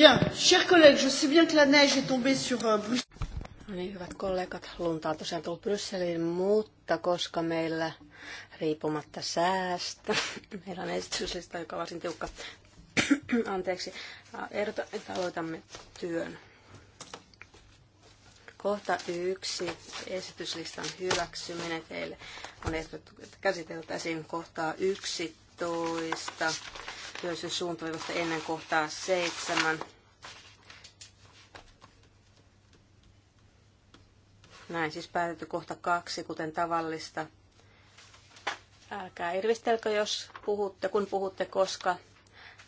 Bien, chers collègues, je sais bien que la neige est tombée sur euh, Bruxelles. No niin, hyvät kollegat, lunta on tosiaan tullut Brysseliin, mutta koska meillä riippumatta säästä, meillä on esityslista, joka on varsin tiukka, anteeksi, ehdotan, että aloitamme työn. Kohta yksi, esityslistan hyväksyminen teille on ehdotettu, että käsiteltäisiin kohtaa 11 työllisyys suuntaviivasta ennen kohtaa seitsemän. Näin siis päätetty kohta kaksi, kuten tavallista. Älkää irvistelkö, jos puhutte, kun puhutte, koska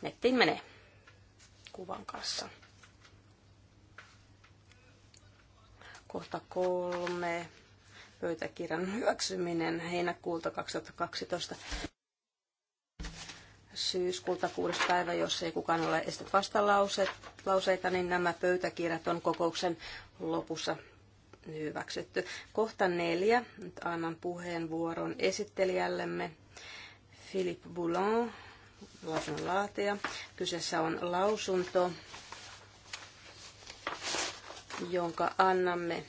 nettiin menee kuvan kanssa. Kohta kolme. Pöytäkirjan hyväksyminen heinäkuulta 2012 syyskuuta kuudes päivä, jos ei kukaan ole estänyt vastalauseita, niin nämä pöytäkirjat on kokouksen lopussa hyväksytty. Kohta neljä. Nyt annan puheenvuoron esittelijällemme Philippe Boulon, lausunnonlaatija. Kyseessä on lausunto, jonka annamme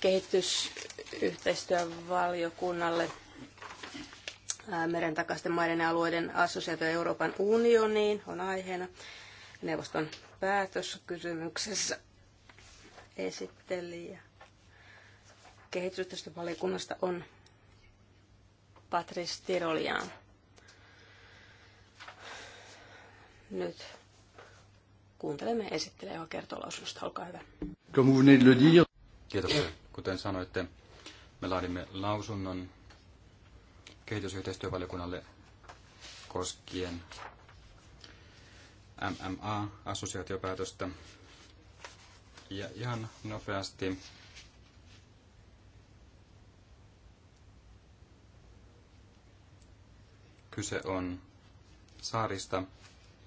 kehitysyhteistyövaliokunnalle – meren takaisten maiden ja alueiden assosiaatio Euroopan unioniin on aiheena. Neuvoston päätöskysymyksessä esittelijä esittelijä kehitysyhteistyövaliokunnasta on Patrice Tirolian. Nyt kuuntelemme esittelijä, joka kertoo lausunnosta. Olkaa hyvä. Kiitos. Kuten sanoitte, me laadimme lausunnon kehitysyhteistyövaliokunnalle koskien MMA-assosiaatiopäätöstä. Ja ihan nopeasti kyse on saarista,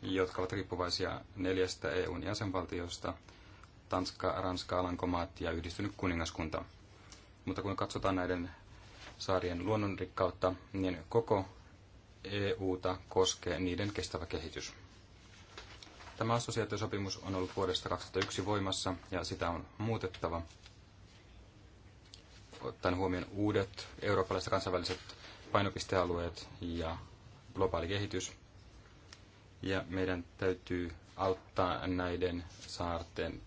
jotka ovat riippuvaisia neljästä EUn jäsenvaltiosta, Tanska, Ranska, Alankomaat ja yhdistynyt kuningaskunta. Mutta kun katsotaan näiden saarien luonnonrikkautta, niin koko EUta koskee niiden kestävä kehitys. Tämä assosiaatiosopimus on ollut vuodesta 2001 voimassa ja sitä on muutettava ottaen huomioon uudet eurooppalaiset kansainväliset painopistealueet ja globaali kehitys. Ja meidän täytyy auttaa näiden saarten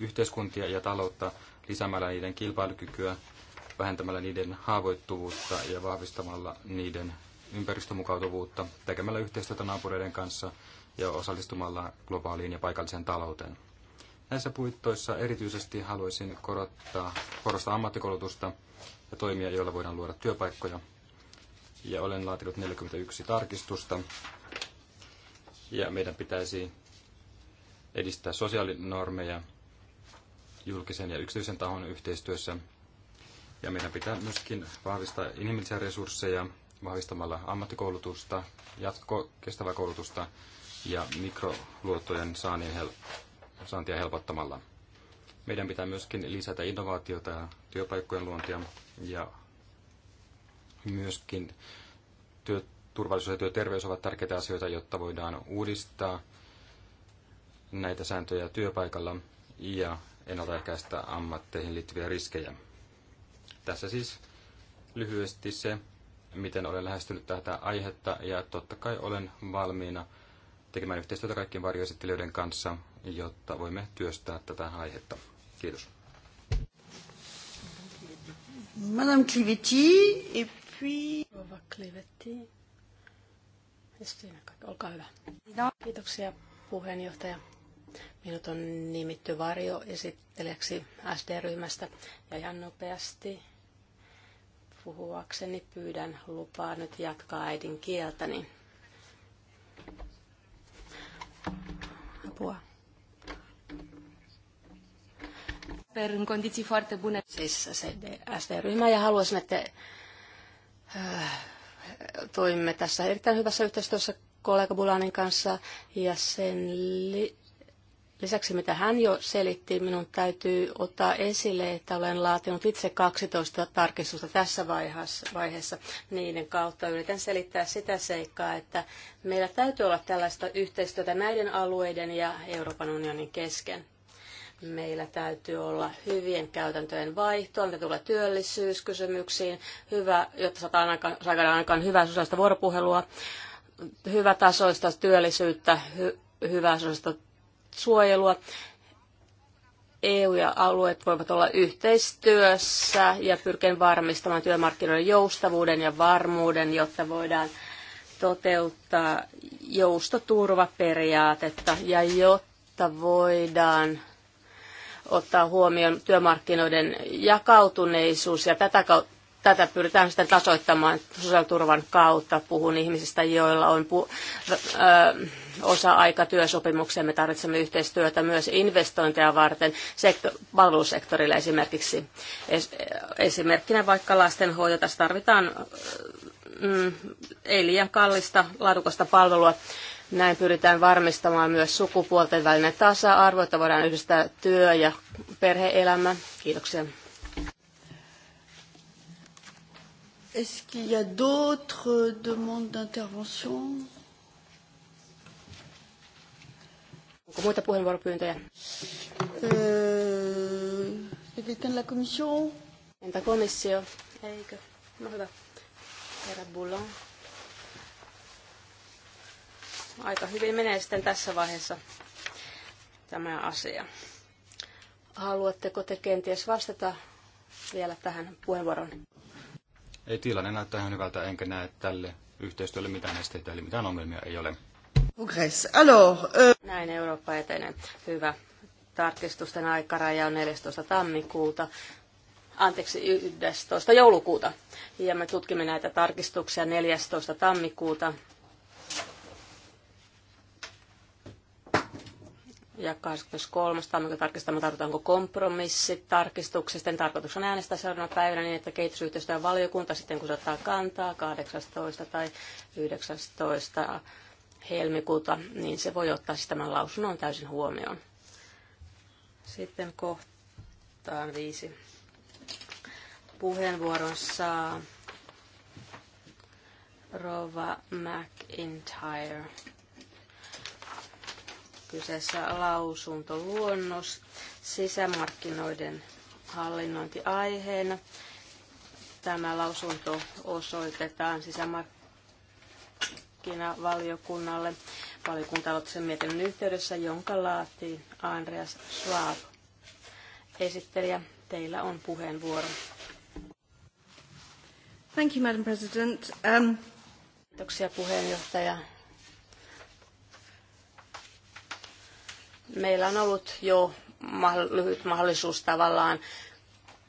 yhteiskuntia ja taloutta lisäämällä niiden kilpailukykyä vähentämällä niiden haavoittuvuutta ja vahvistamalla niiden ympäristömukautuvuutta, tekemällä yhteistyötä naapureiden kanssa ja osallistumalla globaaliin ja paikalliseen talouteen. Näissä puittoissa erityisesti haluaisin korottaa, korostaa ammattikoulutusta ja toimia, joilla voidaan luoda työpaikkoja. Ja olen laatinut 41 tarkistusta. Ja meidän pitäisi edistää sosiaalinormeja julkisen ja yksityisen tahon yhteistyössä ja meidän pitää myöskin vahvistaa inhimillisiä resursseja vahvistamalla ammattikoulutusta, jatko kestävää koulutusta ja mikroluottojen saantia helpottamalla. Meidän pitää myöskin lisätä innovaatiota ja työpaikkojen luontia ja myöskin työturvallisuus ja työterveys ovat tärkeitä asioita, jotta voidaan uudistaa näitä sääntöjä työpaikalla ja ennaltaehkäistä ammatteihin liittyviä riskejä. Tässä siis lyhyesti se, miten olen lähestynyt tätä aihetta ja totta kai olen valmiina tekemään yhteistyötä kaikkien varjoesittelijöiden kanssa, jotta voimme työstää tätä aihetta. Kiitos. Madame Clivetti, et puis... Rova Clivetti. Olkaa hyvä. Kiitoksia puheenjohtaja. Minut on nimitty varjoesittelijäksi SD-ryhmästä ja ihan nopeasti puhuakseni pyydän lupaa nyt jatkaa äidin kieltäni. Apua. Per în condiții foarte bune. Siis SD-ryhmä ja haluaisin, että äh, toimimme tässä erittäin hyvässä yhteistyössä kollega Bulanin kanssa ja sen li- Lisäksi mitä hän jo selitti, minun täytyy ottaa esille, että olen laatinut itse 12 tarkistusta tässä vaiheessa. Niiden kautta yritän selittää sitä seikkaa, että meillä täytyy olla tällaista yhteistyötä näiden alueiden ja Euroopan unionin kesken. Meillä täytyy olla hyvien käytäntöjen vaihtoa, mitä tulee työllisyyskysymyksiin, hyvä, jotta saadaan aikaan, saadaan aikaan hyvää sosiaalista vuoropuhelua, hyvä tasoista työllisyyttä, hy, hyvää sosiaalista suojelua. EU ja alueet voivat olla yhteistyössä ja pyrkien varmistamaan työmarkkinoiden joustavuuden ja varmuuden, jotta voidaan toteuttaa joustoturvaperiaatetta ja jotta voidaan ottaa huomioon työmarkkinoiden jakautuneisuus ja tätä kautta Tätä pyritään sitten tasoittamaan sosiaaliturvan kautta. Puhun ihmisistä, joilla on pu- äh, osa-aikatyösopimukseen. Me tarvitsemme yhteistyötä myös investointeja varten palvelusektorille esimerkiksi. Es- esimerkkinä vaikka lastenhoito. Tässä tarvitaan mm, ei liian kallista, laadukasta palvelua. Näin pyritään varmistamaan myös sukupuolten välinen tasa-arvo, että voidaan yhdistää työ- ja perhe-elämä. Kiitoksia. Est-ce qu'il y a d'autres demandes d'intervention Onko muita puheenvuoropyyntöjä? Öö, Entä komissio? Eikö? No hyvä. Herra Bullon. Aika hyvin menee sitten tässä vaiheessa tämä asia. Haluatteko te kenties vastata vielä tähän puheenvuoroon? Ei tilanne näyttää ihan hyvältä, enkä näe tälle yhteistyölle mitään esteitä, eli mitään ongelmia ei ole. Euh, Näin Eurooppa etenee. Hyvä. Tarkistusten aikaraja on 14. tammikuuta, anteeksi 11. joulukuuta. Ja me tutkimme näitä tarkistuksia 14. tammikuuta. ja 23. tammikuuta tarkistamme, tarvitaanko kompromissit tarkistuksista. Tarkoitus on äänestää seuraavana päivänä niin, että kehitysyhteistyön valiokunta sitten kun se ottaa kantaa 18 tai 19 helmikuuta, niin se voi ottaa siis tämän lausunnon täysin huomioon. Sitten kohtaan viisi. Puheenvuoron saa Rova McIntyre. Kyseessä lausuntoluonnos sisämarkkinoiden hallinnointiaiheena. Tämä lausunto osoitetaan sisämarkkinoiden valiokunnalle valiokunta sen mietinnön yhteydessä, jonka laatii Andreas Schwab. Esittelijä, teillä on puheenvuoro. Thank you, Madam President. Um... Kiitoksia puheenjohtaja. Meillä on ollut jo lyhyt mahdollisuus tavallaan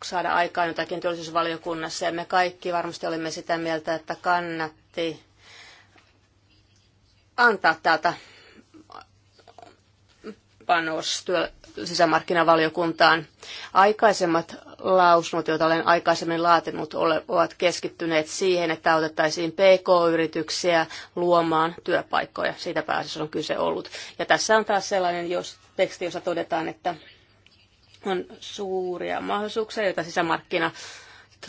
saada aikaan jotakin työllisyysvaliokunnassa ja me kaikki varmasti olimme sitä mieltä, että kannatti antaa täältä panos sisämarkkinavaliokuntaan. Aikaisemmat lausunnot, joita olen aikaisemmin laatinut, ovat keskittyneet siihen, että autettaisiin PK-yrityksiä luomaan työpaikkoja. Siitä pääasiassa on kyse ollut. Ja tässä on taas sellainen jos, teksti, jossa todetaan, että on suuria mahdollisuuksia, joita sisämarkkinat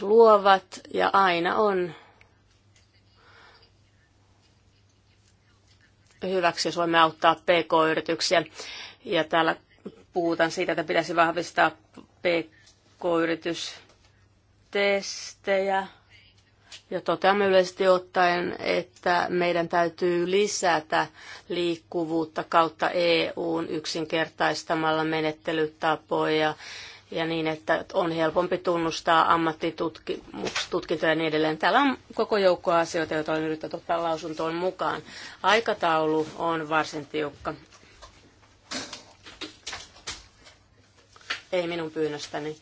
luovat, ja aina on hyväksi, jos voimme auttaa PK-yrityksiä. Ja täällä puhutaan siitä, että pitäisi vahvistaa PK-yritystestejä. Ja toteamme yleisesti ottaen, että meidän täytyy lisätä liikkuvuutta kautta EUn yksinkertaistamalla menettelytapoja ja niin, että on helpompi tunnustaa ammattitutkintoja ja niin edelleen. Täällä on koko joukko asioita, joita on yritetty ottaa lausuntoon mukaan. Aikataulu on varsin tiukka. Ei minun pyynnöstäni.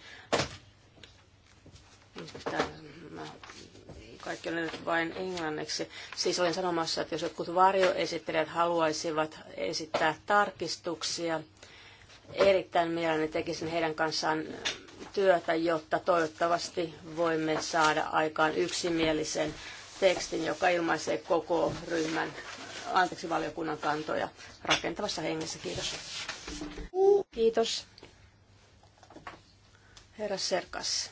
kaikki on nyt vain englanniksi. Siis olen sanomassa, että jos jotkut varjoesittelijät haluaisivat esittää tarkistuksia – Erittäin mielelläni tekisin heidän kanssaan työtä, jotta toivottavasti voimme saada aikaan yksimielisen tekstin, joka ilmaisee koko ryhmän, anteeksi valiokunnan kantoja rakentavassa hengessä. Kiitos. Kiitos. Herra Serkas.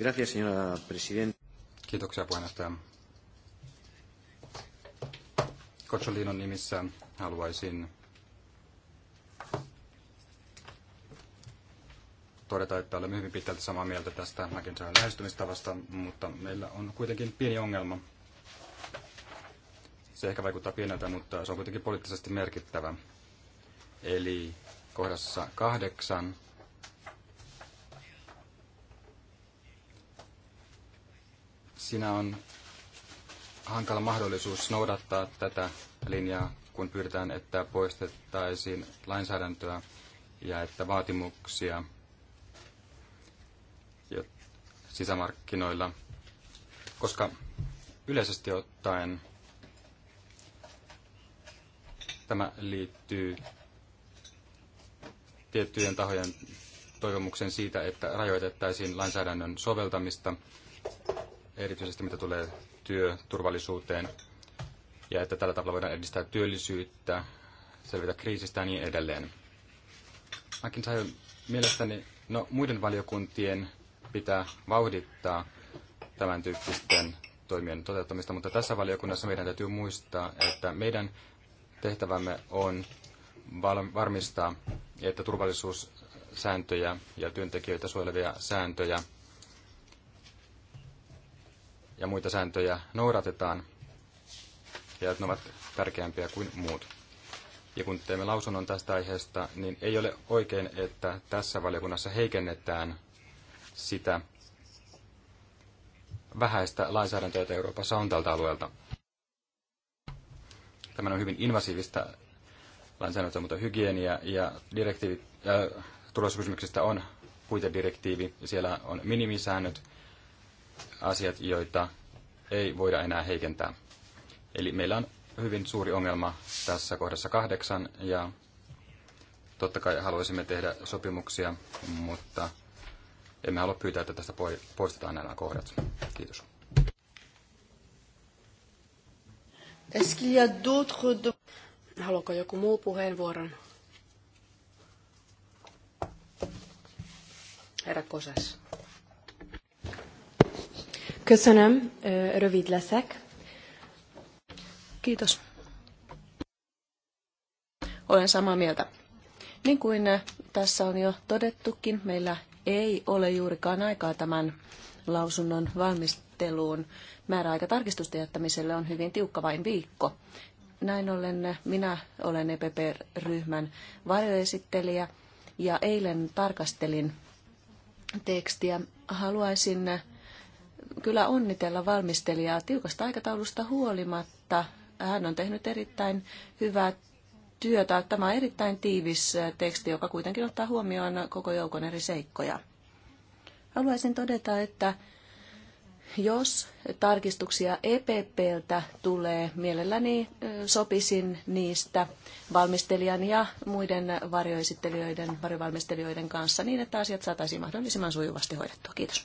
Gracias, señora Kiitoksia puheenjohtaja. Kotsolinon nimissä haluaisin todeta, että olemme hyvin pitkälti samaa mieltä tästä McIntyren lähestymistavasta, mutta meillä on kuitenkin pieni ongelma. Se ehkä vaikuttaa pieneltä, mutta se on kuitenkin poliittisesti merkittävä. Eli kohdassa kahdeksan siinä on hankala mahdollisuus noudattaa tätä linjaa, kun pyydetään, että poistettaisiin lainsäädäntöä ja että vaatimuksia sisämarkkinoilla, koska yleisesti ottaen tämä liittyy tiettyjen tahojen toivomuksen siitä, että rajoitettaisiin lainsäädännön soveltamista, erityisesti mitä tulee työturvallisuuteen ja että tällä tavalla voidaan edistää työllisyyttä, selvitä kriisistä ja niin edelleen. Mäkin sain mielestäni, no muiden valiokuntien pitää vauhdittaa tämän tyyppisten toimien toteuttamista, mutta tässä valiokunnassa meidän täytyy muistaa, että meidän tehtävämme on varmistaa, että turvallisuussääntöjä ja työntekijöitä suojelevia sääntöjä – ja muita sääntöjä noudatetaan ja että ne ovat tärkeämpiä kuin muut. Ja kun teemme lausunnon tästä aiheesta, niin ei ole oikein, että tässä valiokunnassa heikennetään sitä vähäistä lainsäädäntöä, jota Euroopassa on tältä alueelta. Tämä on hyvin invasiivista lainsäädäntöä, mutta hygienia ja direktiivi, äh, turvallisuuskysymyksistä on puitedirektiivi, ja siellä on minimisäännöt, asiat, joita ei voida enää heikentää. Eli meillä on hyvin suuri ongelma tässä kohdassa kahdeksan ja totta kai haluaisimme tehdä sopimuksia, mutta emme halua pyytää, että tästä poistetaan nämä kohdat. Kiitos. Haluaako joku muu puheenvuoron? Herra Kosas. Köszönöm, rövid leszek. Kiitos. Olen samaa mieltä. Niin kuin tässä on jo todettukin, meillä ei ole juurikaan aikaa tämän lausunnon valmisteluun. Määräaika tarkistusten jättämiselle on hyvin tiukka vain viikko. Näin ollen minä olen EPP-ryhmän varjoesittelijä ja eilen tarkastelin tekstiä. Haluaisin kyllä onnitella valmistelijaa tiukasta aikataulusta huolimatta. Hän on tehnyt erittäin hyvää työtä. Tämä on erittäin tiivis teksti, joka kuitenkin ottaa huomioon koko joukon eri seikkoja. Haluaisin todeta, että jos tarkistuksia EPPltä tulee, mielelläni sopisin niistä valmistelijan ja muiden varjoesittelijöiden, varjovalmistelijoiden kanssa niin, että asiat saataisiin mahdollisimman sujuvasti hoidettua. Kiitos.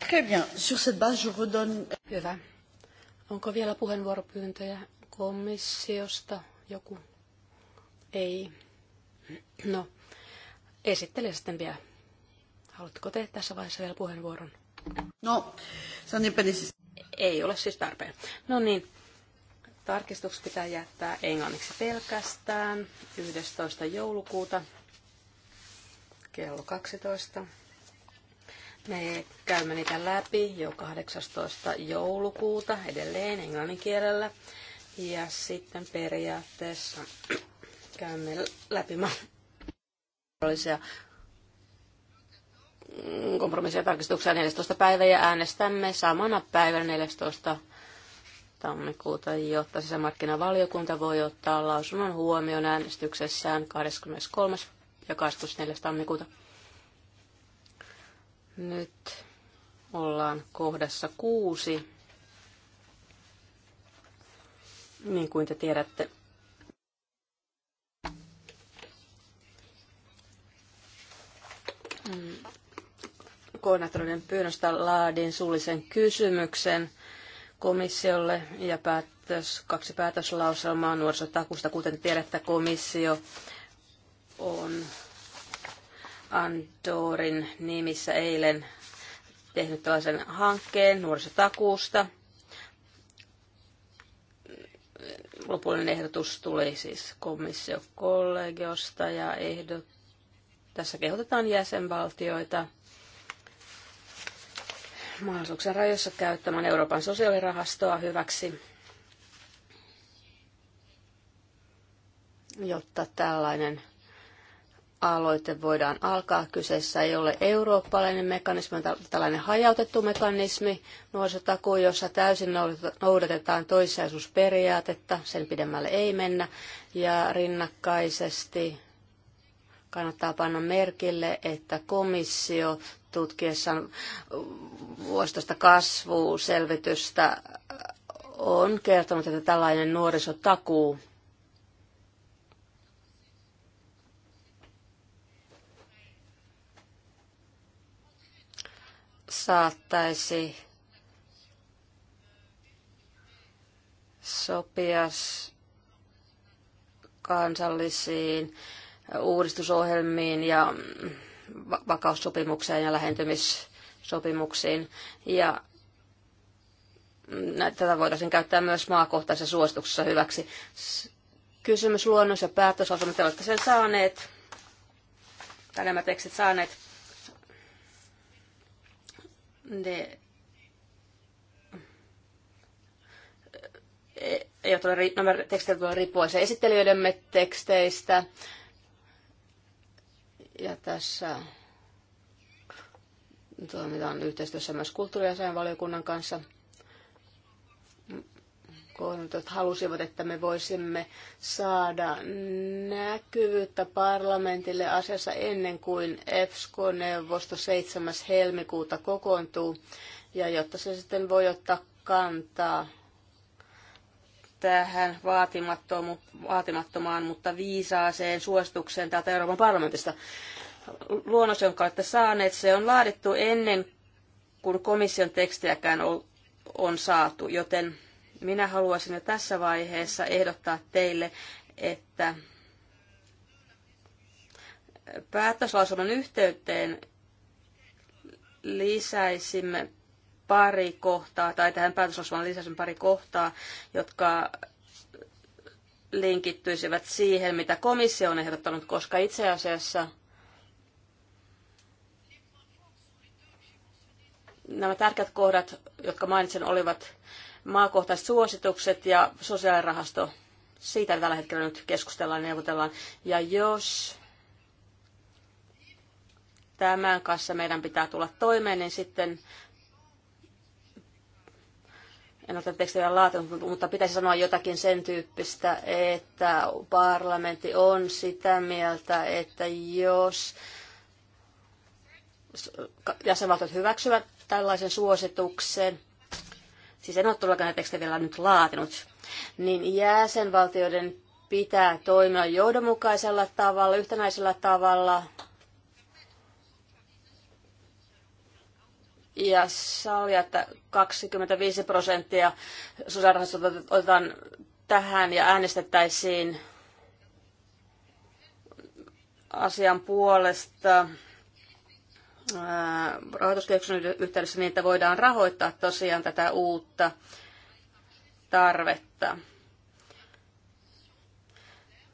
Très bien. Sur cette base, je redonne... Hyvä. Onko vielä puheenvuoropyyntöjä komissiosta? Joku? Ei. No, esittele sitten vielä. Haluatteko te tässä vaiheessa vielä puheenvuoron? No, se on niinpä siis... Ei ole siis tarpeen. No niin, tarkistukset pitää jättää englanniksi pelkästään 11. joulukuuta kello 12. Me käymme niitä läpi jo 18. joulukuuta edelleen englannin kielellä. Ja sitten periaatteessa käymme läpi mahdollisia kompromissia tarkistuksia 14. päivä ja äänestämme samana päivänä 14 tammikuuta, jotta sisämarkkinavaliokunta voi ottaa lausunnon huomioon äänestyksessään 23. ja 24. tammikuuta. Nyt ollaan kohdassa kuusi. Niin kuin te tiedätte, koordinaattoreiden pyynnöstä laadin suullisen kysymyksen komissiolle ja päätös, kaksi päätöslauselmaa nuorisotakusta. Kuten tiedätte, komissio on Andorin nimissä eilen tehnyt tällaisen hankkeen nuorisotakuusta. Lopullinen ehdotus tuli siis komissiokollegiosta ja ehdot... tässä kehotetaan jäsenvaltioita mahdollisuuksien rajoissa käyttämään Euroopan sosiaalirahastoa hyväksi, jotta tällainen aloite voidaan alkaa. Kyseessä ei ole eurooppalainen mekanismi, vaan tällainen hajautettu mekanismi nuorisotakuu, jossa täysin noudatetaan toissijaisuusperiaatetta, sen pidemmälle ei mennä, ja rinnakkaisesti kannattaa panna merkille, että komissio tutkiessaan vuositoista kasvuselvitystä on kertonut, että tällainen nuorisotakuu saattaisi sopia kansallisiin uudistusohjelmiin ja vakaussopimukseen ja lähentymissopimuksiin. Ja mm, tätä voitaisiin käyttää myös maakohtaisessa suosituksessa hyväksi. Kysymys luonnos- ja päätösasunnot, olette sen saaneet, tai nämä tekstit saaneet de e, eivät ole, nämä tekstit ovat riippuvaisia esittelijöidemme teksteistä. Ja tässä toimitaan yhteistyössä myös kulttuuriasian valiokunnan kanssa kohdannut, halusivat, että me voisimme saada näkyvyyttä parlamentille asiassa ennen kuin EFSCO-neuvosto 7. helmikuuta kokoontuu, ja jotta se sitten voi ottaa kantaa tähän vaatimattomaan, mutta viisaaseen suositukseen täältä Euroopan parlamentista. Luonnos, jonka olette saaneet, se on laadittu ennen kuin komission tekstiäkään on saatu, joten minä haluaisin jo tässä vaiheessa ehdottaa teille, että päätöslausunnon yhteyteen lisäisimme pari kohtaa, tai tähän päätöslausunnon lisäisimme pari kohtaa, jotka linkittyisivät siihen, mitä komissio on ehdottanut, koska itse asiassa nämä tärkeät kohdat, jotka mainitsen, olivat maakohtaiset suositukset ja sosiaalirahasto. Siitä tällä hetkellä nyt keskustellaan ja neuvotellaan. Ja jos tämän kanssa meidän pitää tulla toimeen, niin sitten en ole tekstiä laatinut, mutta pitäisi sanoa jotakin sen tyyppistä, että parlamentti on sitä mieltä, että jos jäsenvaltiot hyväksyvät tällaisen suosituksen, siis en ole todellakaan tekstejä vielä nyt laatinut, niin jäsenvaltioiden pitää toimia johdonmukaisella tavalla, yhtenäisellä tavalla ja sallia, että 25 prosenttia sosiaalirahastosta otetaan tähän ja äänestettäisiin asian puolesta rahoituskehyksen yhteydessä niin, että voidaan rahoittaa tosiaan tätä uutta tarvetta.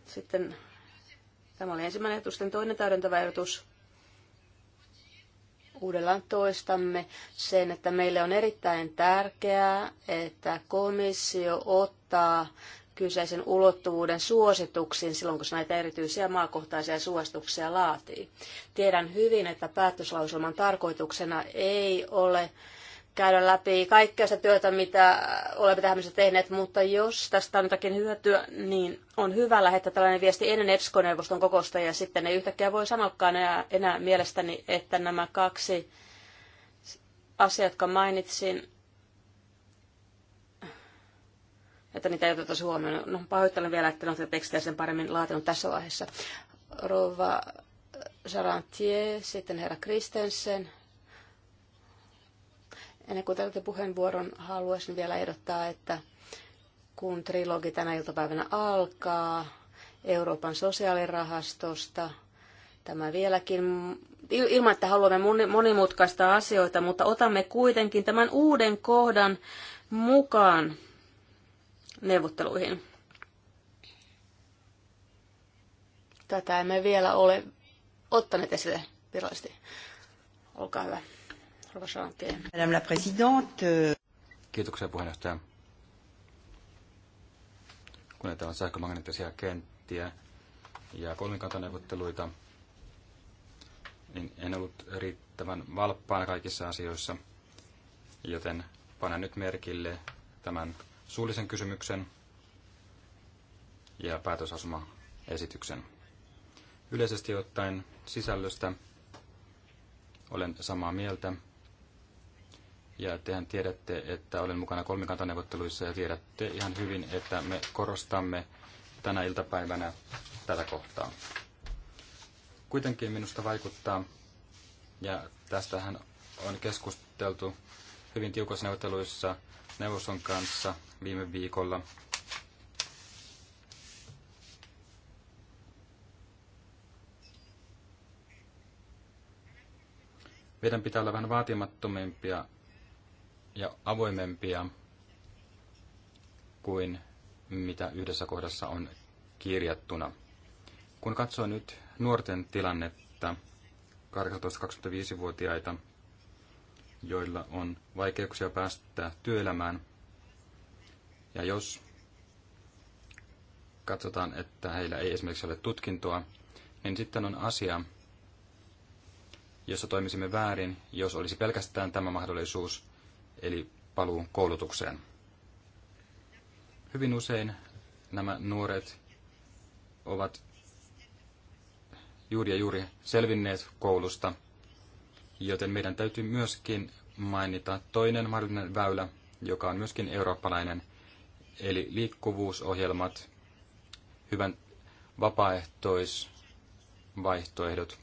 Sitten tämä oli ensimmäinen ehdotus, sitten toinen täydentävä ehdotus. Uudellaan toistamme sen, että meille on erittäin tärkeää, että komissio ottaa kyseisen ulottuvuuden suosituksiin silloin, kun se näitä erityisiä maakohtaisia suosituksia laatii. Tiedän hyvin, että päätöslauselman tarkoituksena ei ole käydä läpi kaikkea sitä työtä, mitä olemme tähän mennessä tehneet, mutta jos tästä on jotakin hyötyä, niin on hyvä lähettää tällainen viesti ennen EPSCO-neuvoston kokousta, ja sitten ei yhtäkkiä voi sanoakaan enää, enää mielestäni, että nämä kaksi asiaa, jotka mainitsin, että niitä ei oteta huomioon. No, pahoittelen vielä, että en ole tekstiä sen paremmin laatinut tässä vaiheessa. Rova Sarantie, sitten herra Kristensen. Ennen kuin tältä puheenvuoron haluaisin vielä ehdottaa, että kun trilogi tänä iltapäivänä alkaa Euroopan sosiaalirahastosta, tämä vieläkin ilman, että haluamme monimutkaista asioita, mutta otamme kuitenkin tämän uuden kohdan mukaan neuvotteluihin. Tätä emme vielä ole ottaneet esille virallisesti. Olkaa hyvä. Madame la Présidente. Euh, Kiitoksia puheenjohtaja. Kun näitä on sähkömagneettisia kenttiä ja kolmikantaneuvotteluita, niin en ollut riittävän valppaan kaikissa asioissa, joten panen nyt merkille tämän suullisen kysymyksen ja päätösasuma-esityksen. Yleisesti ottaen sisällöstä olen samaa mieltä. Ja tehän tiedätte, että olen mukana kolmikantaneuvotteluissa ja tiedätte ihan hyvin, että me korostamme tänä iltapäivänä tätä kohtaa. Kuitenkin minusta vaikuttaa, ja tästähän on keskusteltu hyvin tiukoissa neuvotteluissa neuvoston kanssa viime viikolla. Meidän pitää olla vähän vaatimattomempia ja avoimempia kuin mitä yhdessä kohdassa on kirjattuna. Kun katsoo nyt nuorten tilannetta, 18-25-vuotiaita, joilla on vaikeuksia päästä työelämään. Ja jos katsotaan, että heillä ei esimerkiksi ole tutkintoa, niin sitten on asia, jossa toimisimme väärin, jos olisi pelkästään tämä mahdollisuus, eli paluu koulutukseen. Hyvin usein nämä nuoret ovat juuri ja juuri selvinneet koulusta – Joten meidän täytyy myöskin mainita toinen mahdollinen väylä, joka on myöskin eurooppalainen, eli liikkuvuusohjelmat, hyvän vapaaehtoisvaihtoehdot.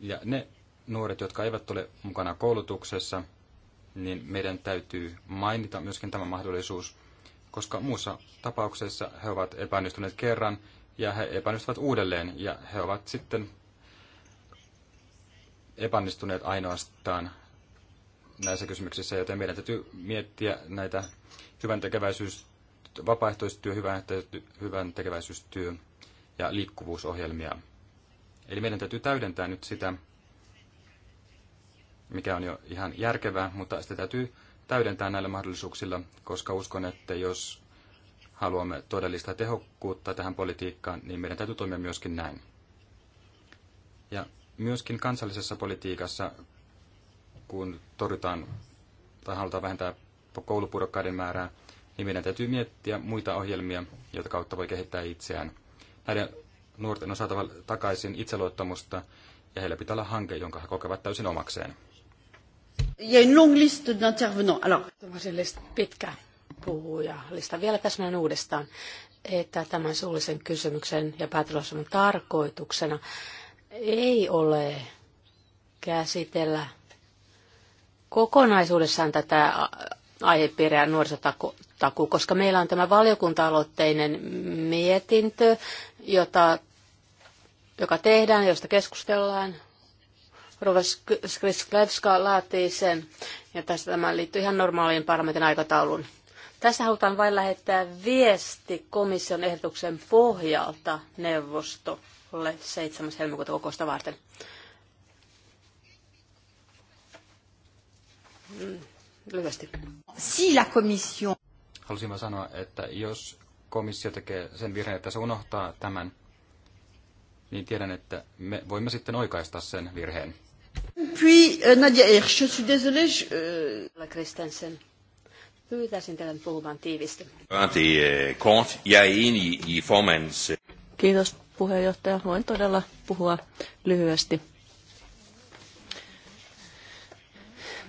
Ja ne nuoret, jotka eivät ole mukana koulutuksessa, niin meidän täytyy mainita myöskin tämä mahdollisuus, koska muussa tapauksessa he ovat epäonnistuneet kerran ja he epäonnistuvat uudelleen ja he ovat sitten epäonnistuneet ainoastaan näissä kysymyksissä, joten meidän täytyy miettiä näitä hyvän tekeväisyys, vapaaehtoistyö, hyvän, hyvän tekeväisyystyö ja liikkuvuusohjelmia. Eli meidän täytyy täydentää nyt sitä, mikä on jo ihan järkevää, mutta sitä täytyy täydentää näillä mahdollisuuksilla, koska uskon, että jos haluamme todellista tehokkuutta tähän politiikkaan, niin meidän täytyy toimia myöskin näin. Ja Myöskin kansallisessa politiikassa, kun torjutaan tai halutaan vähentää koulupudokkaiden määrää, niin meidän täytyy miettiä muita ohjelmia, joita kautta voi kehittää itseään. Näiden nuorten on saatava takaisin itseluottamusta ja heillä pitää olla hanke, jonka he kokevat täysin omakseen. Il y a une longue liste d'intervenants. Alors, pitkä lista Vielä täsmään uudestaan, että tämän suullisen kysymyksen ja päätelosuuden tarkoituksena ei ole käsitellä kokonaisuudessaan tätä aihepiiriä nuorisotaku, koska meillä on tämä valiokunta-aloitteinen mietintö, jota, joka tehdään, josta keskustellaan. Rovas Skrisklevska laatii sen, ja tässä tämä liittyy ihan normaaliin parlamentin aikatauluun. Tässä halutaan vain lähettää viesti komission ehdotuksen pohjalta neuvosto Kolle 7. helmikuuta kokousta varten. Mm, lyhyesti. Si la commission. Halusin sanoa, että jos komissio tekee sen virheen, että se unohtaa tämän, niin tiedän, että me voimme sitten oikaista sen virheen. Puis euh, Nadia Hirsch, je suis désolé, Je... Euh, Kristensen. Pyytäisin teidän puhumaan tiivisti. Antti eh, Kont, jäi in i formandens eh, Kiitos puheenjohtaja. Voin todella puhua lyhyesti.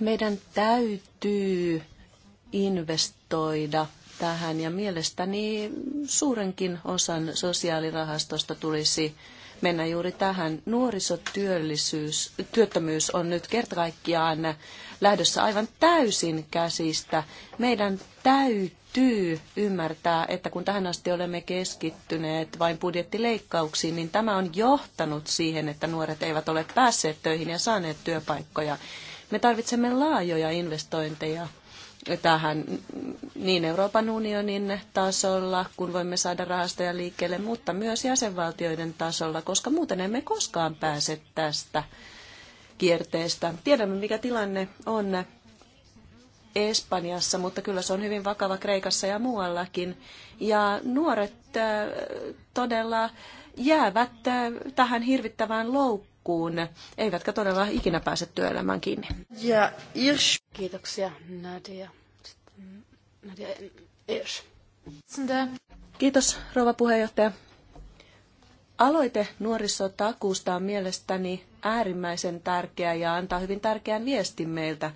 Meidän täytyy investoida tähän ja mielestäni suurenkin osan sosiaalirahastosta tulisi mennä juuri tähän. Nuorisotyöllisyys, työttömyys on nyt kerta kaikkiaan lähdössä aivan täysin käsistä. Meidän täytyy täytyy ymmärtää, että kun tähän asti olemme keskittyneet vain budjettileikkauksiin, niin tämä on johtanut siihen, että nuoret eivät ole päässeet töihin ja saaneet työpaikkoja. Me tarvitsemme laajoja investointeja tähän niin Euroopan unionin tasolla, kun voimme saada rahastoja liikkeelle, mutta myös jäsenvaltioiden tasolla, koska muuten emme koskaan pääse tästä kierteestä. Tiedämme, mikä tilanne on Espanjassa, mutta kyllä se on hyvin vakava Kreikassa ja muuallakin. Ja nuoret äh, todella jäävät äh, tähän hirvittävään loukkuun, eivätkä todella ikinä pääse työelämään kiinni. Ja Irsch. Kiitoksia, Nadia. Sitten Nadia Irsch. Kiitos, rouva puheenjohtaja. Aloite nuorisotakuusta on mielestäni äärimmäisen tärkeä ja antaa hyvin tärkeän viestin meiltä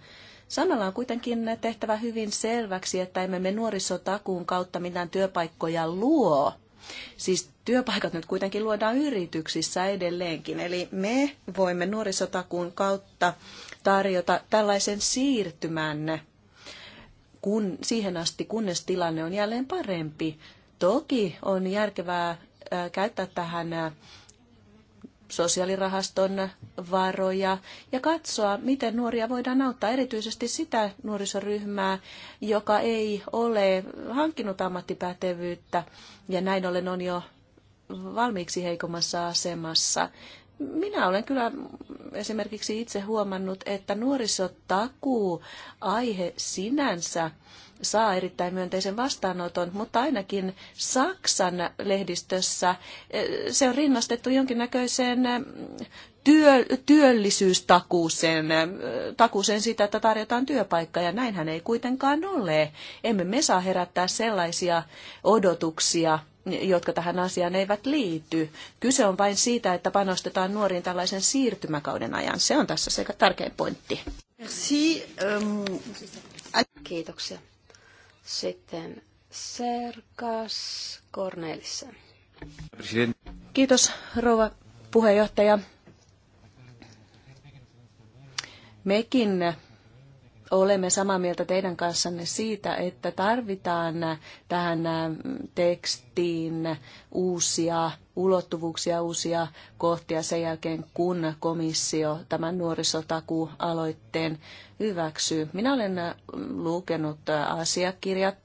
Samalla on kuitenkin tehtävä hyvin selväksi, että emme me nuorisotakuun kautta mitään työpaikkoja luo. Siis työpaikat nyt kuitenkin luodaan yrityksissä edelleenkin. Eli me voimme nuorisotakuun kautta tarjota tällaisen siirtymän kun, siihen asti, kunnes tilanne on jälleen parempi. Toki on järkevää käyttää tähän sosiaalirahaston varoja ja katsoa, miten nuoria voidaan auttaa, erityisesti sitä nuorisoryhmää, joka ei ole hankkinut ammattipätevyyttä ja näin ollen on jo valmiiksi heikommassa asemassa. Minä olen kyllä esimerkiksi itse huomannut, että nuorisotakuu aihe sinänsä saa erittäin myönteisen vastaanoton, mutta ainakin Saksan lehdistössä eh, se on rinnastettu jonkinnäköiseen eh, työ, työllisyystakuuseen, eh, takuuseen sitä, että tarjotaan työpaikkaa, ja näinhän ei kuitenkaan ole. Emme me saa herättää sellaisia odotuksia, jotka tähän asiaan eivät liity. Kyse on vain siitä, että panostetaan nuoriin tällaisen siirtymäkauden ajan. Se on tässä sekä tärkein pointti. Merci. Ähm, Kiitoksia. Sitten Serkas Cornelissen. Kiitos rouva puheenjohtaja. Mekin olemme samaa mieltä teidän kanssanne siitä, että tarvitaan tähän tekstiin uusia ulottuvuuksia, uusia kohtia sen jälkeen, kun komissio tämän aloitteen hyväksyy. Minä olen lukenut asiakirjat,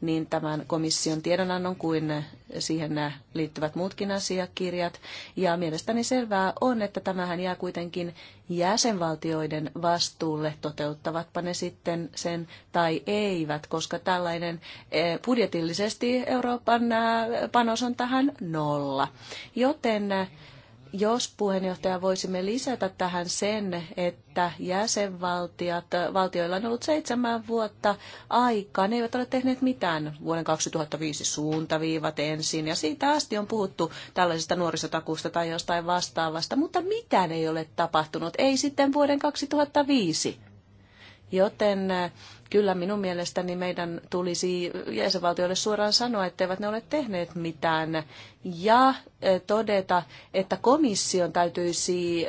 niin tämän komission tiedonannon kuin siihen liittyvät muutkin asiakirjat. Ja mielestäni selvää on, että tämähän jää kuitenkin jäsenvaltioiden vastuulle, toteuttavatpa ne sitten sen tai eivät, koska tällainen budjetillisesti Euroopan panos on tähän nolla. Joten jos puheenjohtaja voisimme lisätä tähän sen, että jäsenvaltiot, valtioilla on ollut seitsemän vuotta aikaa, ne eivät ole tehneet mitään vuoden 2005 suuntaviivat ensin, ja siitä asti on puhuttu tällaisesta nuorisotakuusta tai jostain vastaavasta, mutta mitään ei ole tapahtunut, ei sitten vuoden 2005. Joten Kyllä minun mielestäni meidän tulisi jäsenvaltioille suoraan sanoa, etteivät ne ole tehneet mitään ja todeta, että komission täytyisi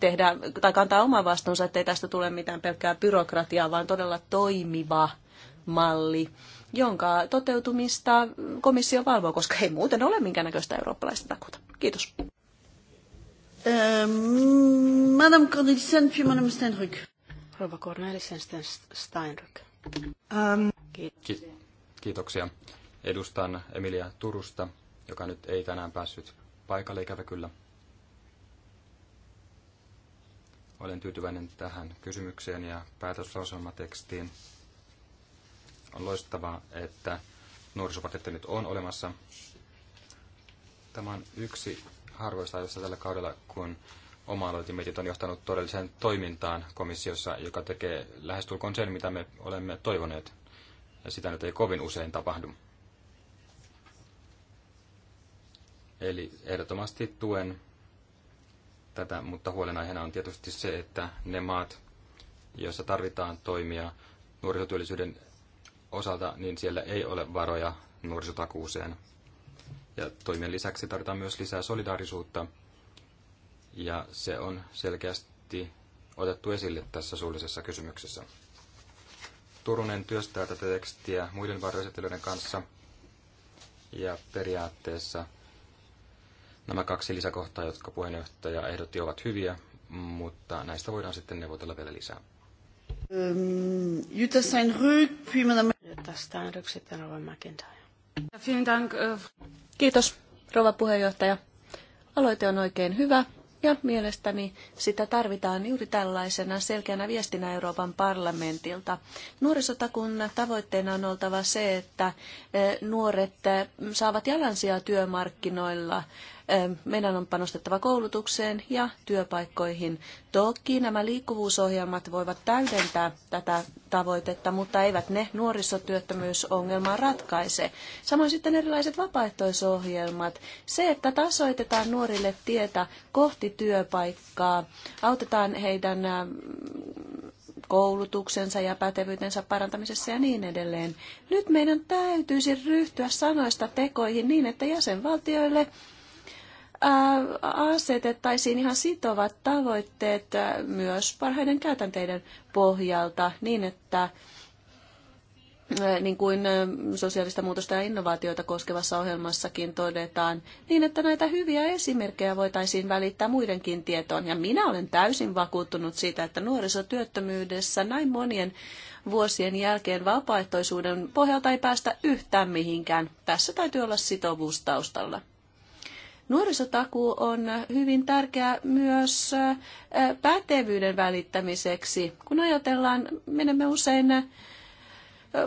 tehdä tai kantaa oma vastuunsa, ettei tästä tule mitään pelkkää byrokratiaa, vaan todella toimiva malli, jonka toteutumista komissio valvoo, koska ei muuten ole minkäännäköistä eurooppalaista takuuta. Kiitos. Madame Cornelissen, puis Madame Steinrück. Rova Cornelissen Steinrück. Um. Ähm. Kiitoksia. Kiitoksia. Edustan Emilia Turusta, joka nyt ei tänään päässyt paikalle ikävä kyllä. Olen tyytyväinen tähän kysymykseen ja päätöslauselmatekstiin. On loistavaa, että nuorisopaketti nyt on olemassa. Tämä on yksi harvoista ajoista tällä kaudella, kun oma on johtanut todelliseen toimintaan komissiossa, joka tekee lähestulkoon sen, mitä me olemme toivoneet. Ja sitä nyt ei kovin usein tapahdu. Eli ehdottomasti tuen tätä, mutta huolenaiheena on tietysti se, että ne maat, joissa tarvitaan toimia nuorisotyöllisyyden osalta, niin siellä ei ole varoja nuorisotakuuseen. Ja toimien lisäksi tarvitaan myös lisää solidaarisuutta ja se on selkeästi otettu esille tässä suullisessa kysymyksessä. Turunen työstää tätä tekstiä muiden varjoesittelyiden kanssa ja periaatteessa nämä kaksi lisäkohtaa, jotka puheenjohtaja ehdotti, ovat hyviä, mutta näistä voidaan sitten neuvotella vielä lisää. Ähm, Jutta Steinryk, puis Madame... Jutta Steinryk, sitten Rova McIntyre. Äh, Kiitos, rouva puheenjohtaja. Aloite on oikein hyvä ja mielestäni sitä tarvitaan juuri tällaisena selkeänä viestinä Euroopan parlamentilta. Nuorisotakunnan tavoitteena on oltava se, että eh, nuoret eh, saavat jalansia työmarkkinoilla meidän on panostettava koulutukseen ja työpaikkoihin. Toki nämä liikkuvuusohjelmat voivat täydentää tätä tavoitetta, mutta eivät ne nuorisotyöttömyysongelmaa ratkaise. Samoin sitten erilaiset vapaaehtoisohjelmat. Se, että tasoitetaan nuorille tietä kohti työpaikkaa, autetaan heidän koulutuksensa ja pätevyytensä parantamisessa ja niin edelleen. Nyt meidän täytyisi ryhtyä sanoista tekoihin niin, että jäsenvaltioille asetettaisiin ihan sitovat tavoitteet myös parhaiden käytänteiden pohjalta niin, että niin kuin sosiaalista muutosta ja innovaatioita koskevassa ohjelmassakin todetaan, niin että näitä hyviä esimerkkejä voitaisiin välittää muidenkin tietoon. Ja minä olen täysin vakuuttunut siitä, että nuorisotyöttömyydessä näin monien vuosien jälkeen vapaaehtoisuuden pohjalta ei päästä yhtään mihinkään. Tässä täytyy olla sitovuus taustalla. Nuorisotakuu on hyvin tärkeä myös pätevyyden välittämiseksi. Kun ajatellaan, menemme usein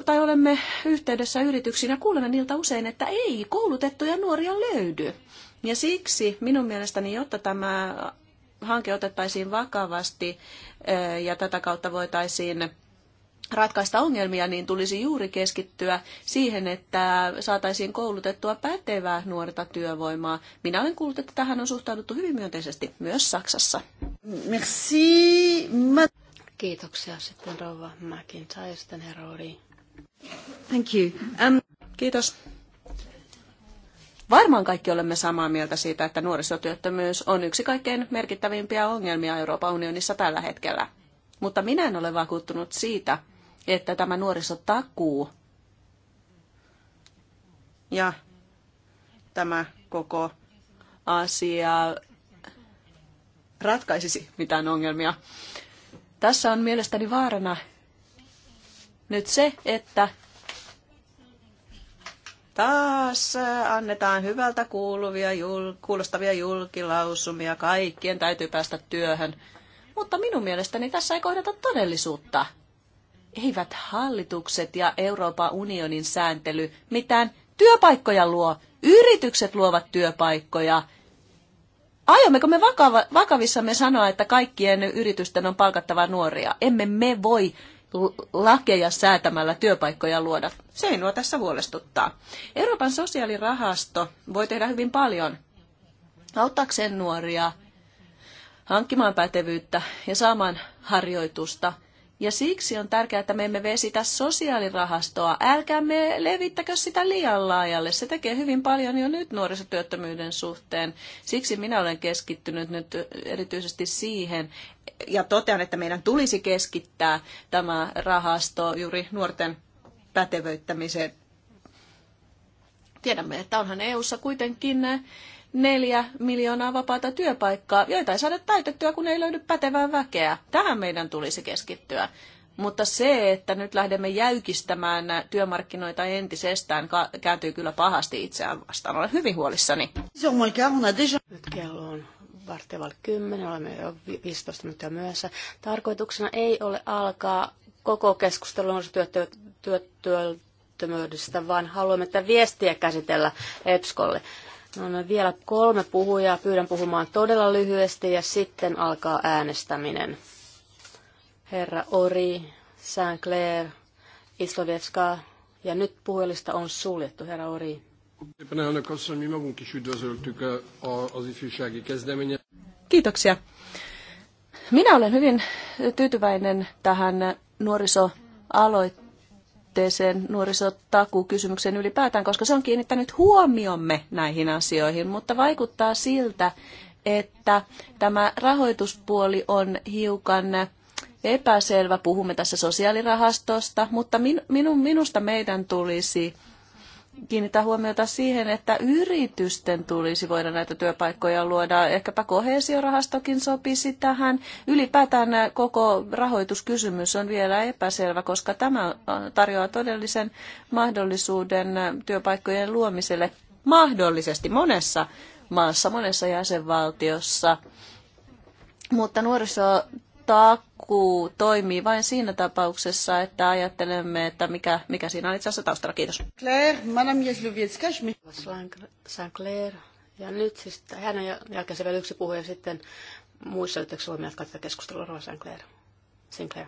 tai olemme yhteydessä yrityksiin ja kuulemme niiltä usein, että ei koulutettuja nuoria löydy. Ja siksi minun mielestäni, jotta tämä hanke otettaisiin vakavasti ja tätä kautta voitaisiin ratkaista ongelmia, niin tulisi juuri keskittyä siihen, että saataisiin koulutettua pätevää nuorta työvoimaa. Minä olen kuullut, että tähän on suhtauduttu hyvin myönteisesti myös Saksassa. Merci. Kiitoksia sitten rouva Mäkin ja sitten herra Thank you. Um... Kiitos. Varmaan kaikki olemme samaa mieltä siitä, että nuorisotyöttömyys on yksi kaikkein merkittävimpiä ongelmia Euroopan unionissa tällä hetkellä. Mutta minä en ole vakuuttunut siitä, että tämä nuorisotakuu ja tämä koko asia ratkaisisi mitään ongelmia. Tässä on mielestäni vaarana nyt se, että taas annetaan hyvältä kuuluvia, jul, kuulostavia julkilausumia, kaikkien täytyy päästä työhön. Mutta minun mielestäni tässä ei kohdata todellisuutta eivät hallitukset ja Euroopan unionin sääntely mitään työpaikkoja luo. Yritykset luovat työpaikkoja. Aiommeko me vakava, vakavissamme sanoa, että kaikkien yritysten on palkattava nuoria? Emme me voi lakeja säätämällä työpaikkoja luoda. Se ei nuo tässä huolestuttaa. Euroopan sosiaalirahasto voi tehdä hyvin paljon auttaakseen nuoria hankkimaan pätevyyttä ja saamaan harjoitusta – ja siksi on tärkeää, että me emme vesitä sosiaalirahastoa. Älkäämme levittäkö sitä liian laajalle. Se tekee hyvin paljon jo nyt nuorisotyöttömyyden suhteen. Siksi minä olen keskittynyt nyt erityisesti siihen, ja totean, että meidän tulisi keskittää tämä rahasto juuri nuorten pätevöittämiseen. Tiedämme, että onhan EU:ssa kuitenkin neljä miljoonaa vapaata työpaikkaa, joita ei saada täytettyä, kun ei löydy pätevää väkeä. Tähän meidän tulisi keskittyä. Mutta se, että nyt lähdemme jäykistämään työmarkkinoita entisestään, kääntyy kyllä pahasti itseään vastaan. Olen hyvin huolissani. Nyt kello on vartevalla 10, olemme jo 15 minuuttia myöhässä. Tarkoituksena ei ole alkaa koko keskustelun työttömyydestä, vaan haluamme tätä viestiä käsitellä EPSKolle. No, no, vielä kolme puhujaa. Pyydän puhumaan todella lyhyesti ja sitten alkaa äänestäminen. Herra Ori, Saint Clair, Islovetska ja nyt puhujalista on suljettu. Herra Ori. Kiitoksia. Minä olen hyvin tyytyväinen tähän nuorisoaloitteeseen aloitteeseen nuorisotakukysymykseen ylipäätään, koska se on kiinnittänyt huomiomme näihin asioihin, mutta vaikuttaa siltä, että tämä rahoituspuoli on hiukan epäselvä. Puhumme tässä sosiaalirahastosta, mutta minu, minun, minusta meidän tulisi kiinnittää huomiota siihen, että yritysten tulisi voida näitä työpaikkoja luoda. Ehkäpä kohesiorahastokin sopisi tähän. Ylipäätään koko rahoituskysymys on vielä epäselvä, koska tämä tarjoaa todellisen mahdollisuuden työpaikkojen luomiselle mahdollisesti monessa maassa, monessa jäsenvaltiossa. Mutta nuoriso takuu toimii vain siinä tapauksessa, että ajattelemme, että mikä, mikä siinä on itse asiassa taustalla. Kiitos. Claire, Madame Saint-Claire. Ja nyt siis jälkeen se vielä yksi puhuja sitten muissa yhteyksissä voimme jatkaa tätä keskustelua. Rova saint Sinclair.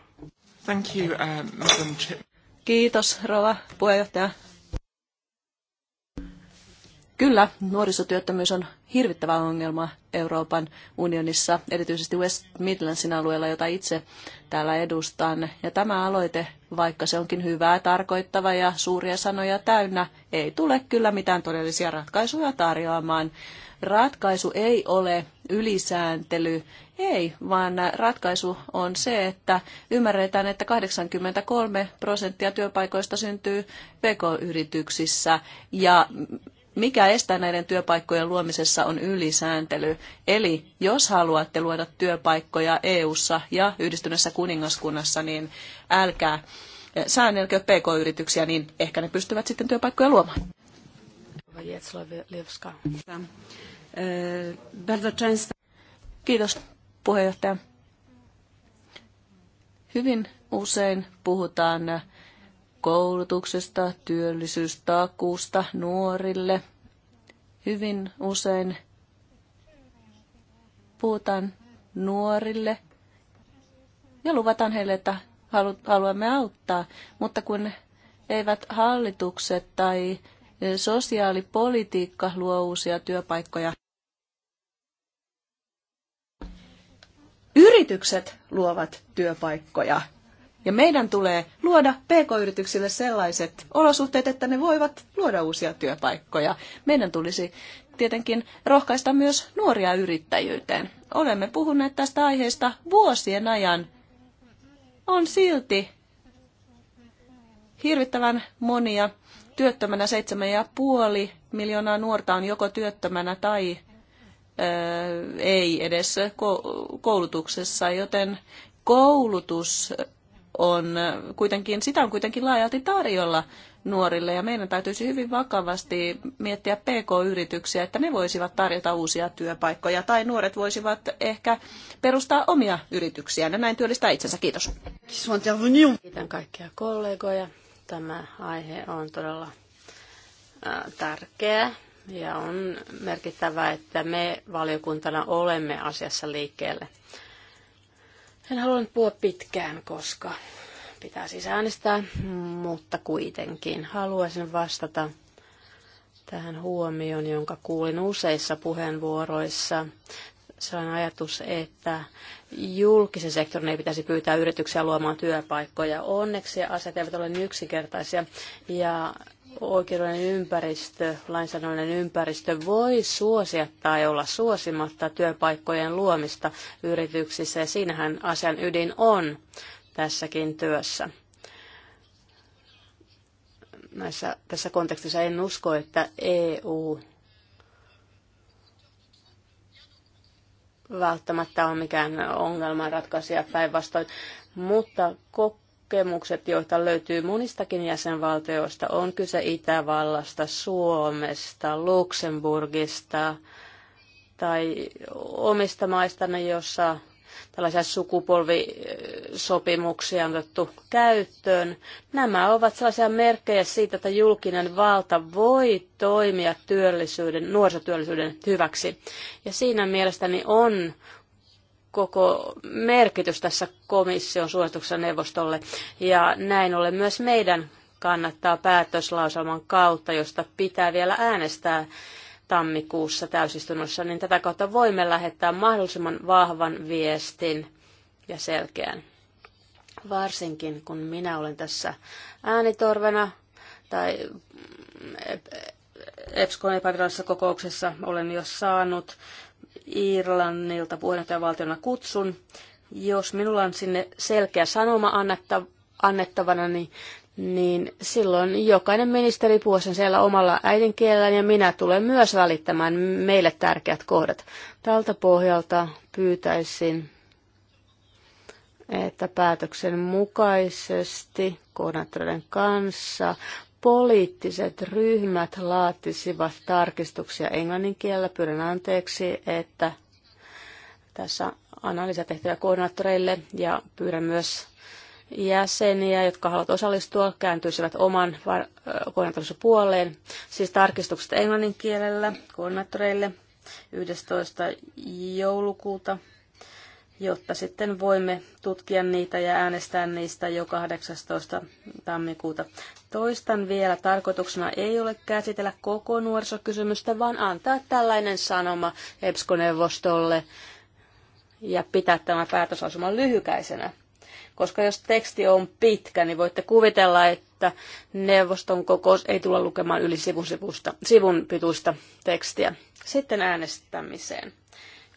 Thank you, uh, Chip. Kiitos, Rova puheenjohtaja. Kyllä, nuorisotyöttömyys on hirvittävä ongelma Euroopan unionissa, erityisesti West Midlandsin alueella, jota itse täällä edustan. Ja tämä aloite, vaikka se onkin hyvää, tarkoittava ja suuria sanoja täynnä, ei tule kyllä mitään todellisia ratkaisuja tarjoamaan. Ratkaisu ei ole ylisääntely, ei, vaan ratkaisu on se, että ymmärretään, että 83 prosenttia työpaikoista syntyy pk-yrityksissä ja mikä estää näiden työpaikkojen luomisessa on ylisääntely. Eli jos haluatte luoda työpaikkoja EU:ssa ja yhdistyneessä kuningaskunnassa, niin älkää eh, säännelkö pk-yrityksiä, niin ehkä ne pystyvät sitten työpaikkoja luomaan. Kiitos puheenjohtaja. Hyvin usein puhutaan koulutuksesta, työllisyystakuusta nuorille. Hyvin usein puhutaan nuorille ja luvataan heille, että haluamme auttaa, mutta kun eivät hallitukset tai sosiaalipolitiikka luo uusia työpaikkoja. Yritykset luovat työpaikkoja ja meidän tulee luoda pk-yrityksille sellaiset olosuhteet, että ne voivat luoda uusia työpaikkoja. Meidän tulisi tietenkin rohkaista myös nuoria yrittäjyyteen. Olemme puhuneet tästä aiheesta vuosien ajan. On silti hirvittävän monia työttömänä 7,5 miljoonaa nuorta on joko työttömänä tai ei edes koulutuksessa, joten koulutus on kuitenkin, sitä on kuitenkin laajalti tarjolla nuorille ja meidän täytyisi hyvin vakavasti miettiä PK-yrityksiä, että ne voisivat tarjota uusia työpaikkoja tai nuoret voisivat ehkä perustaa omia yrityksiä. ja näin työllistää itsensä. Kiitos. Kiitän kaikkia kollegoja. Tämä aihe on todella tärkeä ja on merkittävää, että me valiokuntana olemme asiassa liikkeelle. En halua nyt puhua pitkään, koska pitää siis äänestää, mutta kuitenkin haluaisin vastata tähän huomioon, jonka kuulin useissa puheenvuoroissa. on ajatus, että julkisen sektorin ei pitäisi pyytää yrityksiä luomaan työpaikkoja. Onneksi asiat eivät ole yksinkertaisia ja oikeudellinen ympäristö, lainsäädännöllinen ympäristö voi suosia tai olla suosimatta työpaikkojen luomista yrityksissä ja siinähän asian ydin on tässäkin työssä. Näissä, tässä kontekstissa en usko, että EU välttämättä on mikään ongelmanratkaisija päinvastoin, mutta koko kokemukset, joita löytyy monistakin jäsenvaltioista, on kyse Itävallasta, Suomesta, Luxemburgista tai omista maistanne, jossa tällaisia sukupolvisopimuksia on otettu käyttöön. Nämä ovat sellaisia merkkejä siitä, että julkinen valta voi toimia työllisyyden, nuorisotyöllisyyden hyväksi. Ja siinä mielestäni on koko merkitys tässä komission suosituksessa neuvostolle. Ja näin ollen myös meidän kannattaa päätöslauselman kautta, josta pitää vielä äänestää tammikuussa täysistunnossa, niin tätä kautta voimme lähettää mahdollisimman vahvan viestin ja selkeän. Varsinkin kun minä olen tässä äänitorvena tai EPSCOn epävirallisessa kokouksessa olen jo saanut Irlannilta puheenjohtajavaltiona kutsun. Jos minulla on sinne selkeä sanoma annettavana, niin, niin silloin jokainen ministeri puhuu sen siellä omalla äidinkielellään ja minä tulen myös välittämään meille tärkeät kohdat. Tältä pohjalta pyytäisin, että päätöksen mukaisesti koordinaattoreiden kanssa poliittiset ryhmät laatisivat tarkistuksia englannin kielellä. Pyydän anteeksi, että tässä analyysiä tehtyjä koordinaattoreille ja pyydän myös jäseniä, jotka haluavat osallistua, kääntyisivät oman koordinaattorinsa puoleen. Siis tarkistukset englannin kielellä koordinaattoreille 11. joulukuuta jotta sitten voimme tutkia niitä ja äänestää niistä jo 18. tammikuuta. Toistan vielä, tarkoituksena ei ole käsitellä koko nuorisokysymystä, vaan antaa tällainen sanoma EPSCO-neuvostolle ja pitää tämä päätösasuma lyhykäisenä. Koska jos teksti on pitkä, niin voitte kuvitella, että neuvoston kokous ei tulla lukemaan yli sivun, sivusta, sivun pituista tekstiä. Sitten äänestämiseen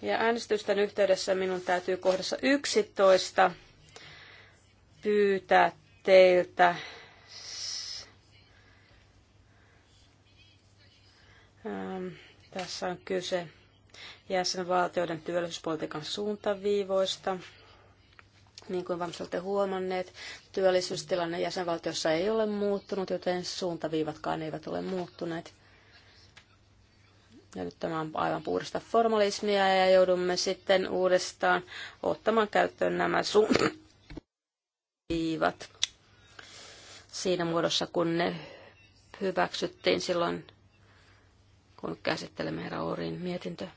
ja äänestysten yhteydessä minun täytyy kohdassa 11 pyytää teiltä ähm, tässä on kyse jäsenvaltioiden työllisyyspolitiikan suuntaviivoista. Niin kuin varmasti olette huomanneet, työllisyystilanne jäsenvaltiossa ei ole muuttunut, joten suuntaviivatkaan eivät ole muuttuneet. Ja aivan puhdasta formalismia ja joudumme sitten uudestaan ottamaan käyttöön nämä suuntaviivat siinä muodossa, kun ne hyväksyttiin silloin, kun käsittelemme herra Orin mietintö.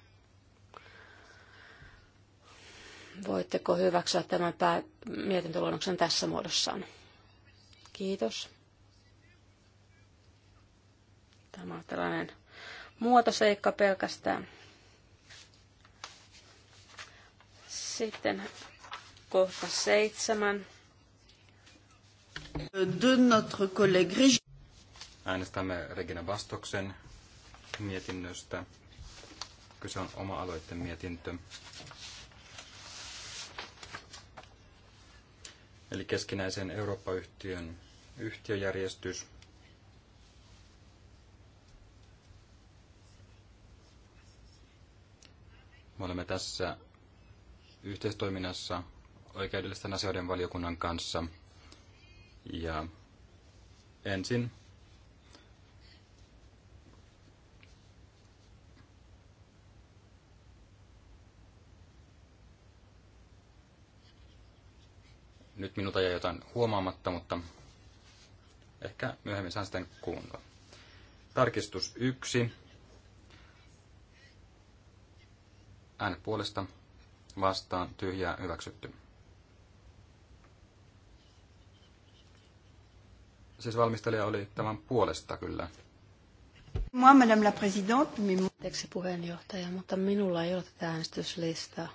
voitteko hyväksyä tämän pää- mietintöluonnoksen tässä muodossaan. Kiitos. Tämä on tällainen muotoseikka pelkästään. Sitten kohta seitsemän. De notre collègue Äänestämme Regina Vastoksen mietinnöstä. Kyse on oma aloitteen mietintö. Eli keskinäisen Eurooppa-yhtiön yhtiöjärjestys – Me olemme tässä yhteistoiminnassa oikeudellisten asioiden valiokunnan kanssa. Ja ensin Nyt minulta jäi jotain huomaamatta, mutta ehkä myöhemmin saan sitten kuunnella. Tarkistus 1 Äänet puolesta vastaan tyhjää hyväksytty. Siis valmistelija oli tämän puolesta kyllä. Moi, madame la présidente, mais... Teksi puheenjohtaja, mutta minulla ei ole tätä äänestyslistaa.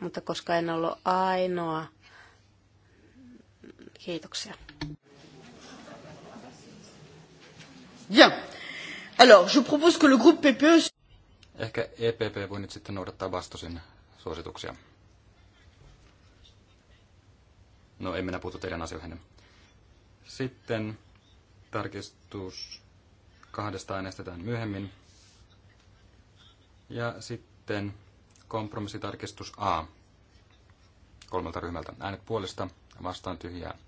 Mutta koska en ollut ainoa, kiitoksia. Bien. Alors, je propose que le groupe PPE Ehkä EPP voi nyt sitten noudattaa vastosin suosituksia. No, en minä puutu teidän asioihin. Sitten tarkistus kahdesta äänestetään myöhemmin. Ja sitten kompromissitarkistus A kolmelta ryhmältä. Äänet puolesta vastaan tyhjää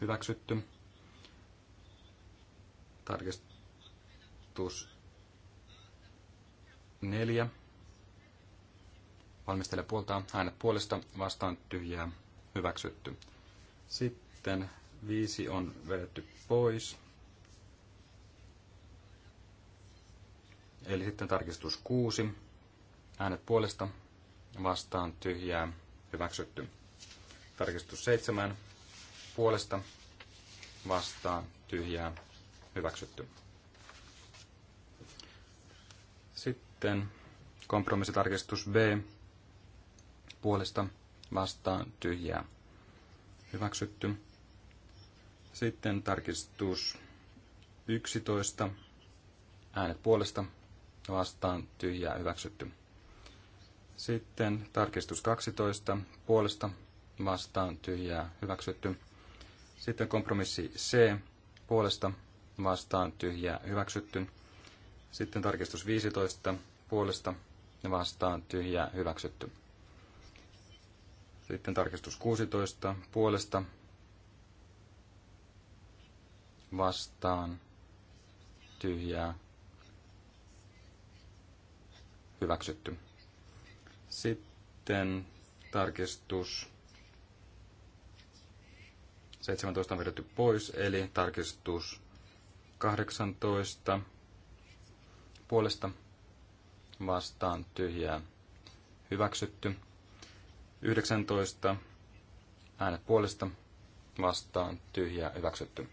hyväksytty. Tarkistus 4. valmistele puolta äänet puolesta vastaan tyhjää hyväksytty. Sitten 5 on vedetty pois. Eli sitten tarkistus 6. Äänet puolesta vastaan tyhjää hyväksytty. Tarkistus 7. Puolesta vastaan tyhjää hyväksytty. Sitten kompromissitarkistus B puolesta vastaan tyhjää hyväksytty. Sitten tarkistus 11 äänet puolesta vastaan tyhjää hyväksytty. Sitten tarkistus 12 puolesta vastaan tyhjää hyväksytty. Sitten kompromissi C puolesta vastaan tyhjää hyväksytty. Sitten tarkistus 15 puolesta vastaan tyhjä hyväksytty. Sitten tarkistus 16 puolesta vastaan tyhjää hyväksytty. Sitten tarkistus 17 on vedetty pois, eli tarkistus 18 puolesta vastaan tyhjää hyväksytty. 19 äänet puolesta vastaan tyhjää hyväksytty.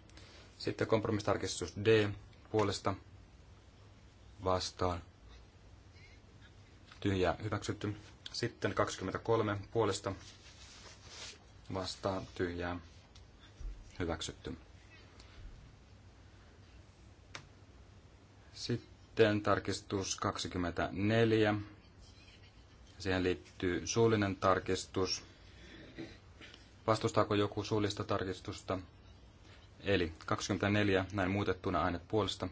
Sitten kompromistarkistus D puolesta vastaan tyhjää hyväksytty. Sitten 23 puolesta vastaan tyhjää hyväksytty. Sitten sitten tarkistus 24. Siihen liittyy suullinen tarkistus. Vastustaako joku suullista tarkistusta? Eli 24, näin muutettuna äänet puolesta,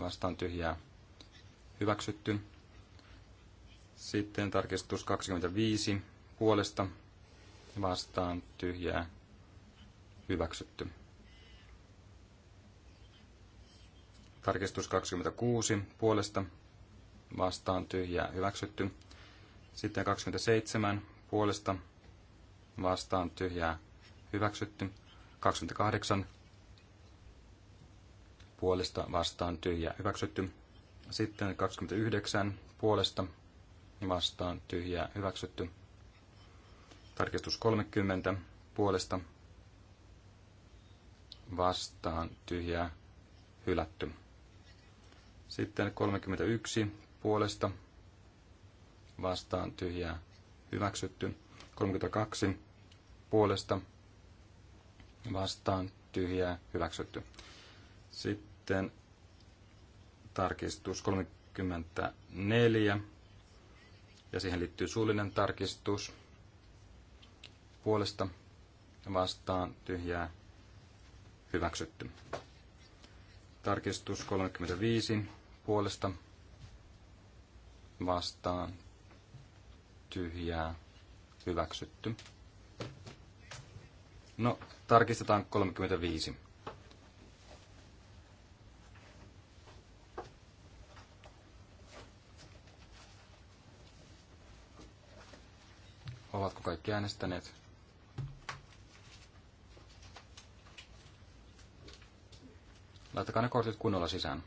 vastaan tyhjää, hyväksytty. Sitten tarkistus 25, puolesta, vastaan tyhjää, hyväksytty. Tarkistus 26 puolesta vastaan tyhjää hyväksytty. Sitten 27 puolesta vastaan tyhjää hyväksytty. 28 puolesta vastaan tyhjää hyväksytty. Sitten 29 puolesta vastaan tyhjää hyväksytty. Tarkistus 30 puolesta vastaan tyhjää hylätty. Sitten 31 puolesta vastaan tyhjää hyväksytty. 32 puolesta vastaan tyhjää hyväksytty. Sitten tarkistus 34 ja siihen liittyy suullinen tarkistus puolesta vastaan tyhjää hyväksytty. Tarkistus 35 puolesta vastaan tyhjää hyväksytty. No, tarkistetaan 35. Ovatko kaikki äänestäneet? Laittakaa ne kortit kunnolla sisään.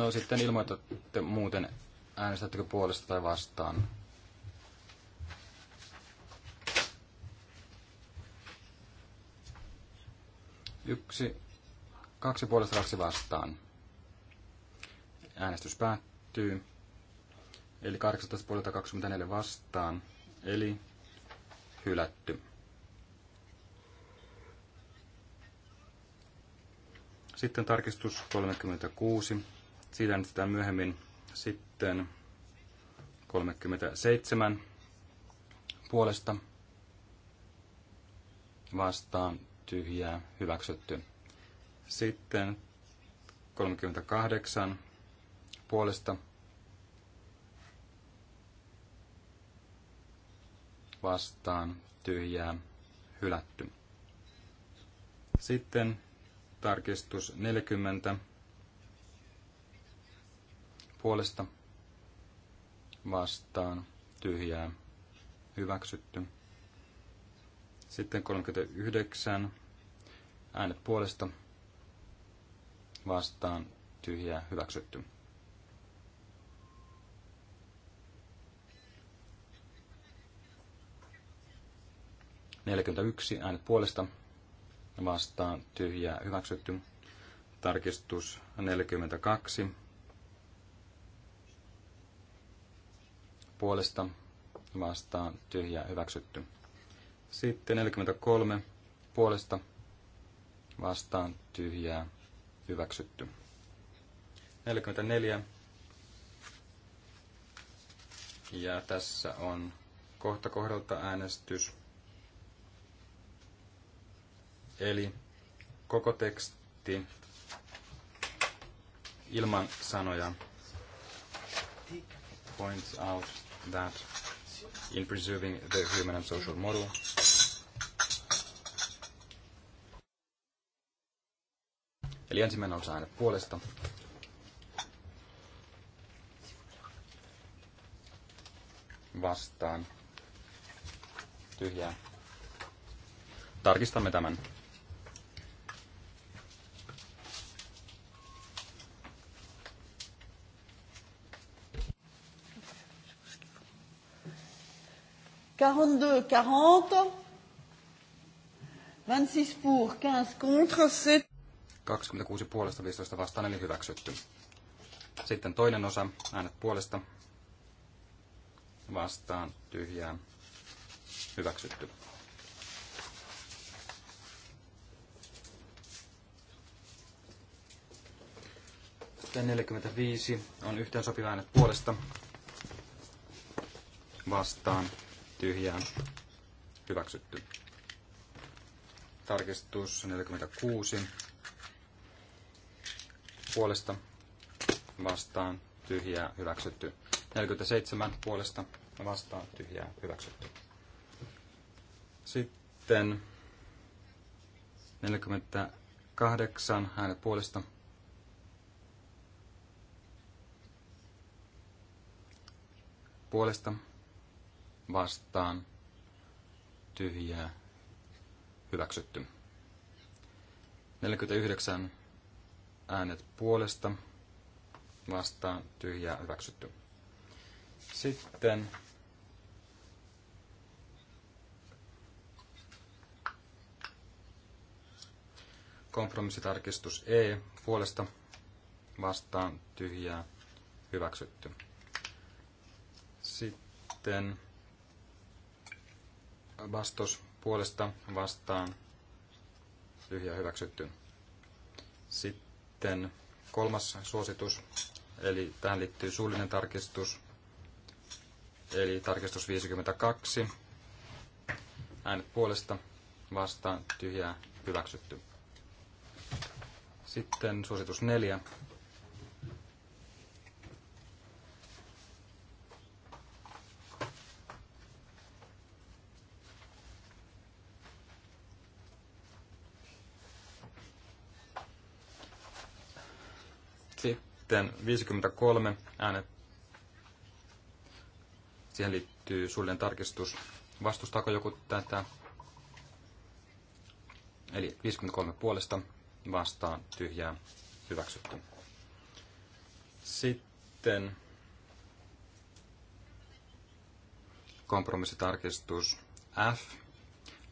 No sitten ilmoitatte muuten, äänestättekö puolesta tai vastaan. Yksi, kaksi puolesta, kaksi vastaan. Äänestys päättyy. Eli 18 puolelta 24 vastaan. Eli hylätty. Sitten tarkistus 36 siitä sitä myöhemmin. Sitten 37 puolesta vastaan tyhjää hyväksytty. Sitten 38 puolesta vastaan tyhjää hylätty. Sitten tarkistus 40 puolesta vastaan tyhjää hyväksytty. Sitten 39 äänet puolesta vastaan tyhjää hyväksytty. yksi äänet puolesta vastaan tyhjää hyväksytty. Tarkistus 42 puolesta vastaan tyhjää hyväksytty. Sitten 43 puolesta vastaan tyhjää hyväksytty. 44. Ja tässä on kohta kohdalta äänestys. Eli koko teksti ilman sanoja. Points out that in preserving the human and social model, Eli ensimmäinen osa aine puolesta. Vastaan. Tyhjää. Tarkistamme tämän. 42, 40, 26 pour, 15 contre, 7. 26 puolesta, 15 vastaan, eli hyväksytty. Sitten toinen osa, äänet puolesta, vastaan, tyhjää, hyväksytty. Sitten 45 on yhteensopiva äänet puolesta, vastaan, tyhjää hyväksytty. Tarkistus 46 puolesta vastaan tyhjää hyväksytty. 47 puolesta vastaan tyhjää hyväksytty. Sitten 48 äänet puolesta. Puolesta vastaan tyhjää hyväksytty. 49 äänet puolesta vastaan tyhjää hyväksytty. Sitten kompromissitarkistus E puolesta vastaan tyhjää hyväksytty. Sitten Bastos puolesta vastaan tyhjä hyväksytty. Sitten kolmas suositus, eli tähän liittyy suullinen tarkistus, eli tarkistus 52. Äänet puolesta vastaan tyhjää hyväksytty. Sitten suositus 4, Sitten 53 äänet. Siihen liittyy suullinen tarkistus. Vastustaako joku tätä? Eli 53 puolesta vastaan tyhjää hyväksytty. Sitten kompromissitarkistus F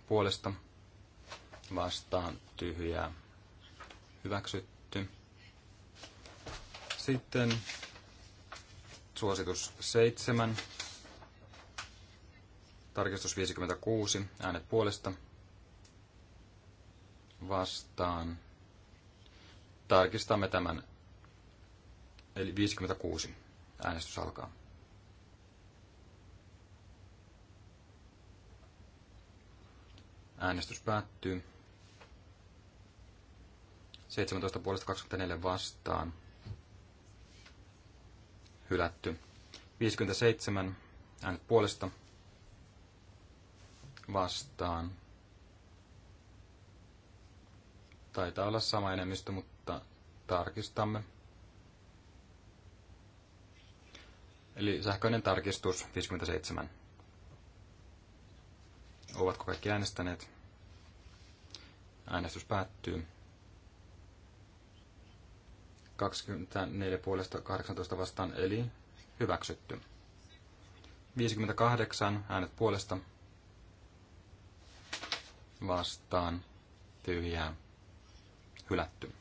puolesta vastaan tyhjää hyväksytty. Sitten suositus 7, tarkistus 56, äänet puolesta vastaan. Tarkistamme tämän, eli 56, äänestys alkaa. Äänestys päättyy. 17 puolesta 24 vastaan hylätty. 57 äänet puolesta vastaan. Taitaa olla sama enemmistö, mutta tarkistamme. Eli sähköinen tarkistus 57. Ovatko kaikki äänestäneet? Äänestys päättyy. 24 puolesta 18 vastaan, eli hyväksytty. 58 äänet puolesta vastaan, tyhjää, hylätty.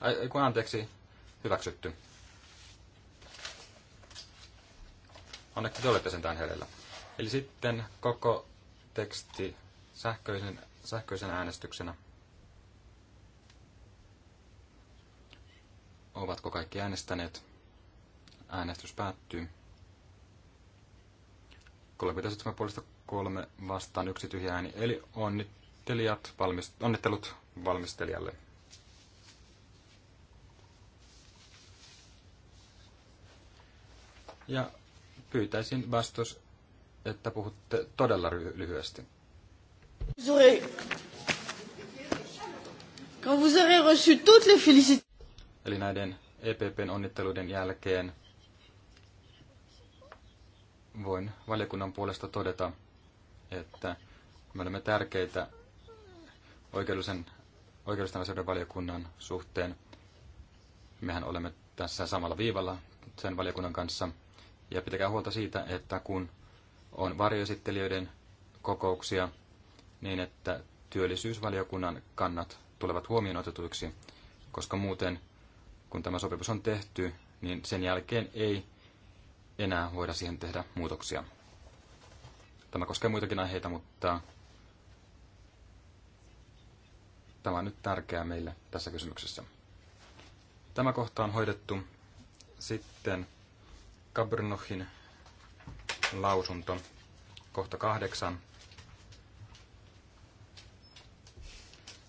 Ai, kun anteeksi, hyväksytty. Onneksi te olette sentään herellä. Eli sitten koko teksti sähköisen, sähköisen äänestyksenä. Ovatko kaikki äänestäneet? Äänestys päättyy. 37 puolesta kolme vastaan yksi tyhjä ääni. Eli onnittelijat, valmist, onnittelut valmistelijalle. Ja pyytäisin vastaus, että puhutte todella lyhyesti. Quand vous aurez reçu toutes les félicitations. Eli näiden EPPn onnitteluiden jälkeen voin valiokunnan puolesta todeta, että me olemme tärkeitä oikeudellisen, oikeudellisen asioiden valiokunnan suhteen. Mehän olemme tässä samalla viivalla sen valiokunnan kanssa. Ja pitäkää huolta siitä, että kun on varjoesittelijöiden kokouksia, niin että työllisyysvaliokunnan kannat tulevat huomioon otetuiksi, koska muuten kun tämä sopimus on tehty, niin sen jälkeen ei enää voida siihen tehdä muutoksia. Tämä koskee muitakin aiheita, mutta tämä on nyt tärkeää meille tässä kysymyksessä. Tämä kohta on hoidettu. Sitten Kabrnochin lausunto, kohta kahdeksan.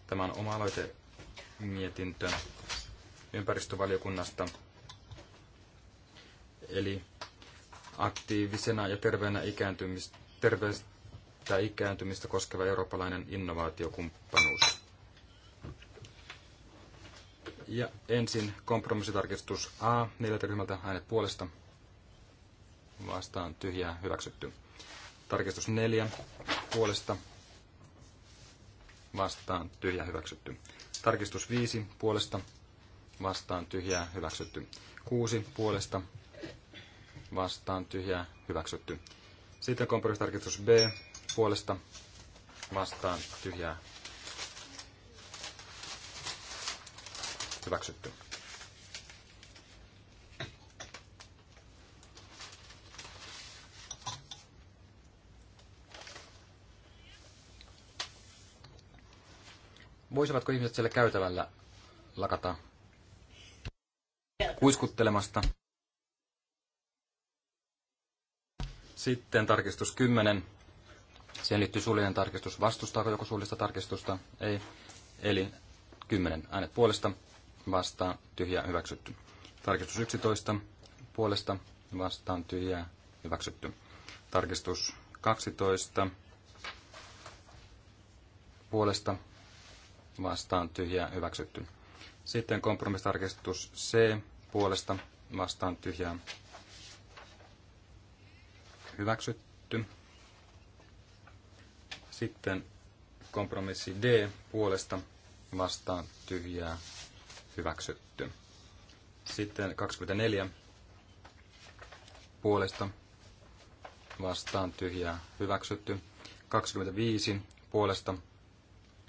Tämä on oma aloite mietintö ympäristövaliokunnasta. Eli aktiivisena ja terveenä ikääntymistä, terveistä ikääntymistä koskeva eurooppalainen innovaatiokumppanuus. Ja ensin kompromissitarkistus A, neljältä ryhmältä äänet puolesta. Vastaan tyhjää hyväksytty. Tarkistus 4 puolesta. Vastaan tyhjä hyväksytty. Tarkistus 5 puolesta vastaan tyhjää hyväksytty. kuusi puolesta vastaan tyhjää hyväksytty. Sitten kompromissitarkistus B puolesta vastaan tyhjää hyväksytty. Voisivatko ihmiset siellä käytävällä lakata kuiskuttelemasta. Sitten tarkistus 10. Siihen liittyy suullinen tarkistus. Vastustaako joku suullista tarkistusta? Ei. Eli 10 äänet puolesta vastaan tyhjää hyväksytty. Tarkistus 11 puolesta vastaan tyhjää hyväksytty. Tarkistus 12 puolesta vastaan tyhjää hyväksytty. Sitten kompromissitarkistus C puolesta vastaan tyhjää hyväksytty. Sitten kompromissi D puolesta vastaan tyhjää hyväksytty. Sitten 24 puolesta vastaan tyhjää hyväksytty. 25 puolesta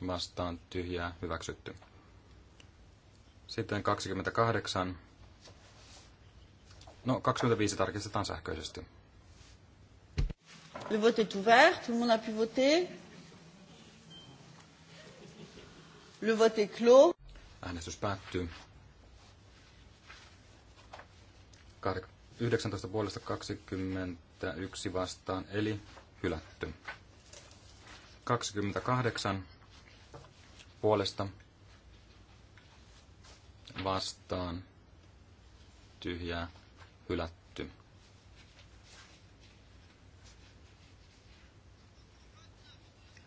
vastaan tyhjää hyväksytty. Sitten 28 No, 25 tarkistetaan sähköisesti. Le vote est ouvert, tout le monde a pu voter. Le vote est clos. Äänestys päättyy. 19 puolesta 21 vastaan, eli hylätty. 28 puolesta vastaan tyhjää hylätty.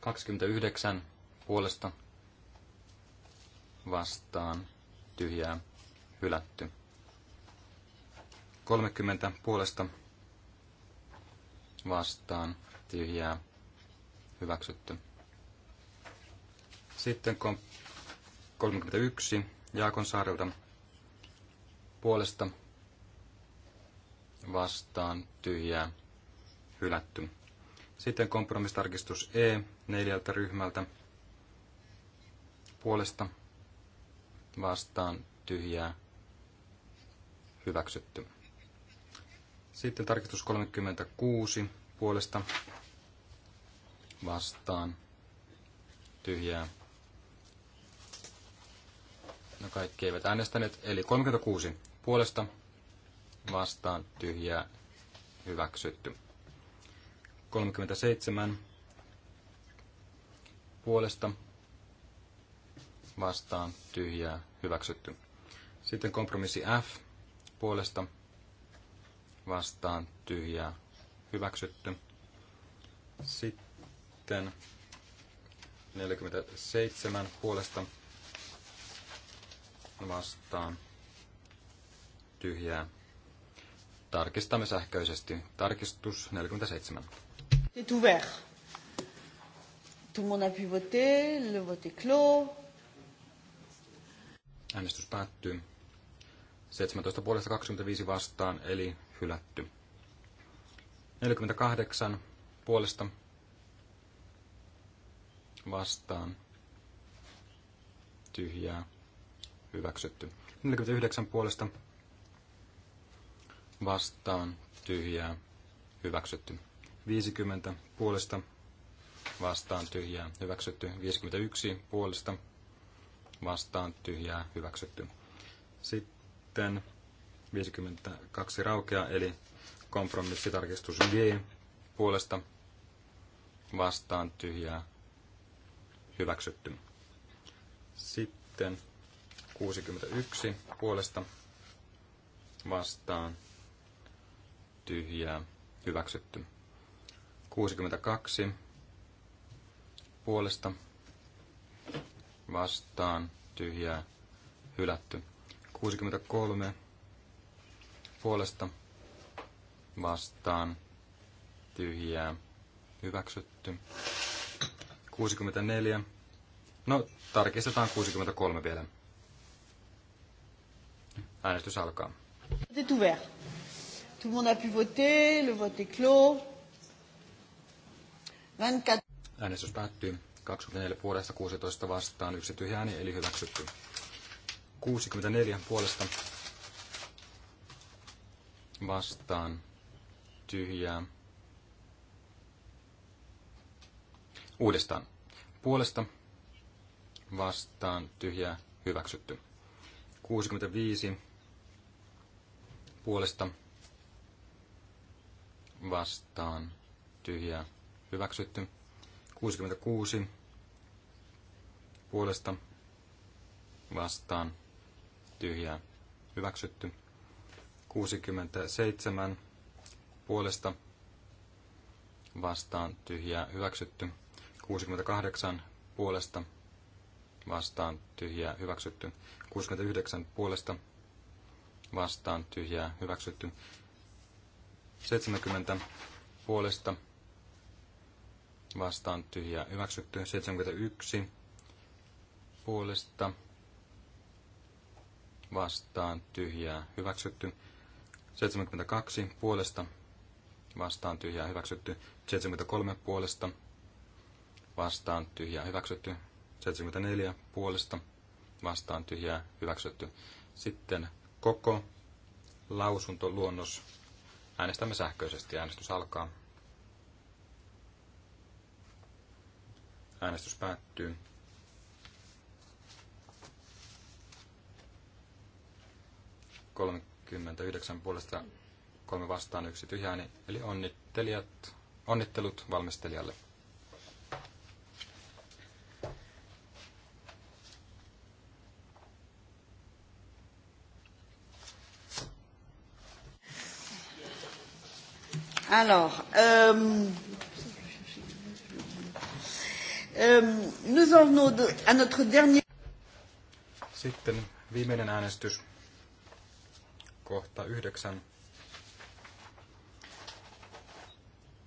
Kaksikymmentäyhdeksän puolesta vastaan tyhjää hylätty. 30 puolesta vastaan tyhjää hyväksytty. Sitten 31 Jaakon saarelta puolesta vastaan tyhjää hylätty. Sitten kompromistarkistus E neljältä ryhmältä puolesta vastaan tyhjää hyväksytty. Sitten tarkistus 36 puolesta vastaan tyhjää. No kaikki eivät äänestäneet, eli 36 puolesta vastaan tyhjää hyväksytty. 37 puolesta vastaan tyhjää hyväksytty. Sitten kompromissi F puolesta vastaan tyhjää hyväksytty. Sitten 47 puolesta vastaan tyhjää Tarkistamme sähköisesti. Tarkistus 47. C'est ouvert. Tout le monde a pu voter. Le vote est clos. Äänestys päättyy. 17 puolesta 25 vastaan, eli hylätty. 48 puolesta vastaan, tyhjää, hyväksytty. 49 puolesta vastaan tyhjää hyväksytty. 50 puolesta vastaan tyhjää hyväksytty. 51 puolesta vastaan tyhjää hyväksytty. Sitten 52 raukea eli kompromissitarkistus G puolesta vastaan tyhjää hyväksytty. Sitten 61 puolesta vastaan tyhjää, hyväksytty. 62 puolesta vastaan tyhjää, hylätty. 63 puolesta vastaan tyhjää, hyväksytty. 64. No, tarkistetaan 63 vielä. Äänestys alkaa. C'est Tout le monde a pu voter, le vote est clos. 24. Äänestys päättyy. 24 puolesta 16 vastaan, yksi tyhjä ääni, eli hyväksytty. 64 puolesta vastaan, tyhjää. Uudestaan. Puolesta vastaan, tyhjää, hyväksytty. 65 puolesta vastaan tyhjää hyväksytty. 66 puolesta vastaan tyhjää hyväksytty. 67 puolesta vastaan tyhjää hyväksytty. 68 puolesta vastaan tyhjää hyväksytty. 69 puolesta vastaan tyhjää hyväksytty. 70 puolesta vastaan tyhjä hyväksytty. 71 puolesta vastaan tyhjää hyväksytty. 72 puolesta vastaan tyhjää hyväksytty. 73 puolesta vastaan tyhjää hyväksytty. 74 puolesta vastaan tyhjää hyväksytty. Sitten koko lausuntoluonnos Äänestämme sähköisesti. Äänestys alkaa. Äänestys päättyy. 39 puolesta kolme vastaan yksi tyhjääni, eli onnittelijat, onnittelut valmistelijalle. Alors, euh, euh, nous en venons à notre dernier... Sitten viimeinen äänestys, kohta yhdeksän.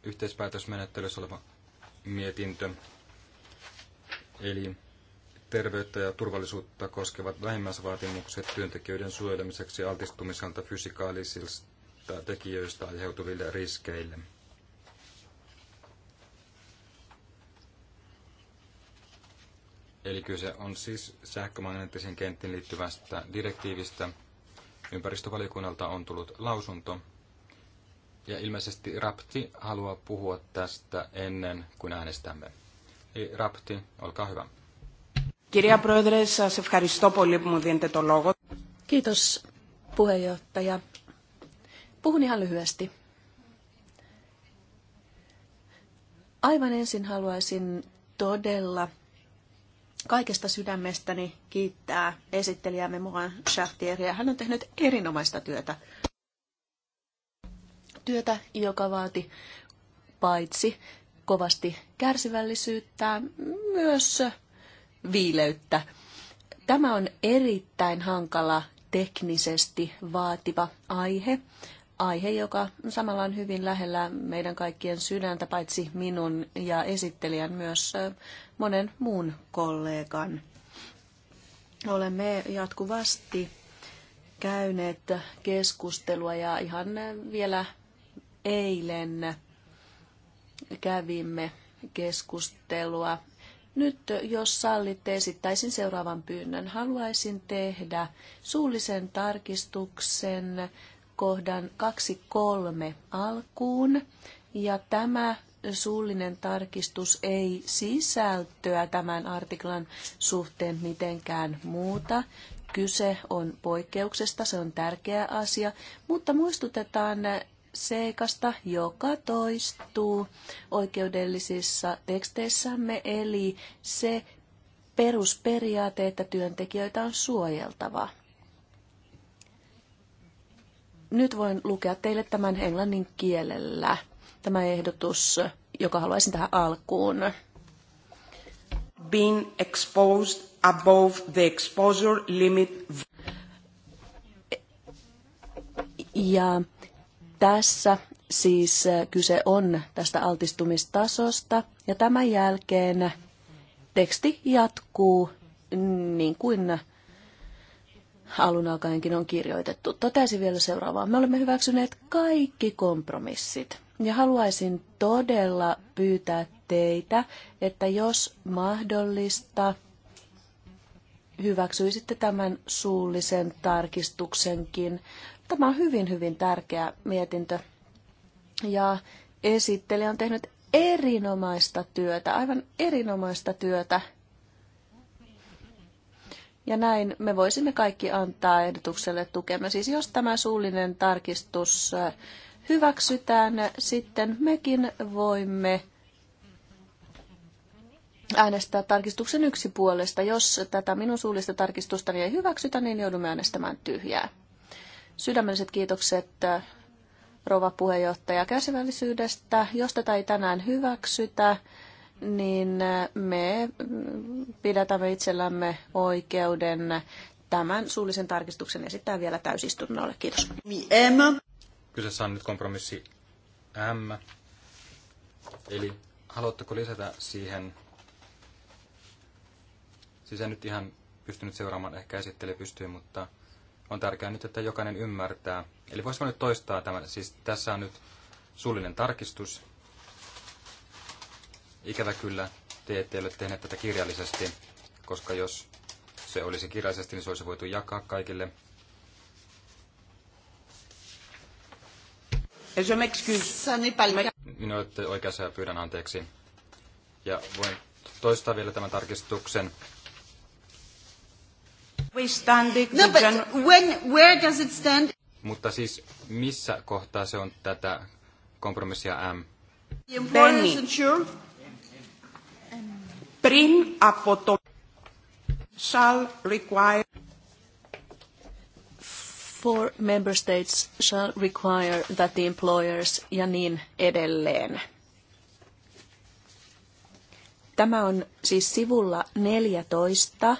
Yhteispäätösmenettelyssä oleva mietintö, eli terveyttä ja turvallisuutta koskevat vähimmäisvaatimukset työntekijöiden suojelemiseksi altistumiselta fysikaalisilta tekijöistä aiheutuville riskeille. Eli kyse on siis sähkömagneettisen kenttiin liittyvästä direktiivistä. Ympäristövaliokunnalta on tullut lausunto. Ja ilmeisesti Rapti haluaa puhua tästä ennen kuin äänestämme. Eli Rapti, olkaa hyvä. Kiitos puheenjohtaja. Puhun ihan lyhyesti. Aivan ensin haluaisin todella kaikesta sydämestäni kiittää esittelijämme Moran Chartieria. Hän on tehnyt erinomaista työtä. Työtä, joka vaati paitsi kovasti kärsivällisyyttä, myös viileyttä. Tämä on erittäin hankala teknisesti vaativa aihe, aihe, joka samalla on hyvin lähellä meidän kaikkien sydäntä, paitsi minun ja esittelijän myös monen muun kollegan. Olemme jatkuvasti käyneet keskustelua ja ihan vielä eilen kävimme keskustelua. Nyt jos sallitte, esittäisin seuraavan pyynnön. Haluaisin tehdä suullisen tarkistuksen kohdan 2.3 alkuun. Ja tämä suullinen tarkistus ei sisältöä tämän artiklan suhteen mitenkään muuta. Kyse on poikkeuksesta, se on tärkeä asia, mutta muistutetaan seikasta, joka toistuu oikeudellisissa teksteissämme, eli se perusperiaate, että työntekijöitä on suojeltava. Nyt voin lukea teille tämän englannin kielellä, tämä ehdotus, joka haluaisin tähän alkuun. Being exposed above the exposure limit. Ja tässä siis äh, kyse on tästä altistumistasosta ja tämän jälkeen teksti jatkuu niin kuin alun alkaenkin on kirjoitettu. Totesin vielä seuraavaa. Me olemme hyväksyneet kaikki kompromissit. Ja haluaisin todella pyytää teitä, että jos mahdollista, hyväksyisitte tämän suullisen tarkistuksenkin. Tämä on hyvin, hyvin tärkeä mietintö. Ja esittelijä on tehnyt erinomaista työtä, aivan erinomaista työtä ja näin me voisimme kaikki antaa ehdotukselle tukemme. Siis jos tämä suullinen tarkistus hyväksytään, sitten mekin voimme äänestää tarkistuksen yksi puolesta. Jos tätä minun suullista tarkistusta ei hyväksytä, niin joudumme äänestämään tyhjää. Sydämelliset kiitokset rova puheenjohtaja kärsivällisyydestä. Jos tätä ei tänään hyväksytä, niin me pidätämme itsellämme oikeuden tämän suullisen tarkistuksen esittää vielä täysistunnolle. Kiitos. M. Kyseessä on nyt kompromissi M. Eli haluatteko lisätä siihen, siis en nyt ihan pystynyt seuraamaan, ehkä esittely pystyy, mutta on tärkeää nyt, että jokainen ymmärtää. Eli voisiko nyt toistaa tämän, siis tässä on nyt suullinen tarkistus, Ikävä kyllä te ette ole tehneet tätä kirjallisesti, koska jos se olisi kirjallisesti, niin se olisi voitu jakaa kaikille. Minä olette oikeassa ja pyydän anteeksi. Ja voin toistaa vielä tämän tarkistuksen. no, when, where does it stand? Mutta siis missä kohtaa se on tätä kompromissia M? Benny πριν από το shall require four member states shall require that the employers ja niin edelleen. Tämä on siis sivulla 14.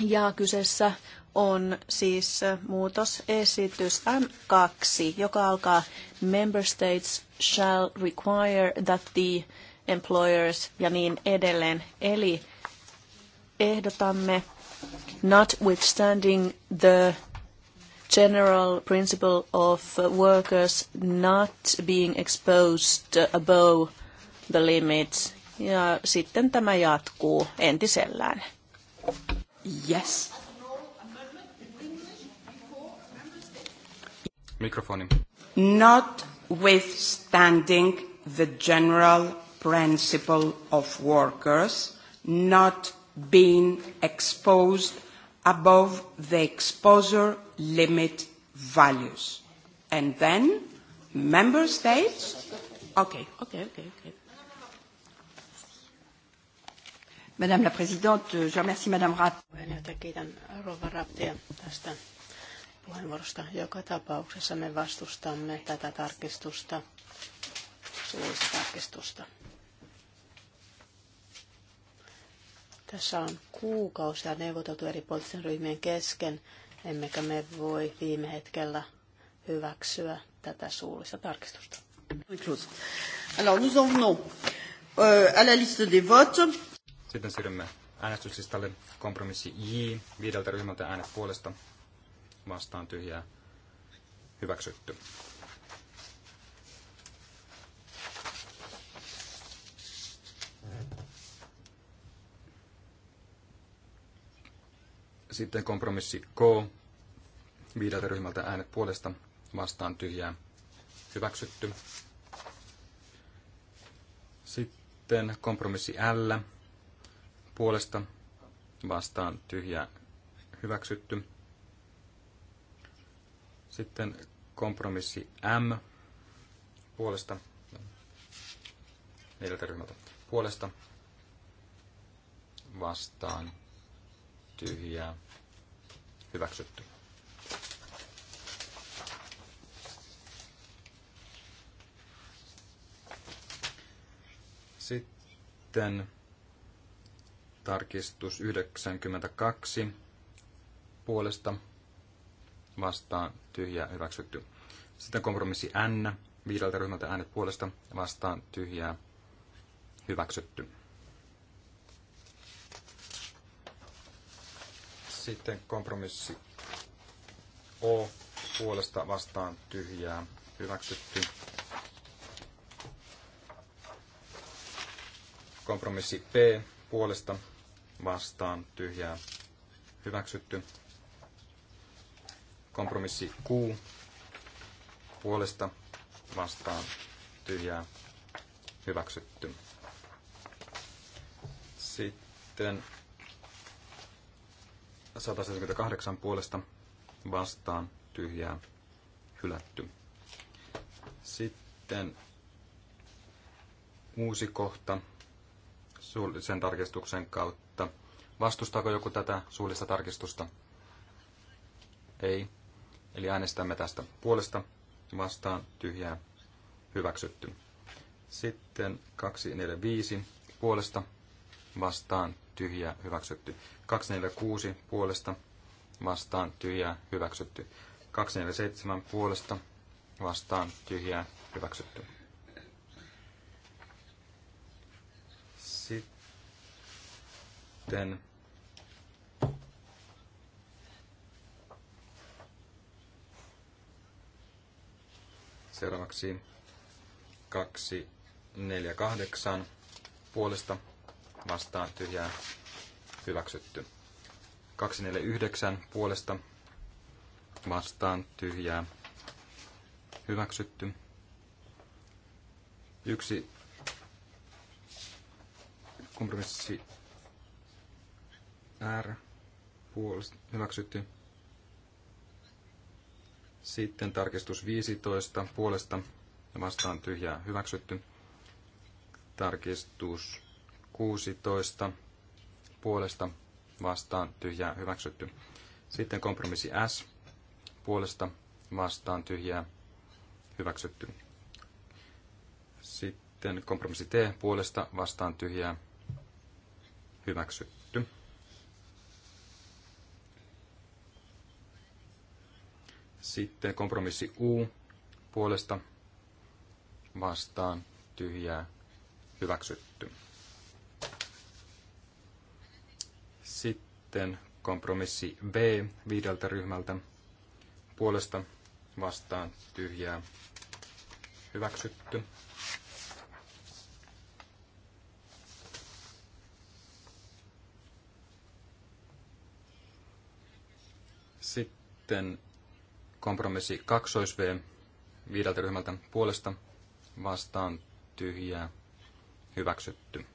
Ja kyseessä on siis muutosesitys M2, joka alkaa Member States shall require that the employers ja niin edelleen. Eli ehdotamme notwithstanding the general principle of workers not being exposed above the limits. Ja sitten tämä jatkuu entisellään. Yes. Mikrofoni. Notwithstanding the general principle of workers not being exposed above the exposure limit values. And then member states. Okay, okay, okay, okay. Madame la Présidente, je remercie Madame Rapp. Kiitän Rova Rappia tästä puheenvuorosta. Joka tapauksessa me vastustamme tätä tarkistusta, tarkistusta. Tässä on kuukausia neuvoteltu eri poliittisen ryhmien kesken, emmekä me voi viime hetkellä hyväksyä tätä suullista tarkistusta. Alors nous en euh, à la liste des votes. Sitten siirrymme äänestyslistalle kompromissi J, viideltä ryhmältä äänet puolesta vastaan tyhjää hyväksytty. Sitten kompromissi K viideltä ryhmältä äänet puolesta vastaan tyhjää hyväksytty. Sitten kompromissi L puolesta vastaan tyhjää hyväksytty. Sitten kompromissi M puolesta neljältä ryhmältä puolesta vastaan tyhjää hyväksytty. Sitten tarkistus 92 puolesta vastaan tyhjää hyväksytty. Sitten kompromissi N viideltä ryhmältä äänet puolesta vastaan tyhjää hyväksytty. Sitten kompromissi O puolesta vastaan tyhjää hyväksytty. Kompromissi P puolesta vastaan tyhjää hyväksytty. Kompromissi Q puolesta vastaan tyhjää hyväksytty. Sitten 178 puolesta vastaan tyhjää hylätty. Sitten uusi kohta suullisen tarkistuksen kautta. Vastustaako joku tätä suullista tarkistusta? Ei. Eli äänestämme tästä puolesta vastaan tyhjää hyväksytty. Sitten 245 puolesta vastaan tyhjää hyväksytty. 246 puolesta vastaan tyhjää hyväksytty. 247 puolesta vastaan tyhjää hyväksytty. Sitten Seuraavaksi 8 puolesta vastaan tyhjää hyväksytty. 9 puolesta vastaan tyhjää hyväksytty. Yksi kompromissi R puolesta hyväksytty. Sitten tarkistus 15 puolesta vastaan tyhjää hyväksytty. Tarkistus 16 puolesta vastaan tyhjää hyväksytty. Sitten kompromissi S puolesta vastaan tyhjää hyväksytty. Sitten kompromissi T puolesta vastaan tyhjää hyväksytty. Sitten kompromissi U puolesta vastaan tyhjää hyväksytty. Sitten kompromissi B viideltä ryhmältä puolesta vastaan tyhjää hyväksytty. Sitten Kompromissi 2V viideltä ryhmältä puolesta vastaan tyhjää hyväksytty.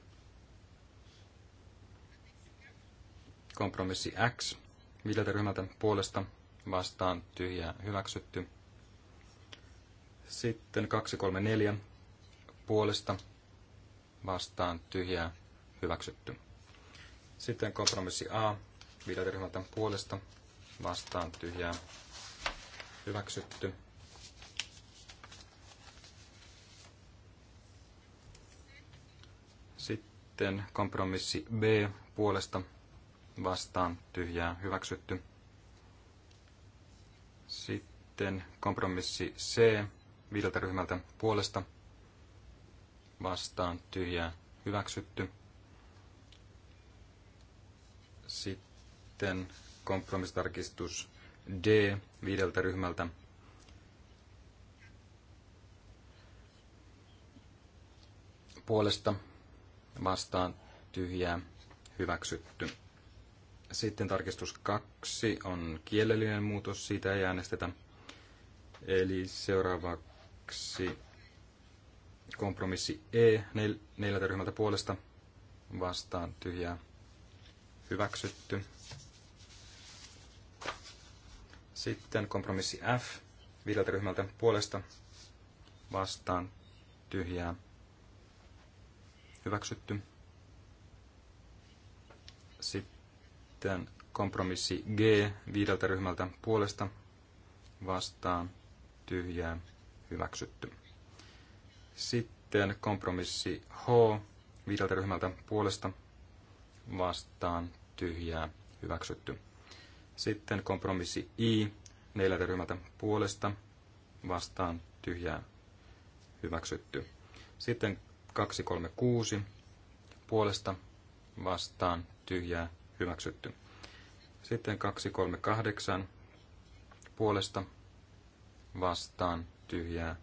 Kompromissi X viideltä ryhmältä puolesta vastaan tyhjää hyväksytty. Sitten 234 puolesta vastaan tyhjää hyväksytty. Sitten kompromissi A viideltä ryhmältä puolesta vastaan tyhjää hyväksytty. Sitten kompromissi B puolesta vastaan tyhjää hyväksytty. Sitten kompromissi C viideltä ryhmältä puolesta vastaan tyhjää hyväksytty. Sitten kompromissitarkistus D viideltä ryhmältä. Puolesta vastaan tyhjää hyväksytty. Sitten tarkistus 2 on kielellinen muutos, siitä ei äänestetä. Eli seuraavaksi kompromissi E neljältä ryhmältä puolesta vastaan tyhjää hyväksytty. Sitten kompromissi F viideltä ryhmältä puolesta vastaan tyhjää hyväksytty. Sitten kompromissi G viideltä ryhmältä puolesta vastaan tyhjää hyväksytty. Sitten kompromissi H viideltä ryhmältä puolesta vastaan tyhjää hyväksytty. Sitten kompromissi I neljältä puolesta vastaan tyhjää hyväksytty. Sitten 236 puolesta vastaan tyhjää hyväksytty. Sitten 238 puolesta vastaan tyhjää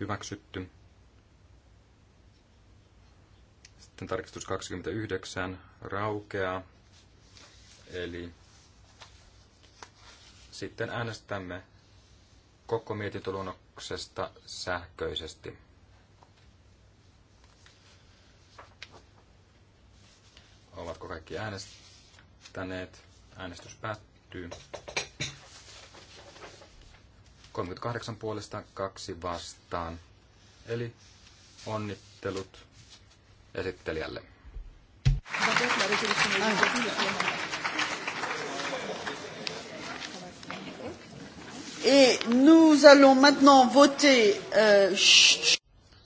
hyväksytty. Sitten tarkistus 29 raukeaa, eli sitten äänestämme koko mietintöluonnoksesta sähköisesti. Ovatko kaikki äänestäneet? Äänestys päättyy. 38 puolesta, kaksi vastaan. Eli onnittelut esittelijälle. Ai. Et nous allons maintenant voter... Euh,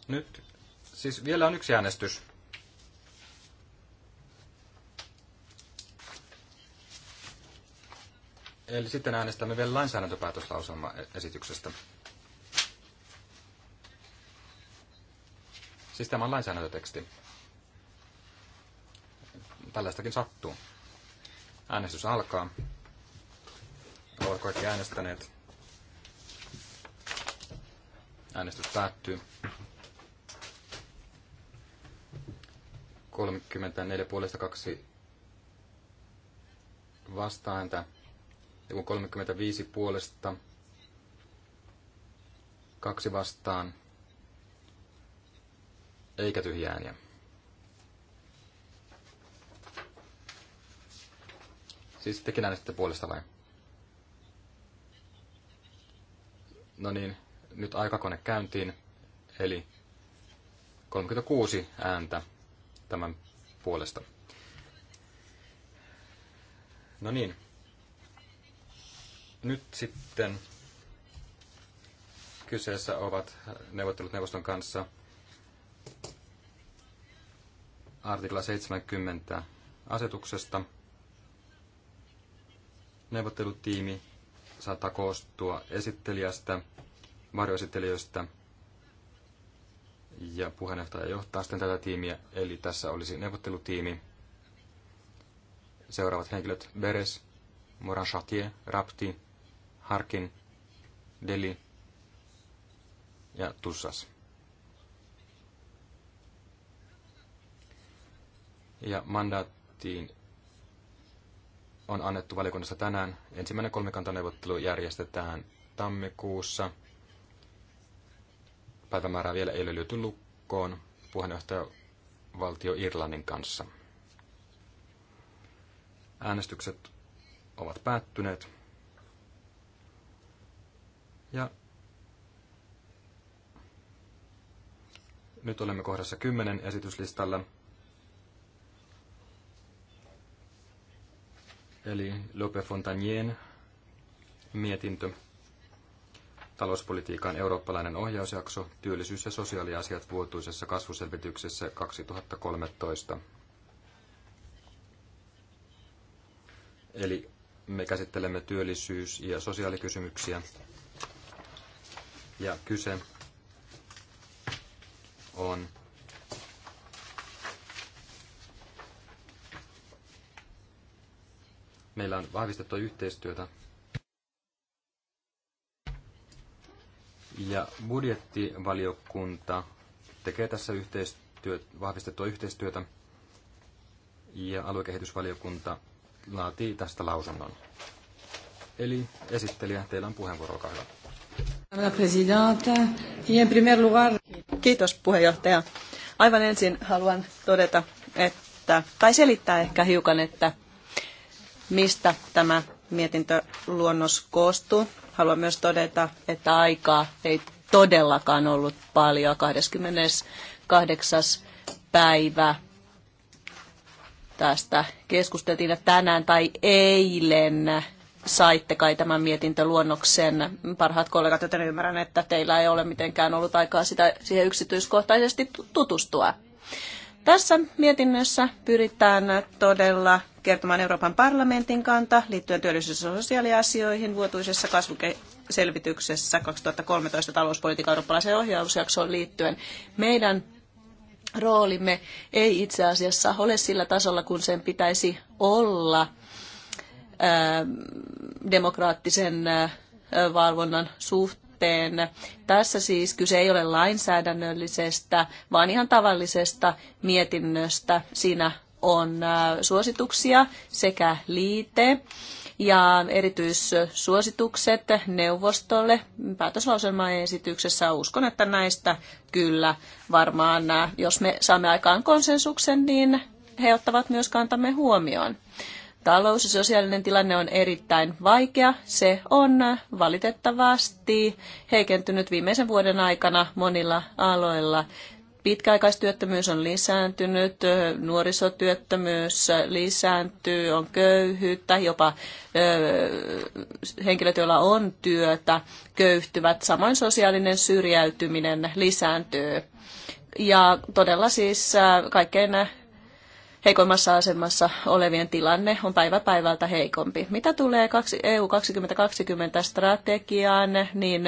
Nyt, siis vielä on yksi äänestys. Eli sitten äänestämme vielä lainsäädäntöpäätöslauselmaesityksestä. E- siis tämä on lainsäädäntöteksti. Tällaistakin sattuu. Äänestys alkaa. Ovat kaikki äänestäneet. Äänestys päättyy. 34 puolesta 2 vastaääntä. Ja kun 35 puolesta kaksi vastaan, eikä tyhjää ääniä. Siis tekin äänestätte puolesta vai? No niin, nyt aikakone käyntiin, eli 36 ääntä tämän puolesta. No niin. Nyt sitten kyseessä ovat neuvottelut neuvoston kanssa artikla 70 asetuksesta. Neuvottelutiimi saattaa koostua esittelijästä, varjoesittelijöistä ja puheenjohtaja johtaa sitten tätä tiimiä, eli tässä olisi neuvottelutiimi. Seuraavat henkilöt Beres, Moran Chartier, Rapti, Harkin, Deli ja Tussas. Ja mandaattiin on annettu valiokunnassa tänään. Ensimmäinen kolmikantaneuvottelu järjestetään tammikuussa – päivämäärää vielä ei löyty lukkoon puheenjohtajavaltio Irlannin kanssa. Äänestykset ovat päättyneet. Ja nyt olemme kohdassa 10 esityslistalla. Eli Lope Fontanien mietintö talouspolitiikan eurooppalainen ohjausjakso, työllisyys- ja sosiaaliasiat vuotuisessa kasvuselvityksessä 2013. Eli me käsittelemme työllisyys- ja sosiaalikysymyksiä. Ja kyse on meillä on vahvistettua yhteistyötä Ja budjettivaliokunta tekee tässä yhteistyö, vahvistettua yhteistyötä ja aluekehitysvaliokunta laatii tästä lausunnon. Eli esittelijä, teillä on puheenvuoro, olkaa hyvä. Kiitos puheenjohtaja. Aivan ensin haluan todeta, että, tai selittää ehkä hiukan, että mistä tämä mietintöluonnos koostuu haluan myös todeta, että aikaa ei todellakaan ollut paljon. 28. päivä tästä keskusteltiin, että tänään tai eilen saitte kai tämän mietintöluonnoksen parhaat kollegat, joten ymmärrän, että teillä ei ole mitenkään ollut aikaa sitä, siihen yksityiskohtaisesti tutustua. Tässä mietinnössä pyritään todella kertomaan Euroopan parlamentin kanta liittyen työllisyys- ja sosiaaliasioihin vuotuisessa kasvuselvityksessä 2013 talouspolitiikan eurooppalaisen ohjausjaksoon liittyen. Meidän roolimme ei itse asiassa ole sillä tasolla, kun sen pitäisi olla demokraattisen valvonnan suhteen sitten Tässä siis kyse ei ole lainsäädännöllisestä, vaan ihan tavallisesta mietinnöstä. Siinä on äh, suosituksia sekä liite ja erityissuositukset neuvostolle esityksessä. Uskon, että näistä kyllä varmaan, äh, jos me saamme aikaan konsensuksen, niin he ottavat myös kantamme huomioon. Talous- ja sosiaalinen tilanne on erittäin vaikea. Se on valitettavasti heikentynyt viimeisen vuoden aikana monilla aloilla. Pitkäaikaistyöttömyys on lisääntynyt, nuorisotyöttömyys lisääntyy, on köyhyyttä, jopa henkilöt, joilla on työtä, köyhtyvät. Samoin sosiaalinen syrjäytyminen lisääntyy. Ja todella siis kaikkein heikoimmassa asemassa olevien tilanne on päivä päivältä heikompi. Mitä tulee EU 2020 strategiaan, niin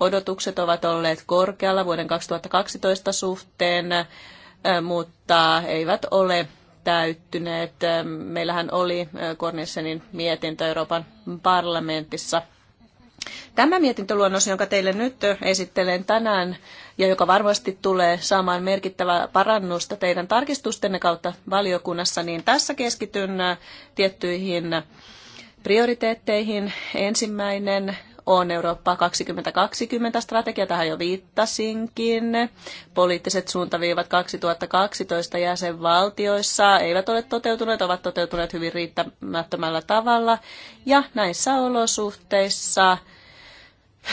odotukset ovat olleet korkealla vuoden 2012 suhteen, mutta eivät ole täyttyneet. Meillähän oli Kornissenin mietintö Euroopan parlamentissa. Tämä mietintöluonnos, jonka teille nyt esittelen tänään, ja joka varmasti tulee saamaan merkittävää parannusta teidän tarkistustenne kautta valiokunnassa, niin tässä keskityn äh, tiettyihin prioriteetteihin. Ensimmäinen on Eurooppa 2020 strategia, tähän jo viittasinkin. Poliittiset suuntaviivat 2012 jäsenvaltioissa eivät ole toteutuneet, ovat toteutuneet hyvin riittämättömällä tavalla. Ja näissä olosuhteissa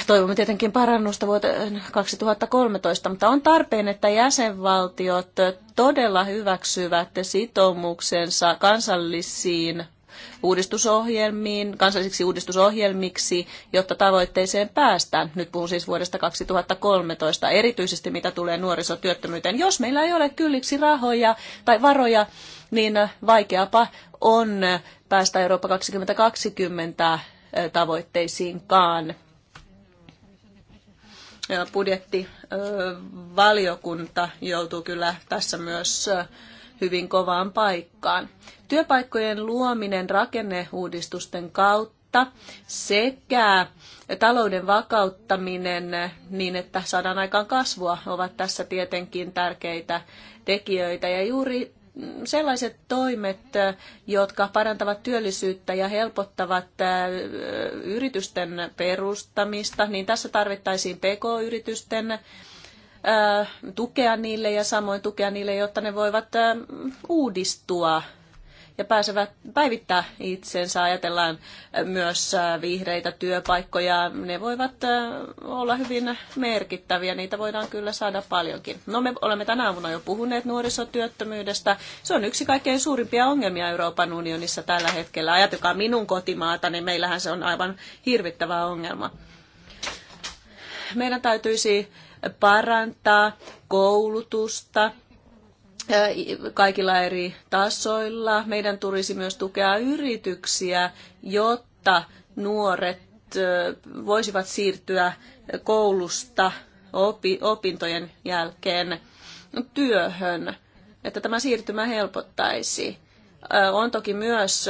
Toivomme tietenkin parannusta vuoteen 2013, mutta on tarpeen, että jäsenvaltiot todella hyväksyvät sitoumuksensa kansallisiin uudistusohjelmiin, kansallisiksi uudistusohjelmiksi, jotta tavoitteeseen päästään. Nyt puhun siis vuodesta 2013, erityisesti mitä tulee nuorisotyöttömyyteen. Jos meillä ei ole kylliksi rahoja tai varoja, niin vaikeapa on päästä Eurooppa 2020 tavoitteisiinkaan budjettivaliokunta joutuu kyllä tässä myös hyvin kovaan paikkaan. Työpaikkojen luominen rakenneuudistusten kautta sekä talouden vakauttaminen niin, että saadaan aikaan kasvua, ovat tässä tietenkin tärkeitä tekijöitä. Ja juuri sellaiset toimet, jotka parantavat työllisyyttä ja helpottavat äh, yritysten perustamista, niin tässä tarvittaisiin PK-yritysten äh, tukea niille ja samoin tukea niille, jotta ne voivat äh, uudistua ja pääsevät päivittää itsensä. Ajatellaan myös äh, vihreitä työpaikkoja. Ne voivat äh, olla hyvin merkittäviä. Niitä voidaan kyllä saada paljonkin. No me olemme tänä aamuna jo puhuneet nuorisotyöttömyydestä. Se on yksi kaikkein suurimpia ongelmia Euroopan unionissa tällä hetkellä. Ajatelkaa minun kotimaata, niin meillähän se on aivan hirvittävä ongelma. Meidän täytyisi parantaa koulutusta, kaikilla eri tasoilla. Meidän tulisi myös tukea yrityksiä, jotta nuoret voisivat siirtyä koulusta opintojen jälkeen työhön, että tämä siirtymä helpottaisi. On toki myös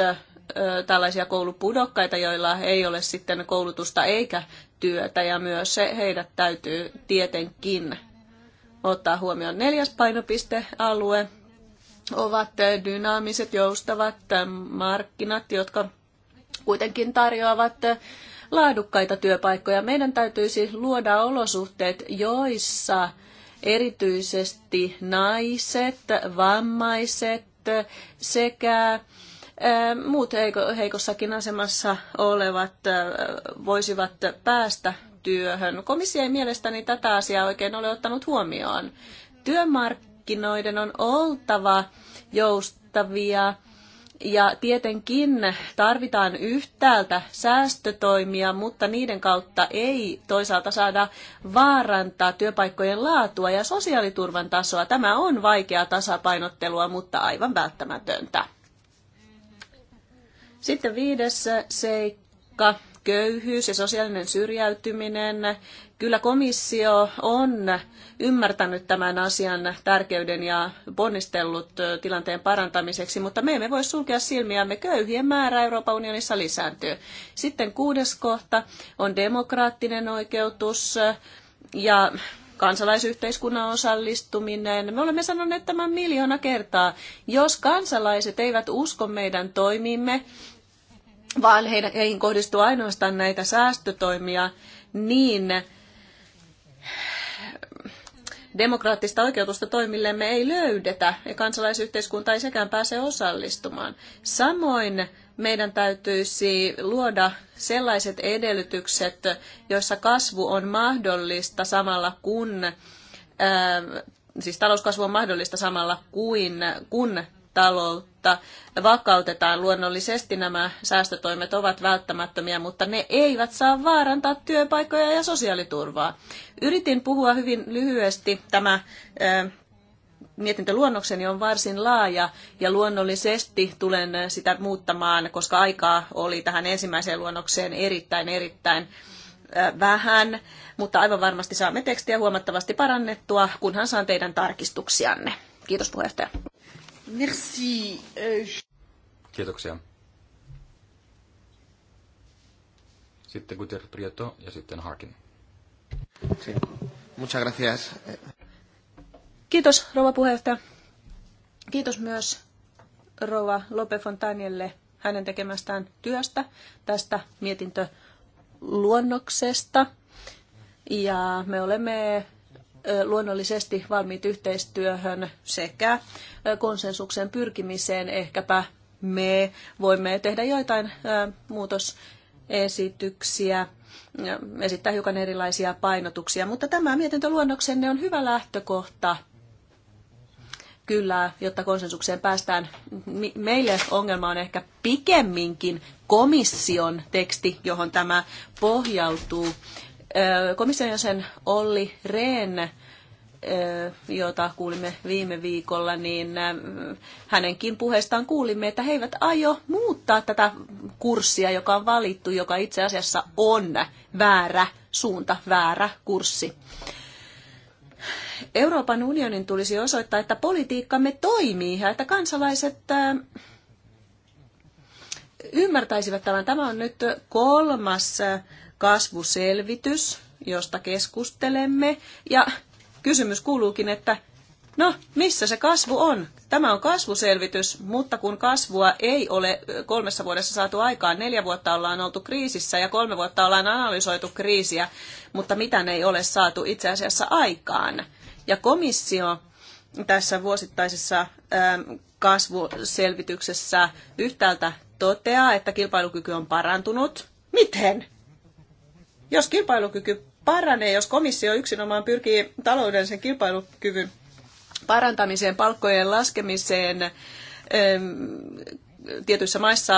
tällaisia koulupudokkaita, joilla ei ole sitten koulutusta eikä työtä, ja myös heidät täytyy tietenkin ottaa huomioon neljäs painopistealue, ovat eh, dynaamiset, joustavat eh, markkinat, jotka kuitenkin tarjoavat eh, laadukkaita työpaikkoja. Meidän täytyisi luoda olosuhteet, joissa erityisesti naiset, vammaiset sekä muut heikossakin asemassa olevat voisivat päästä työhön. Komissio ei mielestäni tätä asiaa oikein ole ottanut huomioon. Työmarkkinoiden on oltava joustavia ja tietenkin tarvitaan yhtäältä säästötoimia, mutta niiden kautta ei toisaalta saada vaarantaa työpaikkojen laatua ja sosiaaliturvan tasoa. Tämä on vaikeaa tasapainottelua, mutta aivan välttämätöntä. Sitten viides seikka köyhyys ja sosiaalinen syrjäytyminen. Kyllä komissio on ymmärtänyt tämän asian tärkeyden ja ponnistellut tilanteen parantamiseksi, mutta me emme voi sulkea silmiämme. Köyhien määrä Euroopan unionissa lisääntyy. Sitten kuudes kohta on demokraattinen oikeutus ja kansalaisyhteiskunnan osallistuminen. Me olemme sanoneet tämän miljoona kertaa. Jos kansalaiset eivät usko meidän toimimme, vaan heihin kohdistuu ainoastaan näitä säästötoimia niin demokraattista oikeutusta toimillemme ei löydetä ja kansalaisyhteiskunta ei sekään pääse osallistumaan. Samoin meidän täytyisi luoda sellaiset edellytykset, joissa kasvu on mahdollista samalla kun, siis talouskasvu on mahdollista samalla kuin, kun talous taloutta vakautetaan. Luonnollisesti nämä säästötoimet ovat välttämättömiä, mutta ne eivät saa vaarantaa työpaikkoja ja sosiaaliturvaa. Yritin puhua hyvin lyhyesti tämä mietintöluonnokseni on varsin laaja ja luonnollisesti tulen sitä muuttamaan, koska aikaa oli tähän ensimmäiseen luonnokseen erittäin erittäin vähän, mutta aivan varmasti saamme tekstiä huomattavasti parannettua, kunhan saan teidän tarkistuksianne. Kiitos puheenjohtaja. Merci. Euh, Kiitoksia. Sitten Guter Prieto ja sitten Harkin. Sí. Muchas gracias. Kiitos, rouva puheenjohtaja. Kiitos myös rouva Lope Fontanielle hänen tekemästään työstä tästä mietintöluonnoksesta. Ja me olemme luonnollisesti valmiit yhteistyöhön sekä konsensuksen pyrkimiseen. Ehkäpä me voimme tehdä joitain muutosesityksiä, esittää hiukan erilaisia painotuksia, mutta tämä mietintöluonnoksenne on hyvä lähtökohta kyllä, jotta konsensukseen päästään. Meille ongelma on ehkä pikemminkin komission teksti, johon tämä pohjautuu. Komission jäsen Olli Rehn jota kuulimme viime viikolla, niin hänenkin puheestaan kuulimme, että he eivät aio muuttaa tätä kurssia, joka on valittu, joka itse asiassa on väärä suunta, väärä kurssi. Euroopan unionin tulisi osoittaa, että politiikkamme toimii ja että kansalaiset ymmärtäisivät tämän. Tämä on nyt kolmas kasvuselvitys, josta keskustelemme. Ja kysymys kuuluukin, että no, missä se kasvu on? Tämä on kasvuselvitys, mutta kun kasvua ei ole kolmessa vuodessa saatu aikaan, neljä vuotta ollaan oltu kriisissä ja kolme vuotta ollaan analysoitu kriisiä, mutta mitä ne ei ole saatu itse asiassa aikaan. Ja komissio tässä vuosittaisessa kasvuselvityksessä yhtäältä toteaa, että kilpailukyky on parantunut. Miten? Jos kilpailukyky paranee, jos komissio yksinomaan pyrkii taloudellisen kilpailukyvyn parantamiseen, palkkojen laskemiseen, tietyissä maissa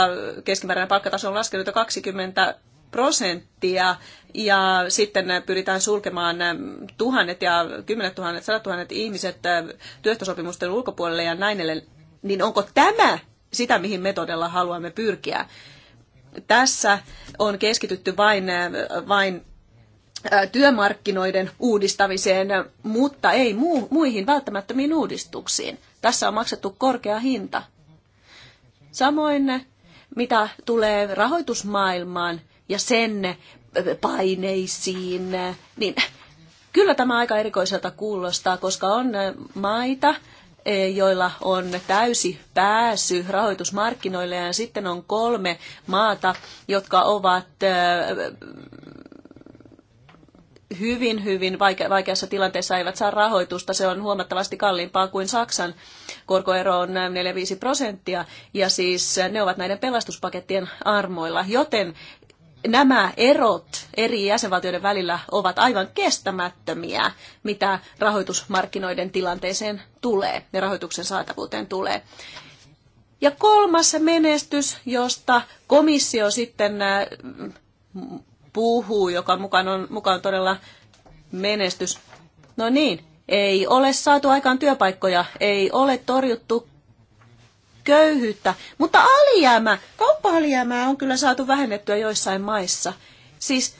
keskimääräinen palkkataso on laskenut 20 prosenttia ja sitten pyritään sulkemaan tuhannet ja kymmenet tuhannet, sadat tuhannet ihmiset työehtosopimusten ulkopuolelle ja näin edelleen, niin onko tämä sitä, mihin me todella haluamme pyrkiä? tässä on keskitytty vain, äh, vain äh, työmarkkinoiden uudistamiseen, mutta ei muu, muihin välttämättömiin uudistuksiin. Tässä on maksettu korkea hinta. Samoin mitä tulee rahoitusmaailmaan ja sen äh, paineisiin, niin kyllä tämä aika erikoiselta kuulostaa, koska on maita, E, joilla on täysi pääsy rahoitusmarkkinoille ja sitten on kolme maata, jotka ovat e, hyvin, hyvin vaikeassa tilanteessa eivät saa rahoitusta. Se on huomattavasti kalliimpaa kuin Saksan korkoero on 4-5 prosenttia. Ja siis ne ovat näiden pelastuspakettien armoilla. Joten nämä erot eri jäsenvaltioiden välillä ovat aivan kestämättömiä, mitä rahoitusmarkkinoiden tilanteeseen tulee ja rahoituksen saatavuuteen tulee. Ja kolmas menestys, josta komissio sitten puhuu, joka mukaan on, mukaan on todella menestys. No niin, ei ole saatu aikaan työpaikkoja, ei ole torjuttu köyhyyttä, mutta alijäämä, kauppa-alijäämää on kyllä saatu vähennettyä joissain maissa. Siis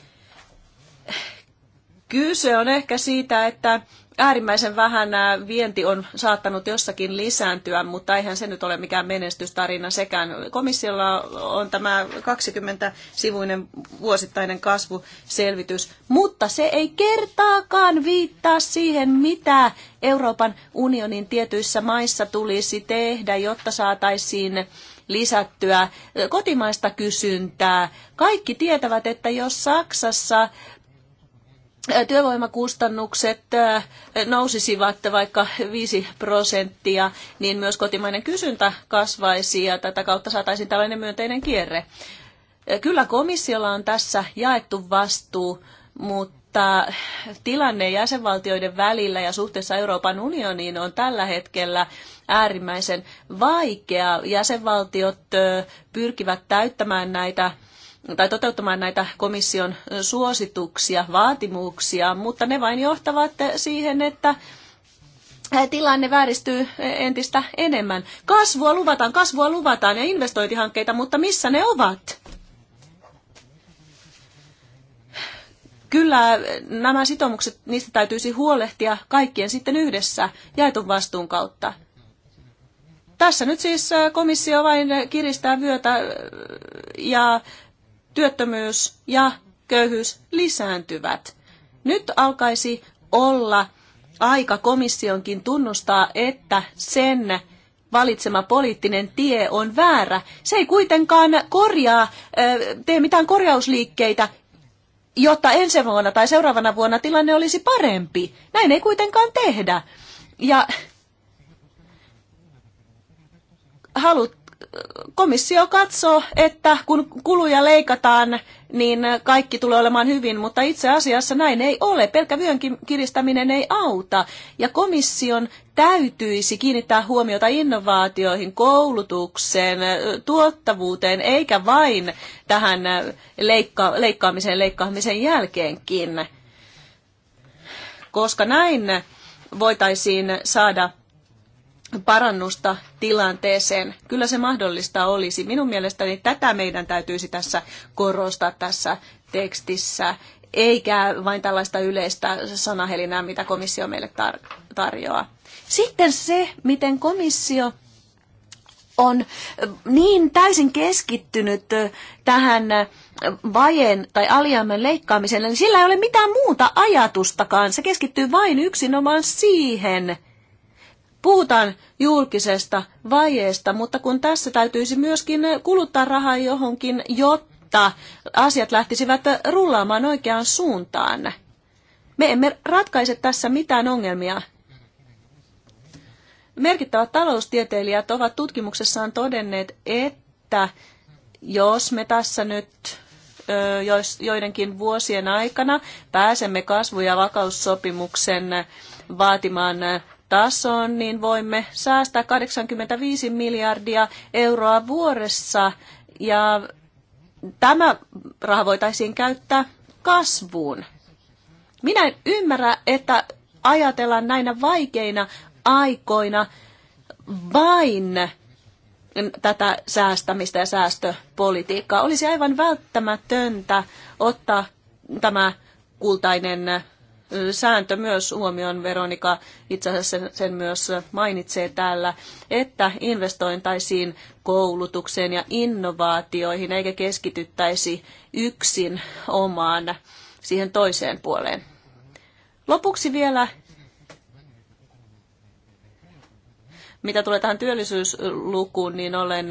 kyse on ehkä siitä, että äärimmäisen vähän vienti on saattanut jossakin lisääntyä, mutta eihän se nyt ole mikään menestystarina sekään. Komissiolla on tämä 20-sivuinen vuosittainen kasvuselvitys, mutta se ei kertaakaan viittaa siihen, mitä Euroopan unionin tietyissä maissa tulisi tehdä, jotta saataisiin lisättyä kotimaista kysyntää. Kaikki tietävät, että jos Saksassa työvoimakustannukset nousisivat vaikka 5 prosenttia, niin myös kotimainen kysyntä kasvaisi ja tätä kautta saataisiin tällainen myönteinen kierre. Kyllä komissiolla on tässä jaettu vastuu, mutta tilanne jäsenvaltioiden välillä ja suhteessa Euroopan unioniin on tällä hetkellä äärimmäisen vaikea. Jäsenvaltiot pyrkivät täyttämään näitä tai toteuttamaan näitä komission suosituksia, vaatimuksia, mutta ne vain johtavat siihen, että tilanne vääristyy entistä enemmän. Kasvua luvataan, kasvua luvataan ja investointihankkeita, mutta missä ne ovat? Kyllä nämä sitoumukset, niistä täytyisi huolehtia kaikkien sitten yhdessä jaetun vastuun kautta. Tässä nyt siis komissio vain kiristää vyötä ja työttömyys ja köyhyys lisääntyvät. Nyt alkaisi olla aika komissionkin tunnustaa, että sen valitsema poliittinen tie on väärä. Se ei kuitenkaan korjaa, tee mitään korjausliikkeitä, jotta ensi vuonna tai seuraavana vuonna tilanne olisi parempi. Näin ei kuitenkaan tehdä. Ja halut, komissio katsoo, että kun kuluja leikataan, niin kaikki tulee olemaan hyvin, mutta itse asiassa näin ei ole. Pelkä vyön kiristäminen ei auta. Ja komission täytyisi kiinnittää huomiota innovaatioihin, koulutukseen, tuottavuuteen, eikä vain tähän leikka- leikkaamiseen leikkaamisen jälkeenkin. Koska näin voitaisiin saada parannusta tilanteeseen. Kyllä se mahdollista olisi. Minun mielestäni tätä meidän täytyisi tässä korostaa tässä tekstissä, eikä vain tällaista yleistä sanahelinää, mitä komissio meille tar- tarjoaa. Sitten se, miten komissio on niin täysin keskittynyt tähän vajeen tai alijäämän leikkaamiseen, niin sillä ei ole mitään muuta ajatustakaan. Se keskittyy vain yksinomaan siihen – Puhutaan julkisesta vajeesta, mutta kun tässä täytyisi myöskin kuluttaa rahaa johonkin, jotta asiat lähtisivät rullaamaan oikeaan suuntaan. Me emme ratkaise tässä mitään ongelmia. Merkittävät taloustieteilijät ovat tutkimuksessaan todenneet, että jos me tässä nyt joidenkin vuosien aikana pääsemme kasvu- ja vakaussopimuksen vaatimaan tason, niin voimme säästää 85 miljardia euroa vuodessa ja tämä raha voitaisiin käyttää kasvuun. Minä en ymmärrä, että ajatellaan näinä vaikeina aikoina vain tätä säästämistä ja säästöpolitiikkaa. Olisi aivan välttämätöntä ottaa tämä kultainen sääntö myös huomioon, Veronika itse asiassa sen, sen myös mainitsee täällä, että investointaisiin koulutukseen ja innovaatioihin eikä keskityttäisi yksin omaan siihen toiseen puoleen. Lopuksi vielä, mitä tulee tähän työllisyyslukuun, niin olen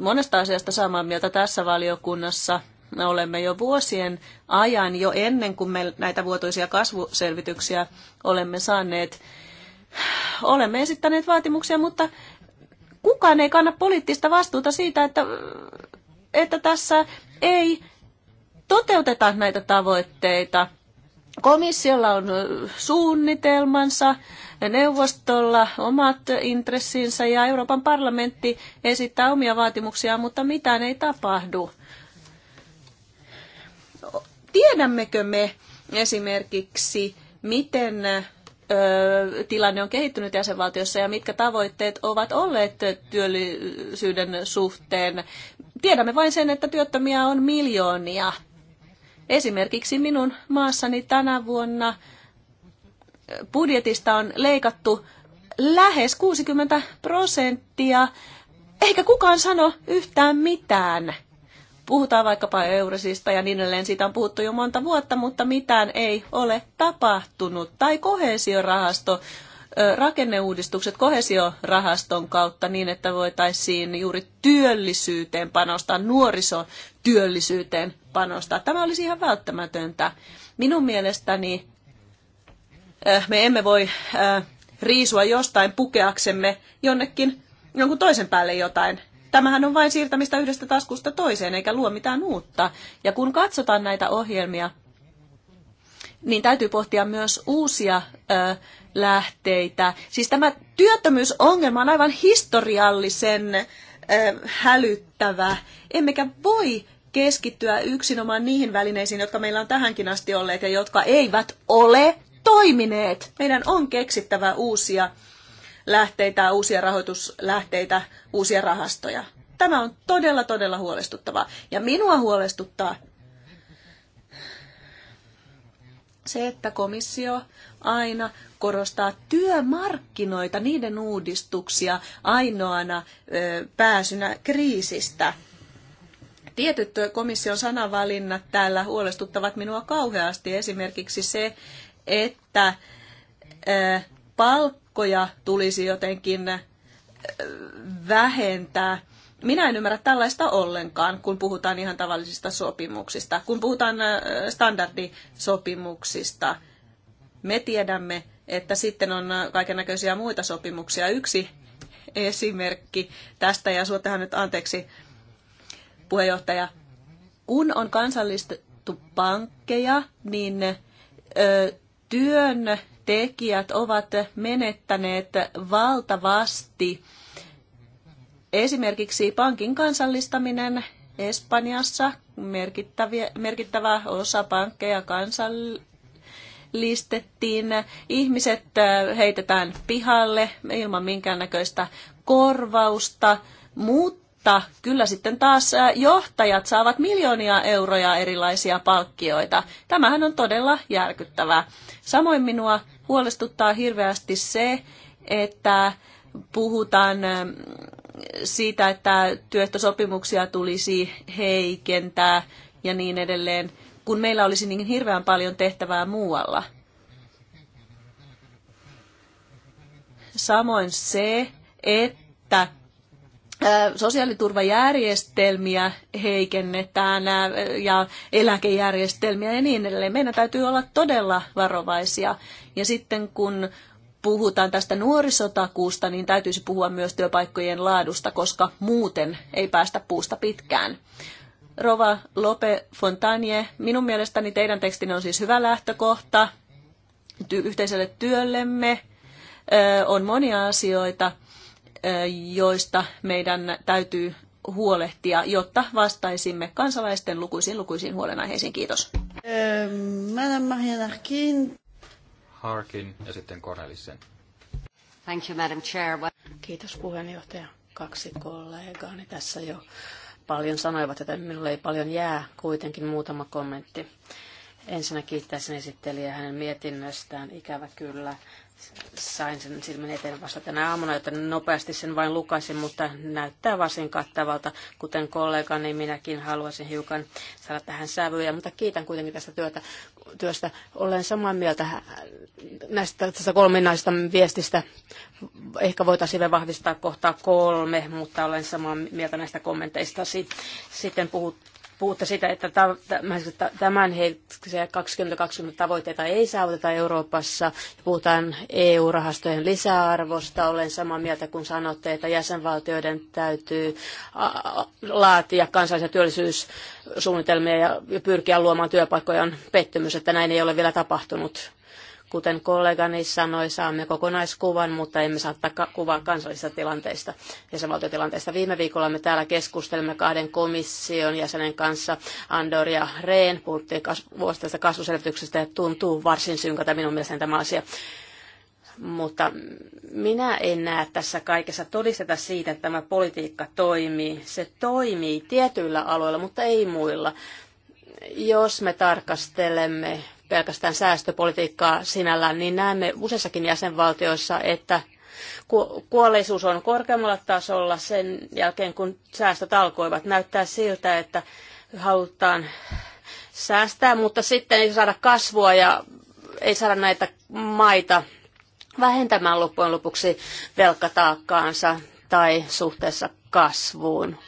monesta asiasta samaa mieltä tässä valiokunnassa – olemme jo vuosien ajan, jo ennen kuin me näitä vuotuisia kasvuselvityksiä olemme saaneet, olemme esittäneet vaatimuksia, mutta kukaan ei kanna poliittista vastuuta siitä, että, että tässä ei toteuteta näitä tavoitteita. Komissiolla on suunnitelmansa, neuvostolla omat intressinsä ja Euroopan parlamentti esittää omia vaatimuksiaan, mutta mitään ei tapahdu. Tiedämmekö me esimerkiksi, miten tilanne on kehittynyt jäsenvaltiossa ja mitkä tavoitteet ovat olleet työllisyyden suhteen. Tiedämme vain sen, että työttömiä on miljoonia. Esimerkiksi minun maassani tänä vuonna budjetista on leikattu lähes 60 prosenttia, eikä kukaan sano yhtään mitään. Puhutaan vaikkapa Eurasista ja niin edelleen, siitä on puhuttu jo monta vuotta, mutta mitään ei ole tapahtunut. Tai kohesiorahasto, rakenneuudistukset kohesiorahaston kautta niin, että voitaisiin juuri työllisyyteen panostaa, nuorisotyöllisyyteen panostaa. Tämä olisi ihan välttämätöntä. Minun mielestäni me emme voi riisua jostain pukeaksemme jonnekin jonkun toisen päälle jotain. Tämähän on vain siirtämistä yhdestä taskusta toiseen, eikä luo mitään uutta. Ja kun katsotaan näitä ohjelmia, niin täytyy pohtia myös uusia ö, lähteitä. Siis tämä työttömyysongelma on aivan historiallisen ö, hälyttävä. Emmekä voi keskittyä yksinomaan niihin välineisiin, jotka meillä on tähänkin asti olleet ja jotka eivät ole toimineet. Meidän on keksittävä uusia lähteitä, uusia rahoituslähteitä, uusia rahastoja. Tämä on todella, todella huolestuttavaa. Ja minua huolestuttaa se, että komissio aina korostaa työmarkkinoita, niiden uudistuksia ainoana ö, pääsynä kriisistä. Tietyt komission sanavalinnat täällä huolestuttavat minua kauheasti. Esimerkiksi se, että ö, palkka sakkoja tulisi jotenkin äh, vähentää. Minä en ymmärrä tällaista ollenkaan, kun puhutaan ihan tavallisista sopimuksista, kun puhutaan äh, standardisopimuksista. Me tiedämme, että sitten on äh, kaiken näköisiä muita sopimuksia. Yksi esimerkki tästä, ja tähän nyt anteeksi puheenjohtaja. Kun on kansallistettu pankkeja, niin työn tekijät ovat menettäneet valtavasti. Esimerkiksi pankin kansallistaminen Espanjassa merkittävä osa pankkeja kansallistettiin. Ihmiset heitetään pihalle ilman minkäännäköistä korvausta, mutta kyllä sitten taas johtajat saavat miljoonia euroja erilaisia palkkioita. Tämähän on todella järkyttävää. Samoin minua huolestuttaa hirveästi se, että puhutaan ähm, siitä, että työehtosopimuksia tulisi heikentää ja niin edelleen, kun meillä olisi niin hirveän paljon tehtävää muualla. Samoin se, että sosiaaliturvajärjestelmiä heikennetään ja eläkejärjestelmiä ja niin edelleen. Meidän täytyy olla todella varovaisia. Ja sitten kun puhutaan tästä nuorisotakuusta, niin täytyisi puhua myös työpaikkojen laadusta, koska muuten ei päästä puusta pitkään. Rova Lope Fontanie, minun mielestäni teidän tekstinne on siis hyvä lähtökohta ty- yhteiselle työllemme. Ö, on monia asioita, joista meidän täytyy huolehtia, jotta vastaisimme kansalaisten lukuisiin lukuisiin huolenaiheisiin. Kiitos. Madame Marianne Harkin. Harkin ja sitten Cornelissen. Thank you, Madam Chair. Kiitos puheenjohtaja. Kaksi niin tässä jo paljon sanoivat, että minulle ei paljon jää kuitenkin muutama kommentti. Ensinnä kiittäisin esittelijää hänen mietinnöstään. Ikävä kyllä Sain sen silmän eteen vasta tänä aamuna, joten nopeasti sen vain lukaisin, mutta näyttää varsin kattavalta. Kuten kollega, niin minäkin haluaisin hiukan saada tähän sävyjä, mutta kiitän kuitenkin tästä työtä, työstä. Olen samaa mieltä näistä tästä kolminaista viestistä. Ehkä voitaisiin vielä vahvistaa kohtaa kolme, mutta olen samaa mieltä näistä kommenteistasi. Sitten puhut puhutte sitä, että tämän hetkisiä 2020 tavoitteita ei saavuteta Euroopassa. Ja puhutaan EU-rahastojen lisäarvosta. Olen samaa mieltä, kun sanotte, että jäsenvaltioiden täytyy laatia kansallisia työllisyyssuunnitelmia ja pyrkiä luomaan työpaikkoja. On pettymys, että näin ei ole vielä tapahtunut. Kuten kollegani sanoi, saamme kokonaiskuvan, mutta emme saa kuvaa kansallisista tilanteista ja sen valtiotilanteista. Viime viikolla me täällä keskustelimme kahden komission jäsenen kanssa, Andor ja Rehn, puhuttiin vuosittaisesta kasvuselvityksestä ja tuntuu varsin synkältä minun mielestäni tämä asia mutta minä en näe tässä kaikessa todisteta siitä, että tämä politiikka toimii. Se toimii tietyillä aloilla, mutta ei muilla. Jos me tarkastelemme pelkästään säästöpolitiikkaa sinällään, niin näemme useissakin jäsenvaltioissa, että kuolleisuus on korkeammalla tasolla sen jälkeen, kun säästöt alkoivat. Näyttää siltä, että halutaan säästää, mutta sitten ei saada kasvua ja ei saada näitä maita vähentämään loppujen lopuksi velkataakkaansa tai suhteessa kasvuun.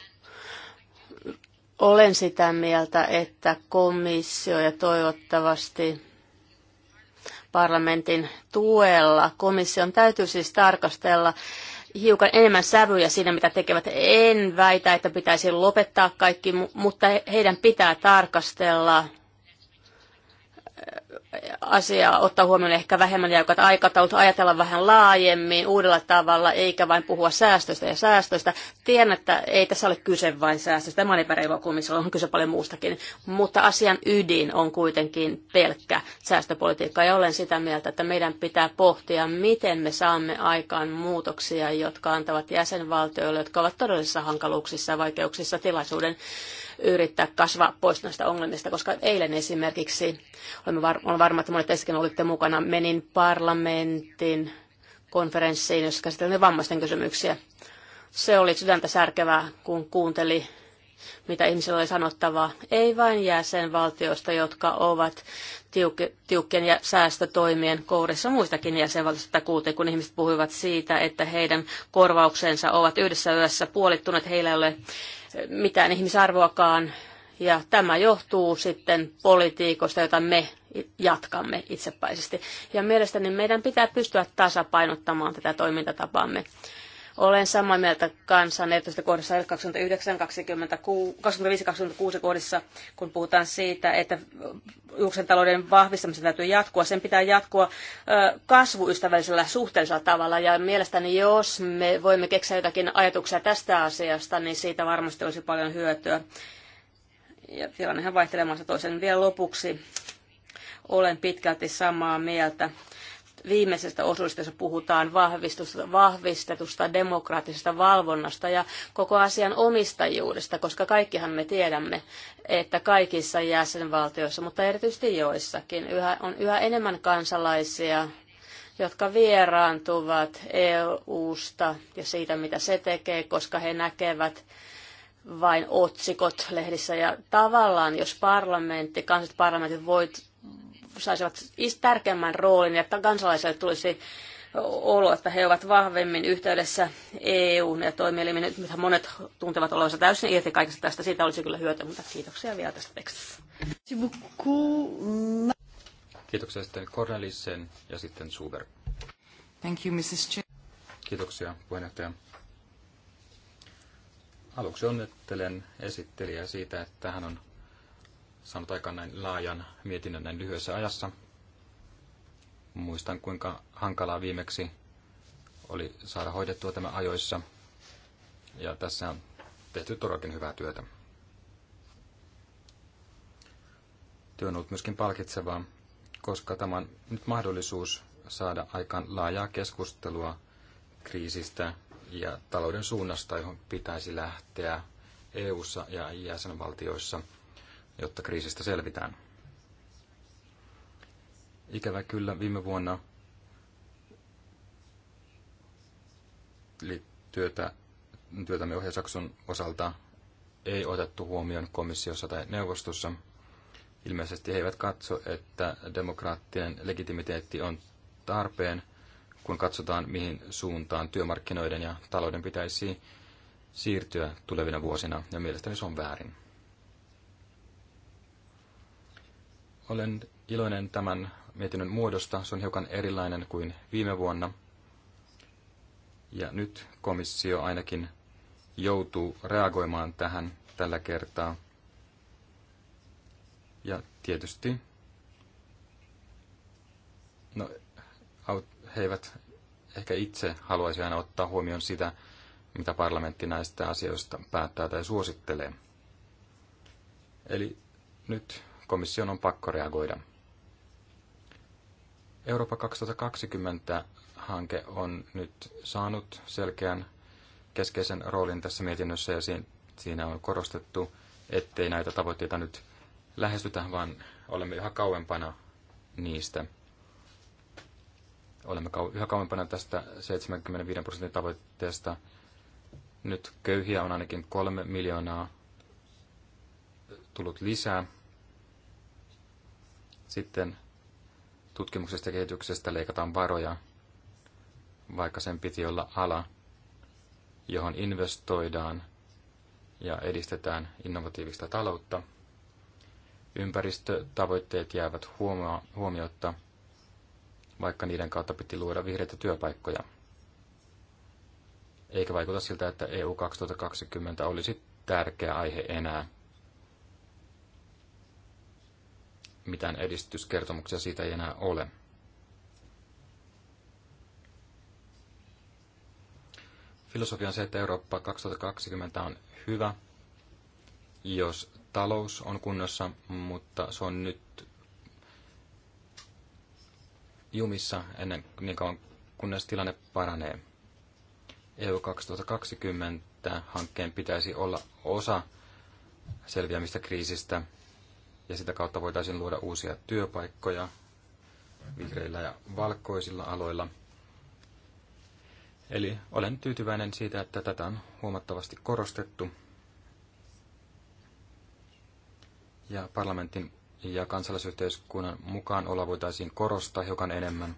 Olen sitä mieltä, että komissio ja toivottavasti parlamentin tuella komission täytyy siis tarkastella hiukan enemmän sävyjä siinä, mitä tekevät. En väitä, että pitäisi lopettaa kaikki, mutta heidän pitää tarkastella asiaa ottaa huomioon ehkä vähemmän jäykät aikataulut, ajatella vähän laajemmin, uudella tavalla, eikä vain puhua säästöistä ja säästöistä. Tiedän, että ei tässä ole kyse vain säästöistä, tämä on on kyse paljon muustakin, mutta asian ydin on kuitenkin pelkkä säästöpolitiikka, ja olen sitä mieltä, että meidän pitää pohtia, miten me saamme aikaan muutoksia, jotka antavat jäsenvaltioille, jotka ovat todellisissa hankaluuksissa ja vaikeuksissa tilaisuuden yrittää kasvaa pois näistä ongelmista, koska eilen esimerkiksi, olen, var, olen varma, että monet teistäkin olitte mukana, menin parlamentin konferenssiin, jossa käsiteltiin vammaisten kysymyksiä. Se oli sydäntä särkevää, kun kuunteli, mitä ihmisillä oli sanottavaa. Ei vain jäsenvaltioista, jotka ovat tiukkien ja säästötoimien kourissa muistakin jäsenvaltioista kuuteen, kun ihmiset puhuivat siitä, että heidän korvauksensa ovat yhdessä yössä puolittuneet, heillä ei ole mitään ihmisarvoakaan. Ja tämä johtuu sitten politiikosta, jota me jatkamme itsepäisesti. Ja mielestäni meidän pitää pystyä tasapainottamaan tätä toimintatapaamme. Olen samaa mieltä kansan erityisesti kohdassa 29, 26, 25, 26 kohdissa, kun puhutaan siitä, että julkisen talouden vahvistamisen täytyy jatkua. Sen pitää jatkua kasvuystävällisellä suhteellisella tavalla. Ja mielestäni, jos me voimme keksiä jotakin ajatuksia tästä asiasta, niin siitä varmasti olisi paljon hyötyä. Ja tilannehan vaihtelemassa toisen vielä lopuksi. Olen pitkälti samaa mieltä viimeisestä osuudesta, jossa puhutaan vahvistetusta demokraattisesta valvonnasta ja koko asian omistajuudesta, koska kaikkihan me tiedämme, että kaikissa jäsenvaltioissa, mutta erityisesti joissakin, yhä, on yhä enemmän kansalaisia, jotka vieraantuvat EU-sta ja siitä, mitä se tekee, koska he näkevät vain otsikot lehdissä. Ja tavallaan, jos parlamentti, kansalliset parlamentit voit, saisivat tärkeämmän roolin ja että kansalaisille tulisi olo, että he ovat vahvemmin yhteydessä EU ja toimielimiin. Nyt monet tuntevat olevansa täysin irti kaikesta tästä. Siitä olisi kyllä hyötyä, mutta kiitoksia vielä tästä tekstistä. Kiitoksia sitten Cornelissen ja sitten Suber. Thank you, Mrs. Chair. Kiitoksia puheenjohtaja. Aluksi onnittelen esittelijää siitä, että hän on saanut aikaan näin laajan mietinnön näin lyhyessä ajassa. Muistan, kuinka hankalaa viimeksi oli saada hoidettua tämä ajoissa. Ja tässä on tehty todellakin hyvää työtä. Työ on ollut myöskin palkitsevaa, koska tämä on nyt mahdollisuus saada aikaan laajaa keskustelua kriisistä ja talouden suunnasta, johon pitäisi lähteä EU:ssa ja jäsenvaltioissa – jotta kriisistä selvitään. Ikävä kyllä viime vuonna työtä, työtämme ohjausakson osalta ei otettu huomioon komissiossa tai neuvostossa. Ilmeisesti he eivät katso, että demokraattinen legitimiteetti on tarpeen, kun katsotaan, mihin suuntaan työmarkkinoiden ja talouden pitäisi siirtyä tulevina vuosina, ja mielestäni se on väärin. Olen iloinen tämän mietinnön muodosta. Se on hiukan erilainen kuin viime vuonna. Ja nyt komissio ainakin joutuu reagoimaan tähän tällä kertaa. Ja tietysti no, he eivät ehkä itse haluaisi aina ottaa huomioon sitä, mitä parlamentti näistä asioista päättää tai suosittelee. Eli nyt komission on pakko reagoida. Eurooppa 2020-hanke on nyt saanut selkeän keskeisen roolin tässä mietinnössä ja siinä on korostettu, ettei näitä tavoitteita nyt lähestytä, vaan olemme yhä kauempana niistä. Olemme yhä kauempana tästä 75 prosentin tavoitteesta. Nyt köyhiä on ainakin kolme miljoonaa tullut lisää sitten tutkimuksesta ja kehityksestä leikataan varoja, vaikka sen piti olla ala, johon investoidaan ja edistetään innovatiivista taloutta. Ympäristötavoitteet jäävät huomiotta, vaikka niiden kautta piti luoda vihreitä työpaikkoja. Eikä vaikuta siltä, että EU 2020 olisi tärkeä aihe enää. mitään edistyskertomuksia siitä ei enää ole. Filosofia on se, että Eurooppa 2020 on hyvä, jos talous on kunnossa, mutta se on nyt jumissa ennen niin kauan, kunnes tilanne paranee. EU 2020 hankkeen pitäisi olla osa selviämistä kriisistä – ja sitä kautta voitaisiin luoda uusia työpaikkoja vihreillä ja valkoisilla aloilla. Eli olen tyytyväinen siitä, että tätä on huomattavasti korostettu. Ja parlamentin ja kansalaisyhteiskunnan mukaan olla voitaisiin korostaa hiukan enemmän.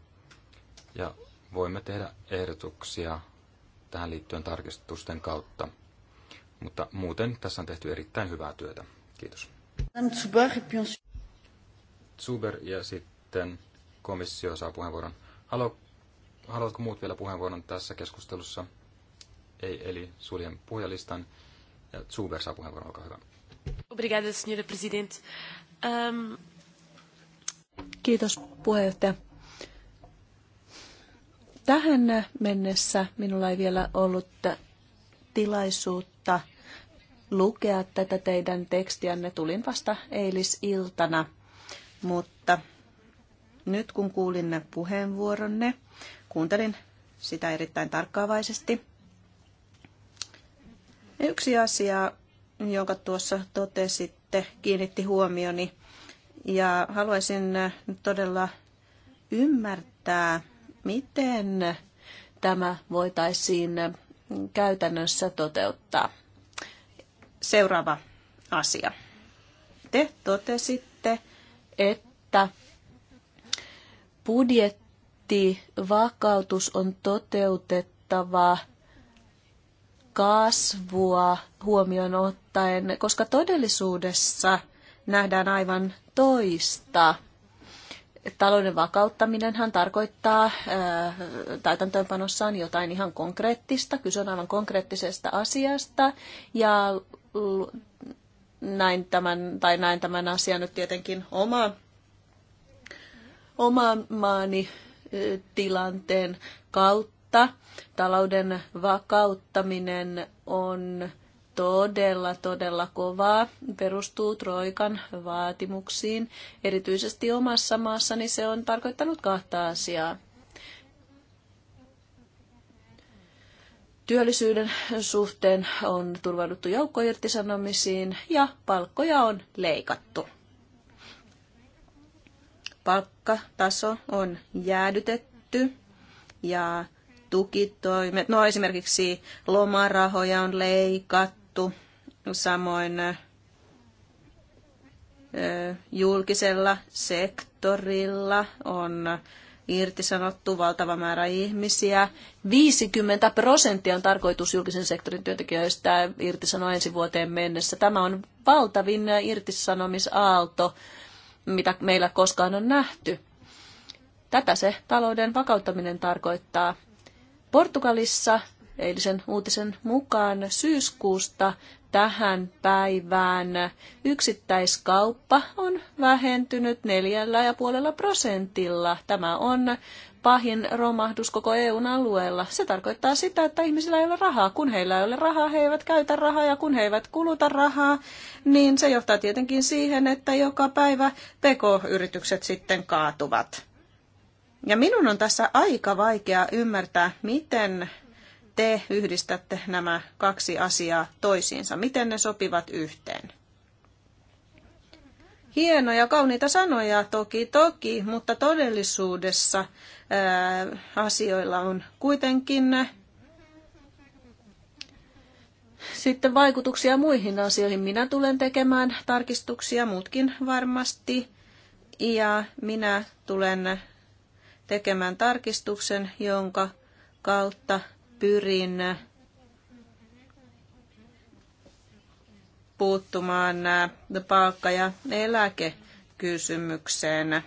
Ja voimme tehdä ehdotuksia tähän liittyen tarkistusten kautta. Mutta muuten tässä on tehty erittäin hyvää työtä. Kiitos. Zuber ja sitten komissio saa puheenvuoron. Haluatko, haluatko muut vielä puheenvuoron tässä keskustelussa? Ei, eli suljen puhujalistan. Ja Zuber saa puheenvuoron, olkaa hyvä. Obrigada, president. Um... Kiitos puheenjohtaja. Tähän mennessä minulla ei vielä ollut tilaisuutta – lukea tätä teidän tekstiänne. Tulin vasta eilisiltana, mutta nyt kun kuulin ne puheenvuoronne, kuuntelin sitä erittäin tarkkaavaisesti. Yksi asia, jonka tuossa totesitte, kiinnitti huomioni ja haluaisin todella ymmärtää, miten tämä voitaisiin käytännössä toteuttaa seuraava asia. Te totesitte, että budjettivakautus on toteutettava kasvua huomioon ottaen, koska todellisuudessa nähdään aivan toista. Talouden vakauttaminenhan tarkoittaa ää, äh, täytäntöönpanossaan jotain ihan konkreettista. Kyse on aivan konkreettisesta asiasta ja näin tämän, tai näin tämän asian nyt tietenkin oma, oma maani tilanteen kautta. Talouden vakauttaminen on todella, todella kovaa, perustuu Troikan vaatimuksiin. Erityisesti omassa maassani se on tarkoittanut kahta asiaa. Työllisyyden suhteen on turvauduttu joukkoirtisanomisiin ja palkkoja on leikattu. Palkkataso on jäädytetty ja tukitoimet, no esimerkiksi lomarahoja on leikattu, samoin julkisella sektorilla on irtisanottu valtava määrä ihmisiä. 50 prosenttia on tarkoitus julkisen sektorin työntekijöistä irtisanoa ensi vuoteen mennessä. Tämä on valtavin irtisanomisaalto, mitä meillä koskaan on nähty. Tätä se talouden vakauttaminen tarkoittaa. Portugalissa eilisen uutisen mukaan syyskuusta tähän päivään yksittäiskauppa on vähentynyt neljällä ja puolella prosentilla. Tämä on pahin romahdus koko EUn alueella. Se tarkoittaa sitä, että ihmisillä ei ole rahaa. Kun heillä ei ole rahaa, he eivät käytä rahaa ja kun he eivät kuluta rahaa, niin se johtaa tietenkin siihen, että joka päivä PK-yritykset sitten kaatuvat. Ja minun on tässä aika vaikea ymmärtää, miten te yhdistätte nämä kaksi asiaa toisiinsa? Miten ne sopivat yhteen? Hienoja, kauniita sanoja toki, toki, mutta todellisuudessa ää, asioilla on kuitenkin sitten vaikutuksia muihin asioihin. Minä tulen tekemään tarkistuksia, muutkin varmasti, ja minä tulen tekemään tarkistuksen, jonka kautta pyrin puuttumaan äh, palkka- ja eläkekysymykseen.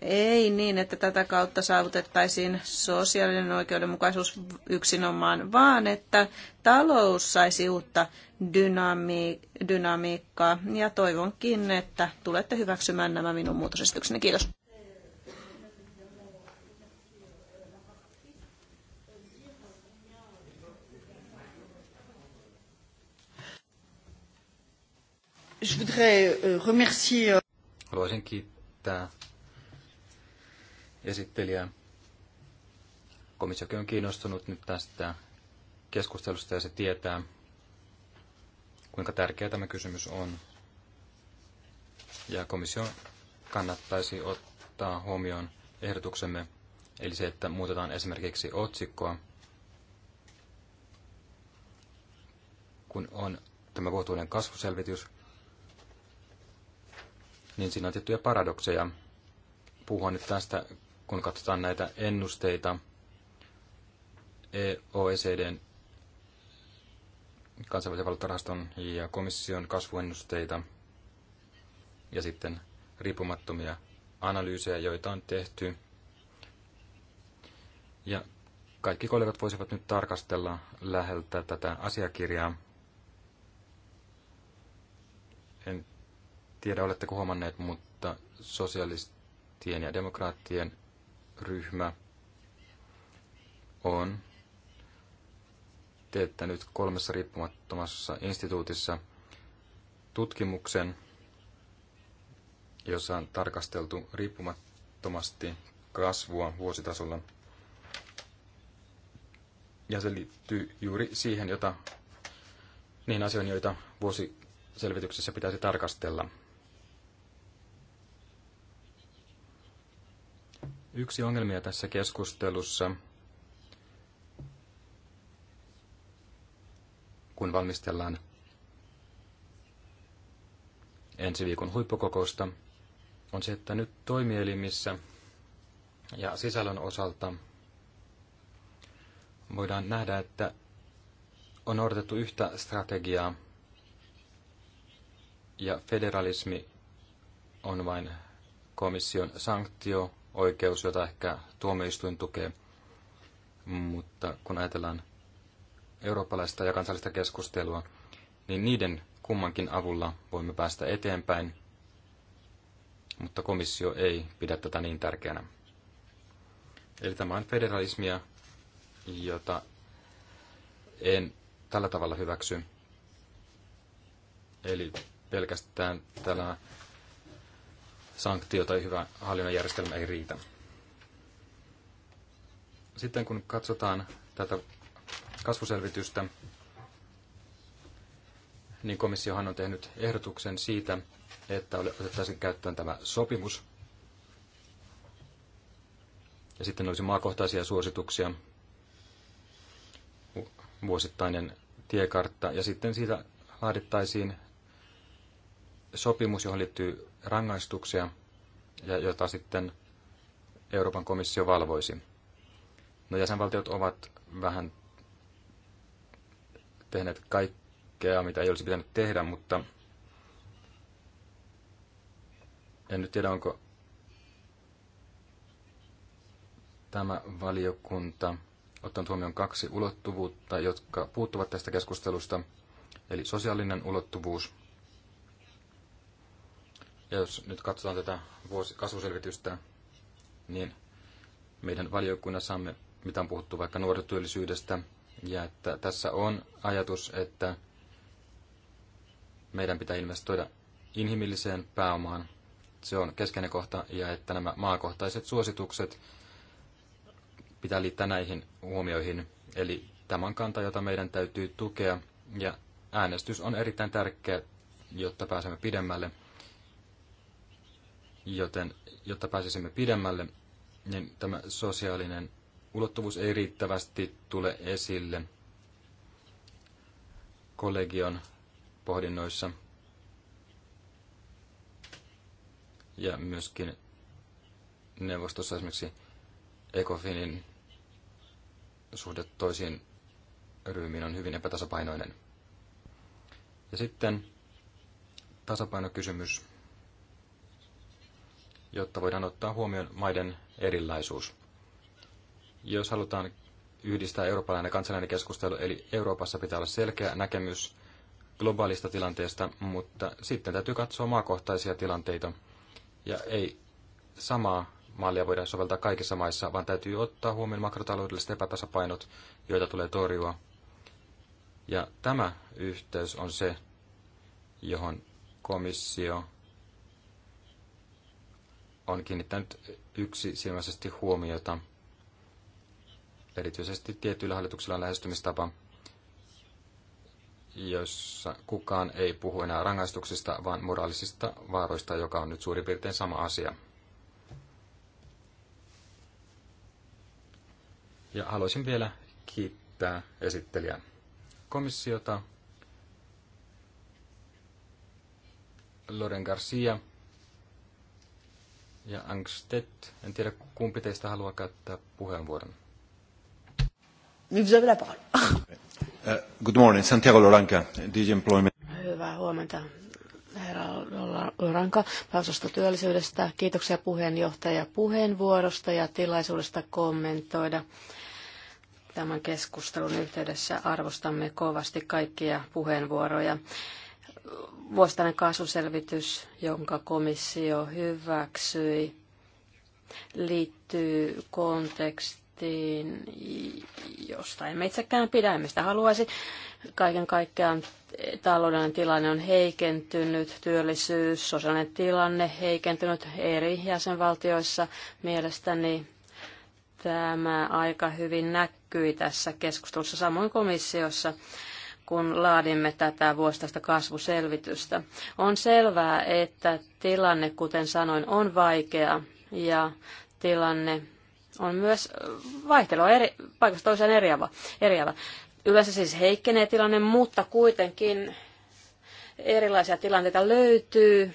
Ei niin, että tätä kautta saavutettaisiin sosiaalinen oikeudenmukaisuus yksinomaan, vaan että talous saisi uutta dynamiikkaa. Ja toivonkin, että tulette hyväksymään nämä minun muutosesitykseni. Kiitos. Je voudrais euh, remercier... Euh, Haluaisin kiittää esittelijää. Komissiokin on kiinnostunut nyt tästä keskustelusta ja se tietää, kuinka tärkeä tämä kysymys on. Ja komissio kannattaisi ottaa huomioon ehdotuksemme, eli se, että muutetaan esimerkiksi otsikkoa, kun on tämä vuotuinen kasvuselvitys, niin siinä on tiettyjä paradokseja. Puhua nyt tästä, kun katsotaan näitä ennusteita e OECDn kansainvälisen valuuttarahaston ja komission kasvuennusteita ja sitten riippumattomia analyysejä, joita on tehty. Ja kaikki kollegat voisivat nyt tarkastella läheltä tätä asiakirjaa. tiedä, oletteko huomanneet, mutta sosialistien ja demokraattien ryhmä on teettänyt kolmessa riippumattomassa instituutissa tutkimuksen, jossa on tarkasteltu riippumattomasti kasvua vuositasolla. Ja se liittyy juuri siihen, jota, niihin asioihin, joita vuosiselvityksessä pitäisi tarkastella. Yksi ongelmia tässä keskustelussa, kun valmistellaan ensi viikon huippukokousta, on se, että nyt toimielimissä ja sisällön osalta voidaan nähdä, että on odotettu yhtä strategiaa ja federalismi on vain komission sanktio oikeus, jota ehkä tuomioistuin tukee. Mutta kun ajatellaan eurooppalaista ja kansallista keskustelua, niin niiden kummankin avulla voimme päästä eteenpäin, mutta komissio ei pidä tätä niin tärkeänä. Eli tämä on federalismia, jota en tällä tavalla hyväksy. Eli pelkästään tällä sanktio tai hyvä hallinnon järjestelmä ei riitä. Sitten kun katsotaan tätä kasvuselvitystä, niin komissiohan on tehnyt ehdotuksen siitä, että otettaisiin käyttöön tämä sopimus. Ja sitten olisi maakohtaisia suosituksia, vuosittainen tiekartta, ja sitten siitä laadittaisiin sopimus, johon liittyy rangaistuksia, ja joita sitten Euroopan komissio valvoisi. No jäsenvaltiot ovat vähän tehneet kaikkea, mitä ei olisi pitänyt tehdä, mutta en nyt tiedä, onko tämä valiokunta ottanut huomioon kaksi ulottuvuutta, jotka puuttuvat tästä keskustelusta, eli sosiaalinen ulottuvuus ja jos nyt katsotaan tätä vuosikasvuselvitystä, niin meidän valiokunnassamme, mitä on puhuttu vaikka nuorisotyöllisyydestä, ja että tässä on ajatus, että meidän pitää investoida inhimilliseen pääomaan. Se on keskeinen kohta, ja että nämä maakohtaiset suositukset pitää liittää näihin huomioihin. Eli tämän kanta, jota meidän täytyy tukea, ja äänestys on erittäin tärkeä, jotta pääsemme pidemmälle – Joten jotta pääsisimme pidemmälle, niin tämä sosiaalinen ulottuvuus ei riittävästi tule esille kollegion pohdinnoissa ja myöskin neuvostossa esimerkiksi ECOFINin suhde toisiin ryhmiin on hyvin epätasapainoinen. Ja sitten tasapainokysymys jotta voidaan ottaa huomioon maiden erilaisuus. Jos halutaan yhdistää eurooppalainen ja kansallinen keskustelu, eli Euroopassa pitää olla selkeä näkemys globaalista tilanteesta, mutta sitten täytyy katsoa maakohtaisia tilanteita. Ja ei samaa mallia voida soveltaa kaikissa maissa, vaan täytyy ottaa huomioon makrotaloudelliset epätasapainot, joita tulee torjua. Ja tämä yhteys on se, johon komissio on kiinnittänyt yksisilmäisesti huomiota. Erityisesti tietyillä hallituksilla lähestymistapa, jossa kukaan ei puhu enää rangaistuksista, vaan moraalisista vaaroista, joka on nyt suurin piirtein sama asia. Ja haluaisin vielä kiittää esittelijää komissiota. Loren Garcia ja Angstedt. En tiedä, kumpi teistä haluaa käyttää puheenvuoron. Niin, vous avez la parole. Eh, good morning, Santiago Loranca, DG Employment. Hyvää huomenta, herra Loranka, pääosasto työllisyydestä. Kiitoksia puheenjohtaja puheenvuorosta ja tilaisuudesta kommentoida tämän keskustelun yhteydessä arvostamme kovasti kaikkia puheenvuoroja vuosittainen kasvuselvitys, jonka komissio hyväksyi, liittyy kontekstiin, josta emme itsekään pidä, mistä haluaisi. Kaiken kaikkiaan taloudellinen tilanne on heikentynyt, työllisyys, sosiaalinen tilanne heikentynyt eri jäsenvaltioissa. Mielestäni tämä aika hyvin näkyi tässä keskustelussa, samoin komissiossa kun laadimme tätä vuostaista kasvuselvitystä. On selvää, että tilanne, kuten sanoin, on vaikea ja tilanne on myös vaihtelua eri, paikasta toiseen eriävä, eriävä. Yleensä siis heikkenee tilanne, mutta kuitenkin erilaisia tilanteita löytyy.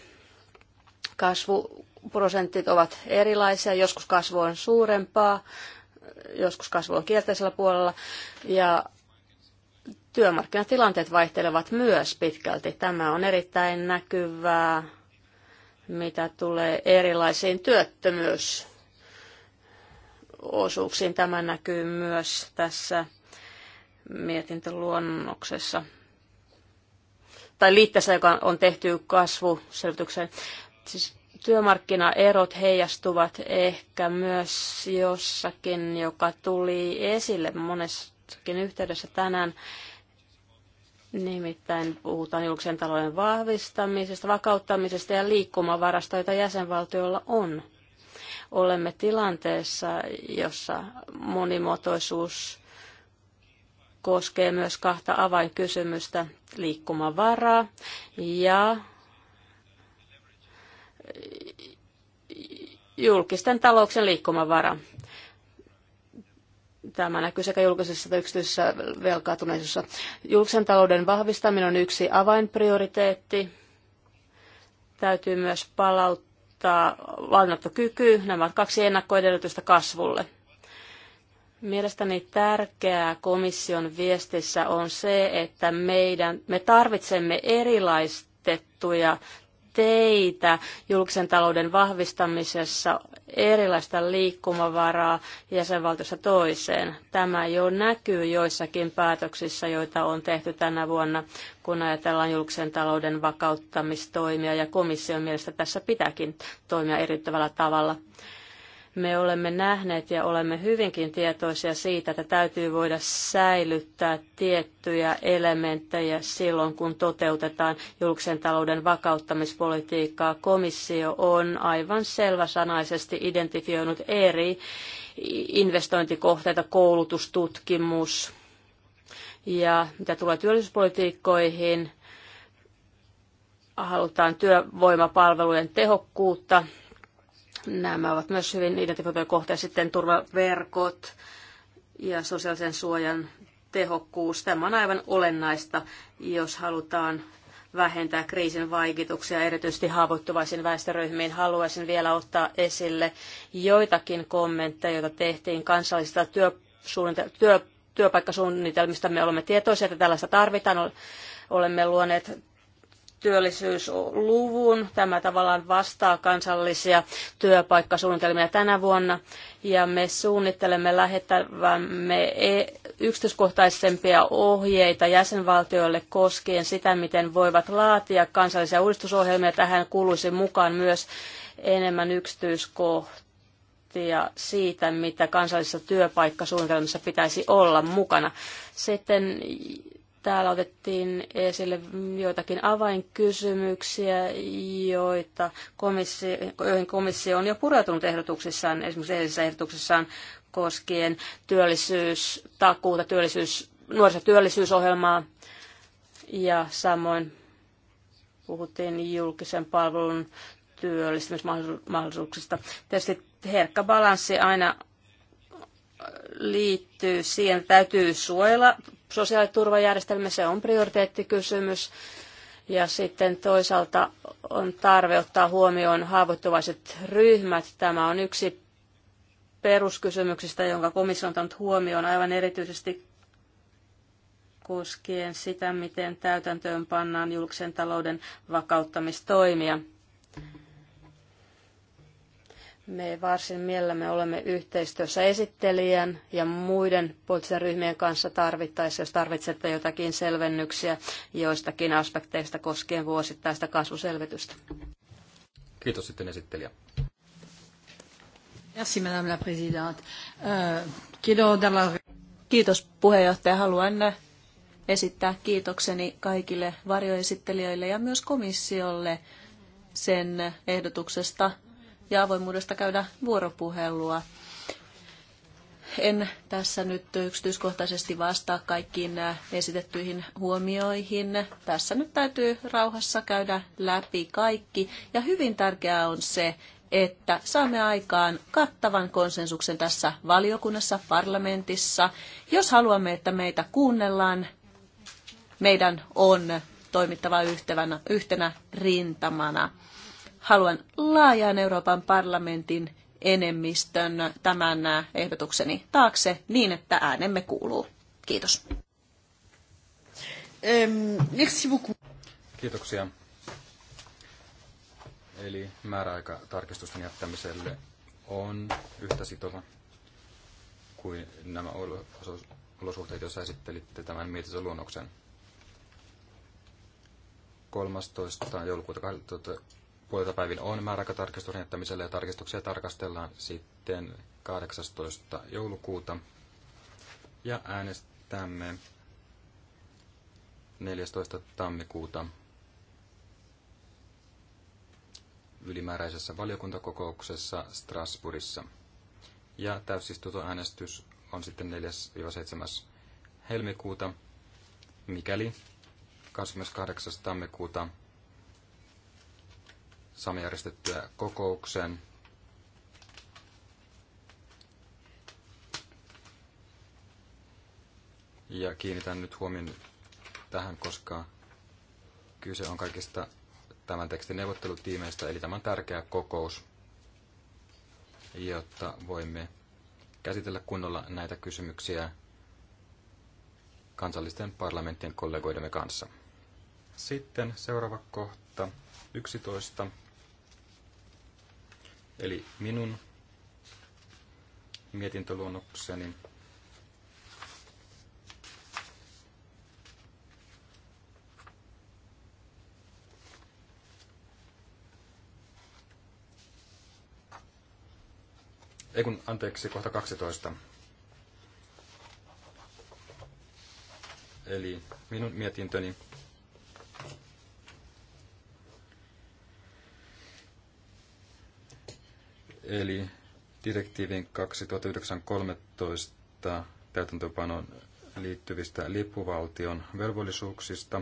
Kasvuprosentit ovat erilaisia, joskus kasvu on suurempaa, joskus kasvu on kielteisellä puolella. Ja työmarkkinatilanteet vaihtelevat myös pitkälti. Tämä on erittäin näkyvää, mitä tulee erilaisiin työttömyysosuuksiin. Tämä näkyy myös tässä mietintöluonnoksessa tai liitteessä, joka on tehty kasvuselvitykseen. Siis työmarkkinaerot heijastuvat ehkä myös jossakin, joka tuli esille monessakin yhteydessä tänään, Nimittäin puhutaan julkisen talouden vahvistamisesta, vakauttamisesta ja liikkumavarasta, joita jäsenvaltioilla on. Olemme tilanteessa, jossa monimuotoisuus koskee myös kahta avainkysymystä, liikkumavaraa ja julkisten talouksen liikkumavara. Tämä näkyy sekä julkisessa että yksityisessä velkaantuneisuudessa. Julkisen talouden vahvistaminen on yksi avainprioriteetti. Täytyy myös palauttaa lainanottokyky. Nämä ovat kaksi ennakkoedellytystä kasvulle. Mielestäni tärkeää komission viestissä on se, että meidän, me tarvitsemme erilaistettuja teitä julkisen talouden vahvistamisessa erilaista liikkumavaraa jäsenvaltiossa toiseen. Tämä jo näkyy joissakin päätöksissä, joita on tehty tänä vuonna, kun ajatellaan julkisen talouden vakauttamistoimia, ja komission mielestä tässä pitääkin toimia erittävällä tavalla. Me olemme nähneet ja olemme hyvinkin tietoisia siitä, että täytyy voida säilyttää tiettyjä elementtejä silloin, kun toteutetaan julkisen talouden vakauttamispolitiikkaa. Komissio on aivan selväsanaisesti identifioinut eri investointikohteita, koulutus, tutkimus ja mitä tulee työllisyyspolitiikkoihin, halutaan työvoimapalvelujen tehokkuutta Nämä ovat myös hyvin identifioituja kohteita. Sitten turvaverkot ja sosiaalisen suojan tehokkuus. Tämä on aivan olennaista, jos halutaan vähentää kriisin vaikutuksia erityisesti haavoittuvaisiin väestöryhmiin. Haluaisin vielä ottaa esille joitakin kommentteja, joita tehtiin kansallisista työsuunnitelmista. Työ, työpaikkasuunnitelmista. Me olemme tietoisia, että tällaista tarvitaan. Olemme luoneet työllisyysluvun. Tämä tavallaan vastaa kansallisia työpaikkasuunnitelmia tänä vuonna. Ja me suunnittelemme lähettävämme e- yksityiskohtaisempia ohjeita jäsenvaltioille koskien sitä, miten voivat laatia kansallisia uudistusohjelmia. Tähän kuuluisi mukaan myös enemmän yksityiskohtia siitä, mitä kansallisessa työpaikkasuunnitelmassa pitäisi olla mukana. Sitten Täällä otettiin esille joitakin avainkysymyksiä, joita komissio, joihin komissio on jo pureutunut ehdotuksissaan, esimerkiksi edellisessä ehdotuksessaan koskien työllisyystakuuta, työllisyys, nuorisotyöllisyysohjelmaa ja samoin puhuttiin julkisen palvelun työllistymismahdollisuuksista. Tietysti herkkä balanssi aina liittyy siihen, että täytyy suojella sosiaaliturvajärjestelmä, se on prioriteettikysymys. Ja sitten toisaalta on tarve ottaa huomioon haavoittuvaiset ryhmät. Tämä on yksi peruskysymyksistä, jonka komissio on ottanut huomioon aivan erityisesti koskien sitä, miten täytäntöön pannaan julkisen talouden vakauttamistoimia. Me varsin mielellämme olemme yhteistyössä esittelijän ja muiden poliittisen ryhmien kanssa tarvittaessa, jos tarvitsette jotakin selvennyksiä joistakin aspekteista koskien vuosittaista kasvuselvitystä. Kiitos sitten esittelijä. Merci, madame la présidente. Euh, Kiitos puheenjohtaja. Haluan esittää kiitokseni kaikille varjoesittelijöille ja myös komissiolle sen ehdotuksesta ja avoimuudesta käydä vuoropuhelua. En tässä nyt yksityiskohtaisesti vastaa kaikkiin äh, esitettyihin huomioihin. Tässä nyt täytyy rauhassa käydä läpi kaikki. Ja hyvin tärkeää on se, että saamme aikaan kattavan konsensuksen tässä valiokunnassa, parlamentissa. Jos haluamme, että meitä kuunnellaan, meidän on toimittava yhtenä, yhtenä rintamana haluan laajan Euroopan parlamentin enemmistön tämän ehdotukseni taakse niin, että äänemme kuuluu. Kiitos. Merci beaucoup. Kiitoksia. Eli määräaika tarkistusten jättämiselle on yhtä sitova kuin nämä olosuhteet, joissa esittelitte tämän mietintön luonnoksen. 13. joulukuuta puolelta päivin on määräaikatarkistuksen jättämiselle ja tarkistuksia tarkastellaan sitten 18. joulukuuta. Ja äänestämme 14. tammikuuta ylimääräisessä valiokuntakokouksessa Strasbourgissa. Ja täysistuntoäänestys on sitten 4-7. helmikuuta, mikäli 28. tammikuuta saamme järjestettyä kokouksen. Ja kiinnitän nyt huomioon tähän, koska kyse on kaikista tämän tekstin neuvottelutiimeistä, eli tämä on tärkeä kokous, jotta voimme käsitellä kunnolla näitä kysymyksiä kansallisten parlamenttien kollegoidemme kanssa. Sitten seuraava kohta, 11. Eli minun mietintöluonnokseni Ei kun, anteeksi, kohta 12. Eli minun mietintöni Eli direktiivin 2009-13 täytäntöpanon liittyvistä lippuvaltion velvollisuuksista.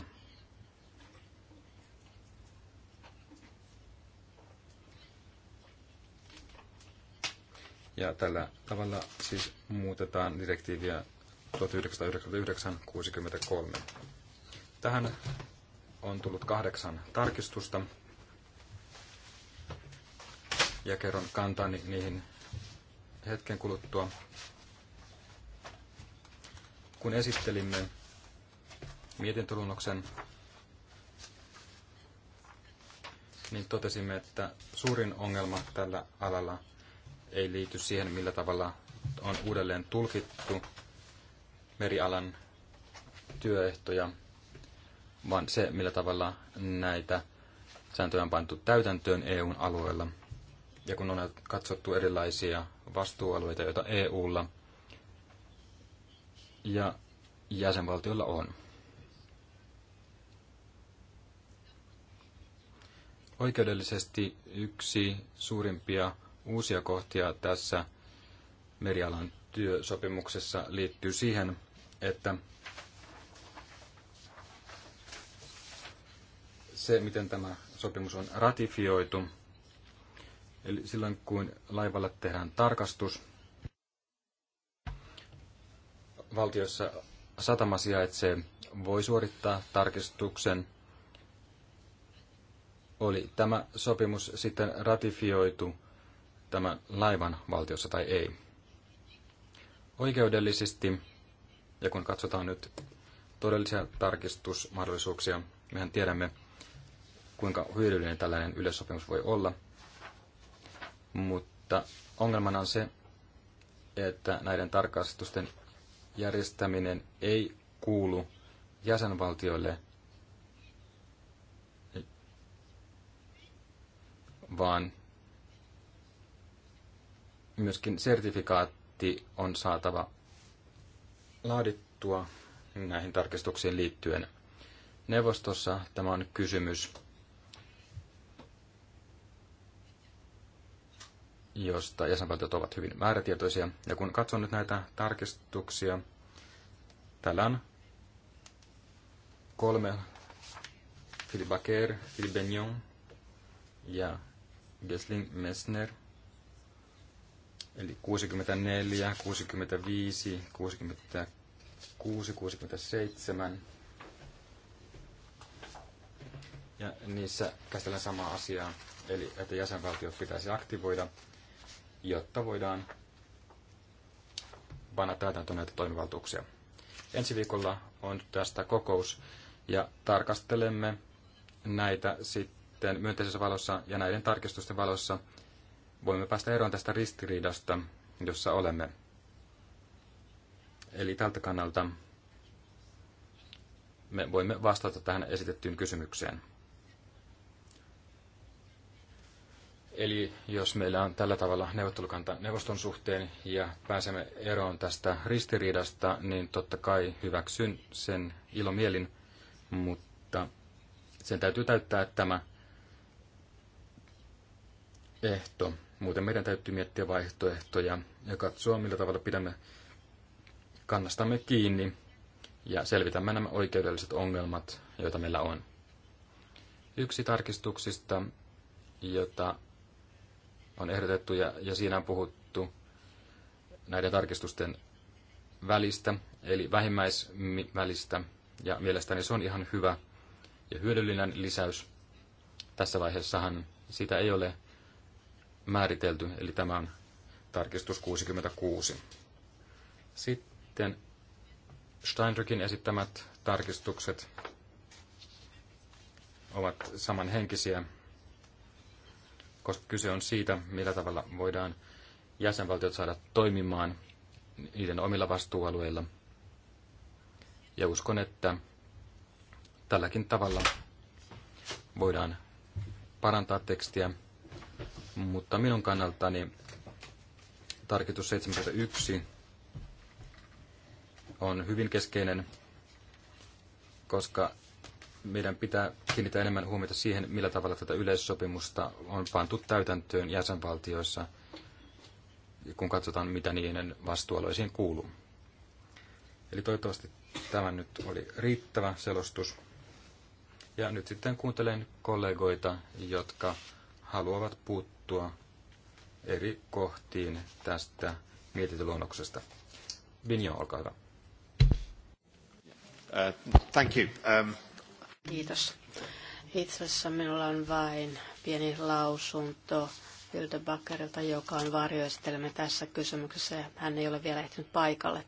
Ja tällä tavalla siis muutetaan direktiiviä 1999-63. Tähän on tullut kahdeksan tarkistusta ja kerron kantani niihin hetken kuluttua. Kun esittelimme mietintöluonnoksen, niin totesimme, että suurin ongelma tällä alalla ei liity siihen, millä tavalla on uudelleen tulkittu merialan työehtoja, vaan se, millä tavalla näitä sääntöjä on pantu täytäntöön EUn alueella – ja kun on katsottu erilaisia vastuualueita, joita EUlla ja jäsenvaltioilla on. Oikeudellisesti yksi suurimpia uusia kohtia tässä merialan työsopimuksessa liittyy siihen, että se, miten tämä sopimus on ratifioitu, Eli silloin kun laivalla tehdään tarkastus, valtiossa satama sijaitsee, voi suorittaa tarkistuksen. Oli tämä sopimus sitten ratifioitu tämän laivan valtiossa tai ei? Oikeudellisesti, ja kun katsotaan nyt todellisia tarkistusmahdollisuuksia, mehän tiedämme, kuinka hyödyllinen tällainen yleissopimus voi olla – mutta ongelmana on se, että näiden tarkastusten järjestäminen ei kuulu jäsenvaltioille, vaan myöskin sertifikaatti on saatava laadittua näihin tarkistuksiin liittyen. Neuvostossa tämä on kysymys, josta jäsenvaltiot ovat hyvin määrätietoisia. Ja kun katson nyt näitä tarkistuksia, täällä on kolme Philippe Baker, Philippe Benyon ja Gesling Messner. Eli 64, 65, 66, 67. Ja niissä käsitellään samaa asiaa, eli että jäsenvaltiot pitäisi aktivoida jotta voidaan panna täytäntöön näitä toimivaltuuksia. Ensi viikolla on tästä kokous ja tarkastelemme näitä sitten myönteisessä valossa ja näiden tarkistusten valossa voimme päästä eroon tästä ristiriidasta, jossa olemme. Eli tältä kannalta me voimme vastata tähän esitettyyn kysymykseen. Eli jos meillä on tällä tavalla neuvottelukanta neuvoston suhteen ja pääsemme eroon tästä ristiriidasta, niin totta kai hyväksyn sen ilomielin, mutta sen täytyy täyttää tämä ehto. Muuten meidän täytyy miettiä vaihtoehtoja ja katsoa, millä tavalla pidämme kannastamme kiinni ja selvitämme nämä oikeudelliset ongelmat, joita meillä on. Yksi tarkistuksista, jota on ehdotettu ja, ja siinä on puhuttu näiden tarkistusten välistä, eli vähimmäisvälistä, ja mielestäni se on ihan hyvä ja hyödyllinen lisäys. Tässä vaiheessahan sitä ei ole määritelty, eli tämä on tarkistus 66. Sitten Steinrykin esittämät tarkistukset ovat samanhenkisiä koska kyse on siitä, millä tavalla voidaan jäsenvaltiot saada toimimaan niiden omilla vastuualueilla. Ja uskon, että tälläkin tavalla voidaan parantaa tekstiä, mutta minun kannaltani tarkitus 71 on hyvin keskeinen, koska meidän pitää kiinnittää enemmän huomiota siihen, millä tavalla tätä yleissopimusta on pantu täytäntöön jäsenvaltioissa, kun katsotaan, mitä niiden vastuualoisiin kuuluu. Eli toivottavasti tämä nyt oli riittävä selostus. Ja nyt sitten kuuntelen kollegoita, jotka haluavat puuttua eri kohtiin tästä mietintöluonnoksesta. Vinjo, olkaa hyvä. Uh, thank you. Um... Kiitos. Itse asiassa minulla on vain pieni lausunto Hilde Bakkerilta, joka on varjoistelemme tässä kysymyksessä. Hän ei ole vielä ehtinyt paikalle.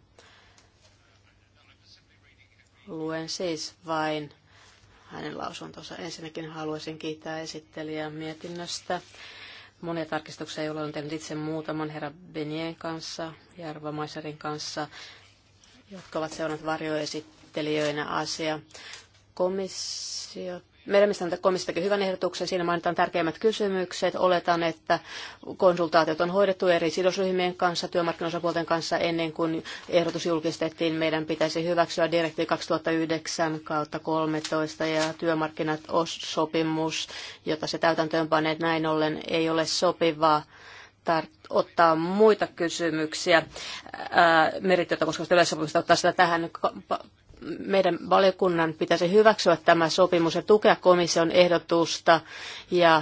Luen siis vain hänen lausuntonsa. Ensinnäkin haluaisin kiittää esittelijää mietinnöstä. Monia tarkistuksia, ei ole tehnyt itse muutaman herra Benien kanssa, Jarva Maiserin kanssa, jotka ovat seurannut varjoesittelijöinä asia komissio meidän komissio teki hyvän ehdotuksen. Siinä mainitaan tärkeimmät kysymykset. Oletan, että konsultaatiot on hoidettu eri sidosryhmien kanssa, työmarkkinosapuolten kanssa ennen kuin ehdotus julkistettiin. Meidän pitäisi hyväksyä direktiivi 2009 kautta 13 ja työmarkkinat sopimus, jota se täytäntöönpaneet näin ollen ei ole sopivaa ottaa muita kysymyksiä merityötä koska yleissopimusta, ottaa sitä tähän meidän valiokunnan pitäisi hyväksyä tämä sopimus ja tukea komission ehdotusta ja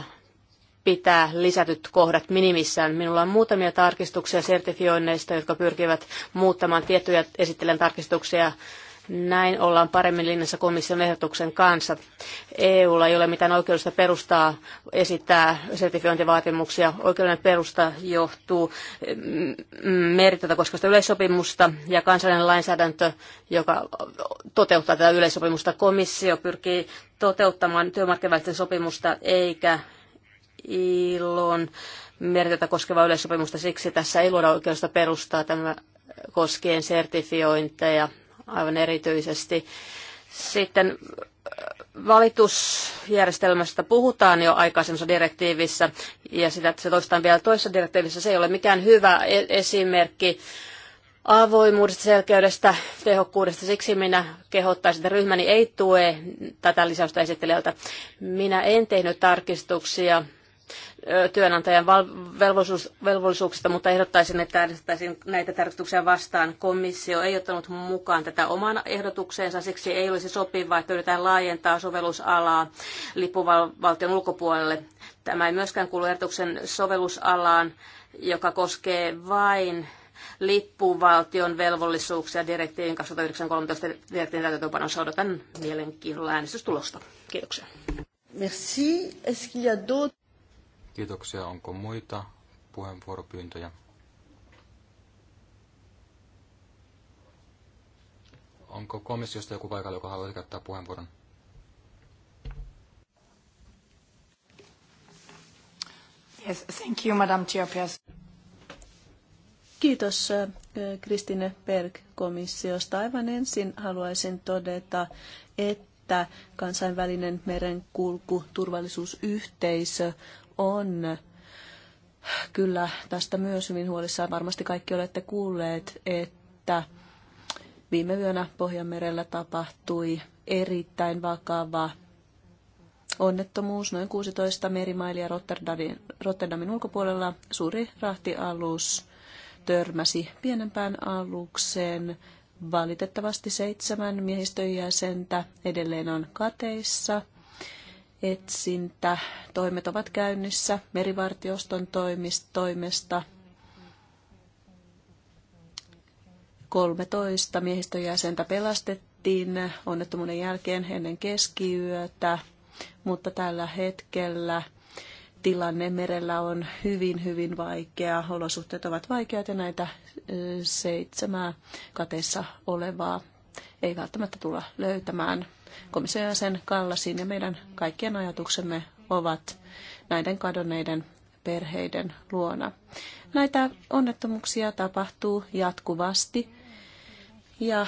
pitää lisätyt kohdat minimissään. Minulla on muutamia tarkistuksia sertifioinneista, jotka pyrkivät muuttamaan tiettyjä esittelen tarkistuksia näin ollaan paremmin linjassa komission ehdotuksen kanssa. EUlla ei ole mitään oikeudellista perustaa esittää sertifiointivaatimuksia. Oikeudellinen perusta johtuu mm, mm, meritötä koskevasta yleissopimusta ja kansallinen lainsäädäntö, joka toteuttaa tätä yleissopimusta. Komissio pyrkii toteuttamaan työmarkkinavälisten sopimusta eikä ilon meritötä koskevaa yleissopimusta. Siksi tässä ei luoda oikeudellista perustaa tämä koskien sertifiointeja aivan erityisesti. Sitten äh, valitusjärjestelmästä puhutaan jo aikaisemmassa direktiivissä ja sitä, että se toistaan vielä toisessa direktiivissä. Se ei ole mikään hyvä e- esimerkki avoimuudesta, selkeydestä, tehokkuudesta. Siksi minä kehottaisin, että ryhmäni ei tue tätä lisäystä esittelijältä. Minä en tehnyt tarkistuksia työnantajan velvollisuus, velvollisuuksista, mutta ehdottaisin, että äänestettäisiin näitä tarkistuksia vastaan. Komissio ei ottanut mukaan tätä oman ehdotukseensa, siksi ei olisi sopivaa, että yritetään laajentaa sovellusalaa lippuvaltion ulkopuolelle. Tämä ei myöskään kuulu ehdotuksen sovellusalaan, joka koskee vain lippuvaltion velvollisuuksia direktiivin 2013 direktiivin täytäntöönpanossa. Odotan mielenkiinnolla äänestystulosta. Kiitoksia. Merci. Est-ce qu'il y a d'autres? Kiitoksia. Onko muita puheenvuoropyyntöjä? Onko komissiosta joku paikalla, joka haluaisi käyttää puheenvuoron? Yes, thank you, Madam Kiitos äh, Kristine Berg komissiosta. Aivan ensin haluaisin todeta, että kansainvälinen merenkulku turvallisuusyhteisö on kyllä tästä myös hyvin huolissaan. Varmasti kaikki olette kuulleet, että viime yönä Pohjanmerellä tapahtui erittäin vakava onnettomuus. Noin 16 merimailia Rotterdamin, Rotterdamin ulkopuolella suuri rahtialus törmäsi pienempään alukseen. Valitettavasti seitsemän miehistön jäsentä edelleen on kateissa – etsintä. Toimet ovat käynnissä merivartioston toimesta. 13 miehistön jäsentä pelastettiin onnettomuuden jälkeen ennen keskiyötä, mutta tällä hetkellä tilanne merellä on hyvin, hyvin vaikea. Olosuhteet ovat vaikeat ja näitä seitsemää kateissa olevaa ei välttämättä tulla löytämään. Komissio sen Kallasin ja meidän kaikkien ajatuksemme ovat näiden kadonneiden perheiden luona. Näitä onnettomuuksia tapahtuu jatkuvasti ja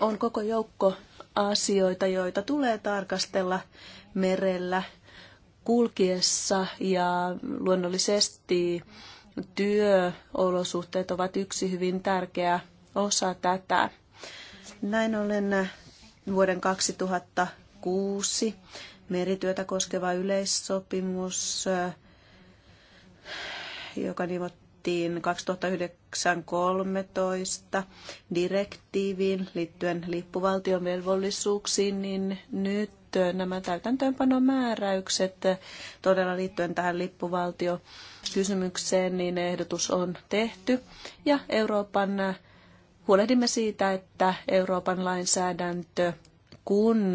on koko joukko asioita, joita tulee tarkastella merellä kulkiessa ja luonnollisesti työolosuhteet ovat yksi hyvin tärkeä osa tätä. Näin ollen vuoden 2006 merityötä koskeva yleissopimus, joka nivottiin 2009 2013 direktiiviin liittyen lippuvaltion velvollisuuksiin, niin nyt nämä täytäntöönpanomääräykset todella liittyen tähän lippuvaltiokysymykseen, niin ehdotus on tehty. Ja Euroopan huolehdimme siitä, että Euroopan lainsäädäntö, kun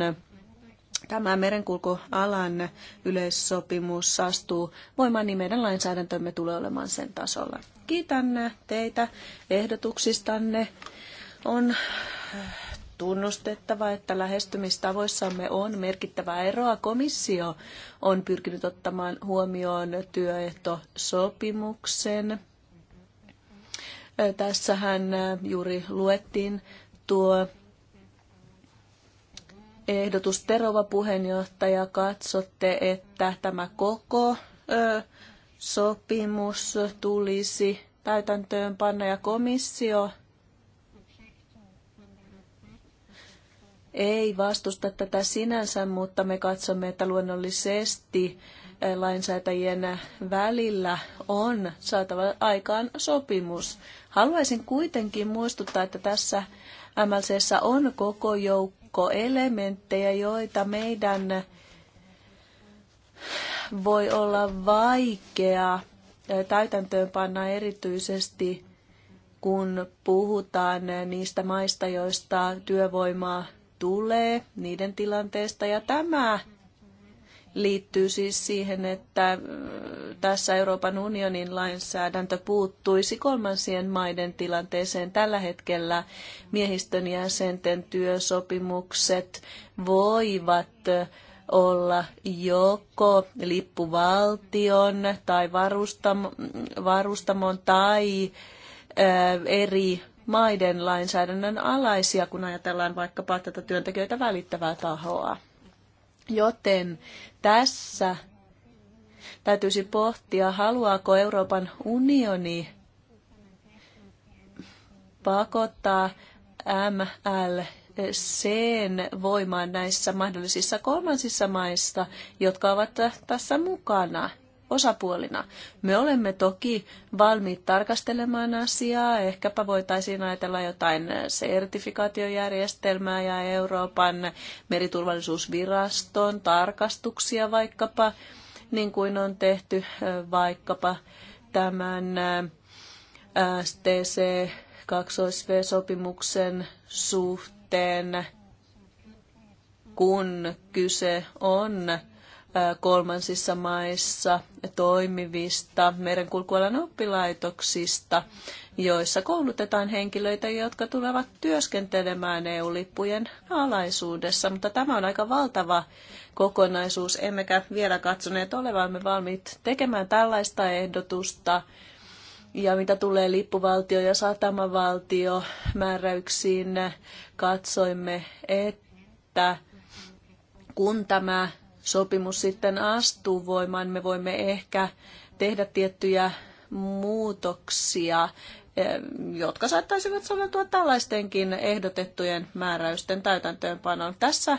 tämä merenkulkualan yleissopimus astuu voimaan, niin meidän lainsäädäntömme tulee olemaan sen tasolla. Kiitän teitä ehdotuksistanne. On tunnustettava, että lähestymistavoissamme on merkittävää eroa. Komissio on pyrkinyt ottamaan huomioon työehtosopimuksen Tässähän juuri luettiin tuo ehdotus. Terova puheenjohtaja, katsotte, että tämä koko sopimus tulisi täytäntöönpanna ja komissio ei vastusta tätä sinänsä, mutta me katsomme, että luonnollisesti lainsäätäjien välillä on saatava aikaan sopimus. Haluaisin kuitenkin muistuttaa, että tässä MLC on koko joukko elementtejä, joita meidän voi olla vaikea täytäntöönpanna erityisesti, kun puhutaan niistä maista, joista työvoimaa tulee, niiden tilanteesta. Ja tämä liittyy siis siihen, että äh, tässä Euroopan unionin lainsäädäntö puuttuisi kolmansien maiden tilanteeseen. Tällä hetkellä miehistön jäsenten työsopimukset voivat äh, olla joko lippuvaltion tai varustamon tai äh, eri maiden lainsäädännön alaisia, kun ajatellaan vaikkapa tätä työntekijöitä välittävää tahoa. Joten tässä täytyisi pohtia, haluaako Euroopan unioni pakottaa MLC sen voimaan näissä mahdollisissa kolmansissa maissa, jotka ovat tässä mukana osapuolina. Me olemme toki valmiit tarkastelemaan asiaa. Ehkäpä voitaisiin ajatella jotain sertifikaatiojärjestelmää ja Euroopan meriturvallisuusviraston tarkastuksia vaikkapa, niin kuin on tehty vaikkapa tämän STC 2 sopimuksen suhteen, kun kyse on kolmansissa maissa toimivista merenkulkualan oppilaitoksista, joissa koulutetaan henkilöitä, jotka tulevat työskentelemään EU-lippujen alaisuudessa. Mutta tämä on aika valtava kokonaisuus, emmekä vielä katsoneet olevamme valmiit tekemään tällaista ehdotusta. Ja mitä tulee lippuvaltio- ja satamavaltio määräyksiin, katsoimme, että kun tämä sopimus sitten astuu voimaan, me voimme ehkä tehdä tiettyjä muutoksia, eh, jotka saattaisivat soveltua tällaistenkin ehdotettujen määräysten täytäntöönpanoon. Tässä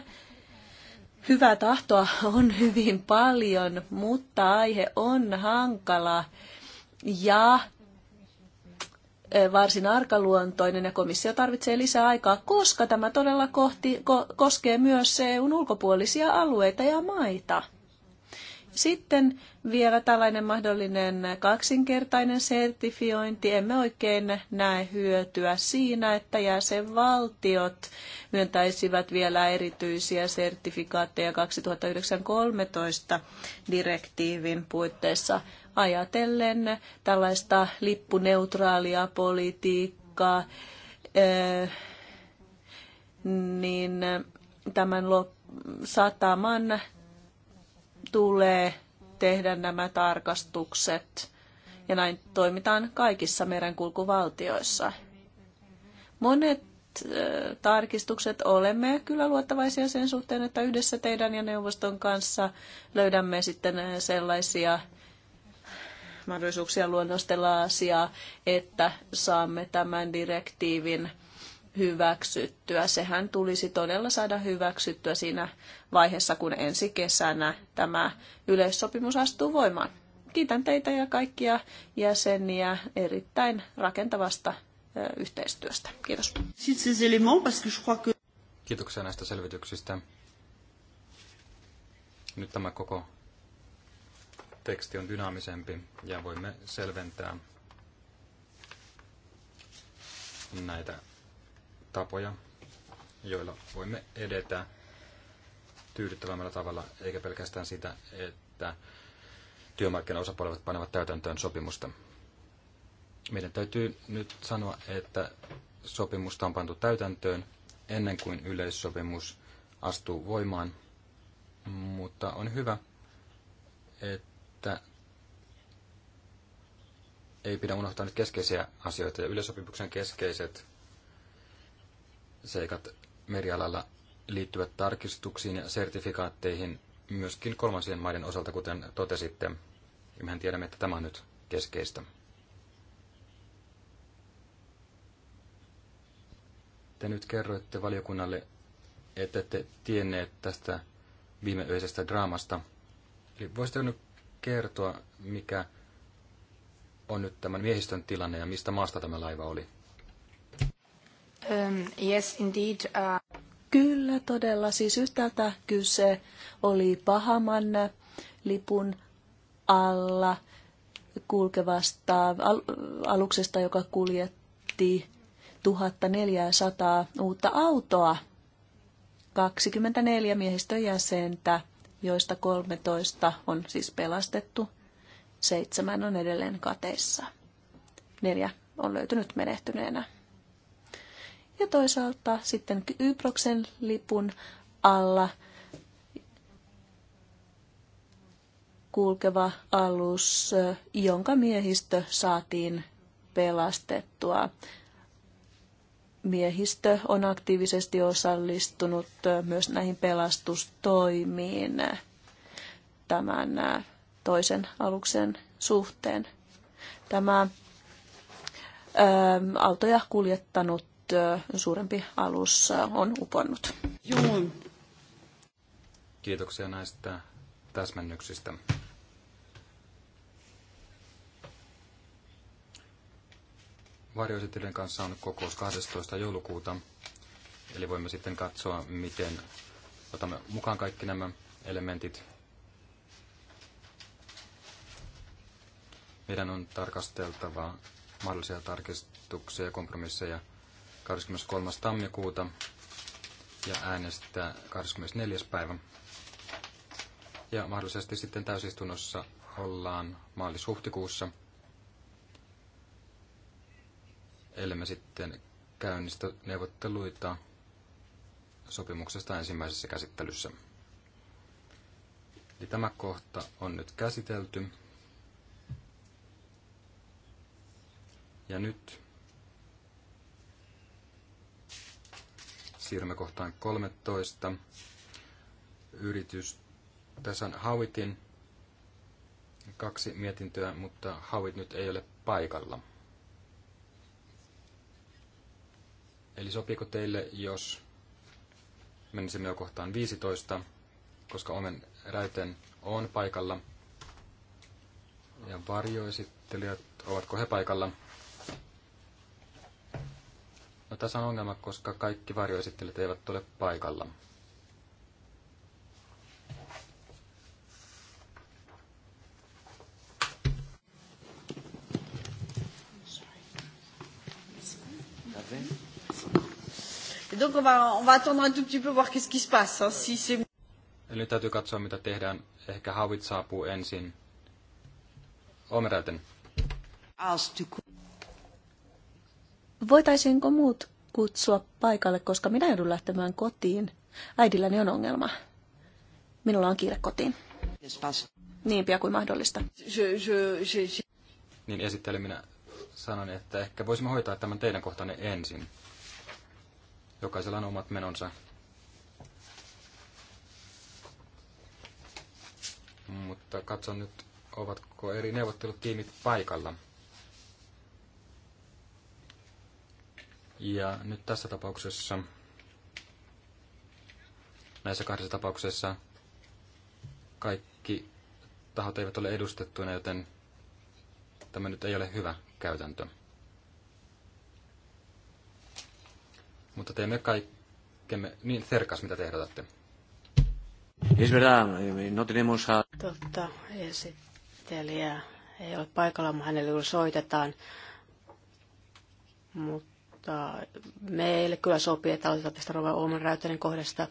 hyvää tahtoa on hyvin paljon, mutta aihe on hankala ja varsin arkaluontoinen ja komissio tarvitsee lisää aikaa, koska tämä todella kohti, ko, koskee myös EUn ulkopuolisia alueita ja maita. Sitten vielä tällainen mahdollinen kaksinkertainen sertifiointi. Emme oikein näe hyötyä siinä, että jäsenvaltiot myöntäisivät vielä erityisiä sertifikaatteja 2013 direktiivin puitteissa ajatellen tällaista lippuneutraalia politiikkaa, eh, niin tämän sataman tulee tehdä nämä tarkastukset. Ja näin toimitaan kaikissa merenkulkuvaltioissa. Monet eh, tarkistukset olemme kyllä luottavaisia sen suhteen, että yhdessä teidän ja neuvoston kanssa löydämme sitten eh, sellaisia mahdollisuuksia luonnostella asiaa, että saamme tämän direktiivin hyväksyttyä. Sehän tulisi todella saada hyväksyttyä siinä vaiheessa, kun ensi kesänä tämä yleissopimus astuu voimaan. Kiitän teitä ja kaikkia jäseniä erittäin rakentavasta yhteistyöstä. Kiitos. Kiitoksia näistä selvityksistä. Nyt tämä koko teksti on dynaamisempi ja voimme selventää näitä tapoja, joilla voimme edetä tyydyttävämmällä tavalla, eikä pelkästään sitä, että työmarkkinaosapuolet panevat täytäntöön sopimusta. Meidän täytyy nyt sanoa, että sopimusta on pantu täytäntöön ennen kuin yleissopimus astuu voimaan, mutta on hyvä, että että ei pidä unohtaa nyt keskeisiä asioita. Ja yleisopimuksen keskeiset seikat merialalla liittyvät tarkistuksiin ja sertifikaatteihin myöskin kolmansien maiden osalta, kuten totesitte. Ja mehän tiedämme, että tämä on nyt keskeistä. Te nyt kerroitte valiokunnalle, että te tienneet tästä viimeöisestä draamasta. Eli voisitteko nyt kertoa, mikä on nyt tämän miehistön tilanne ja mistä maasta tämä laiva oli? Um, yes, indeed. Uh... Kyllä, todella. Siis yhtäältä kyse oli Pahaman lipun alla kulkevasta al- aluksesta, joka kuljetti 1400 uutta autoa, 24 miehistön jäsentä – joista 13 on siis pelastettu, seitsemän on edelleen kateissa, neljä on löytynyt menehtyneenä. Ja toisaalta sitten Kyproksen lipun alla kulkeva alus, jonka miehistö saatiin pelastettua miehistö on aktiivisesti osallistunut myös näihin pelastustoimiin tämän toisen aluksen suhteen. Tämä autoja kuljettanut suurempi alus on uponnut. Juu. Kiitoksia näistä täsmennyksistä. varjoesittelijän kanssa on kokous 12. joulukuuta, eli voimme sitten katsoa, miten otamme mukaan kaikki nämä elementit. Meidän on tarkasteltava mahdollisia tarkistuksia ja kompromisseja 23. tammikuuta ja äänestää 24. päivä. Ja mahdollisesti sitten täysistunnossa ollaan maalis-huhtikuussa. ellemme sitten käynnistä neuvotteluita sopimuksesta ensimmäisessä käsittelyssä. Eli tämä kohta on nyt käsitelty. Ja nyt siirrymme kohtaan 13. Yritys. Tässä on Hauitin kaksi mietintöä, mutta Hauit nyt ei ole paikalla. Eli sopiiko teille, jos menisimme jo kohtaan 15, koska Omen Räyten on paikalla. Ja varjoesittelijät, ovatko he paikalla? No tässä on ongelma, koska kaikki varjoesittelijät eivät ole paikalla. Et donc on va, on va attendre un tout petit peu voir qu'est-ce qui se passe. Hein, si c'est... Eli täytyy katsoa, mitä tehdään. Ehkä Havit saapuu ensin. Omeräten. Voitaisinko muut kutsua paikalle, koska minä joudun lähtemään kotiin. Äidilläni on ongelma. Minulla on kiire kotiin. Niin pian kuin mahdollista. Niin esittelin minä sanon, että ehkä voisimme hoitaa tämän teidän kohtanne ensin. Jokaisella on omat menonsa. Mutta katson nyt, ovatko eri neuvottelutiimit paikalla. Ja nyt tässä tapauksessa, näissä kahdessa tapauksessa, kaikki tahot eivät ole edustettuina, joten tämä nyt ei ole hyvä käytäntö. mutta teemme kaikkemme niin serkas, mitä te ehdotatte. Es verdad, eh, no tenemos a... Totta, esittelijä ei ole paikalla, mutta hänelle soitetaan. Mutta meille kyllä sopii, että otetaan tästä Rova Oman Räytänen kohdasta.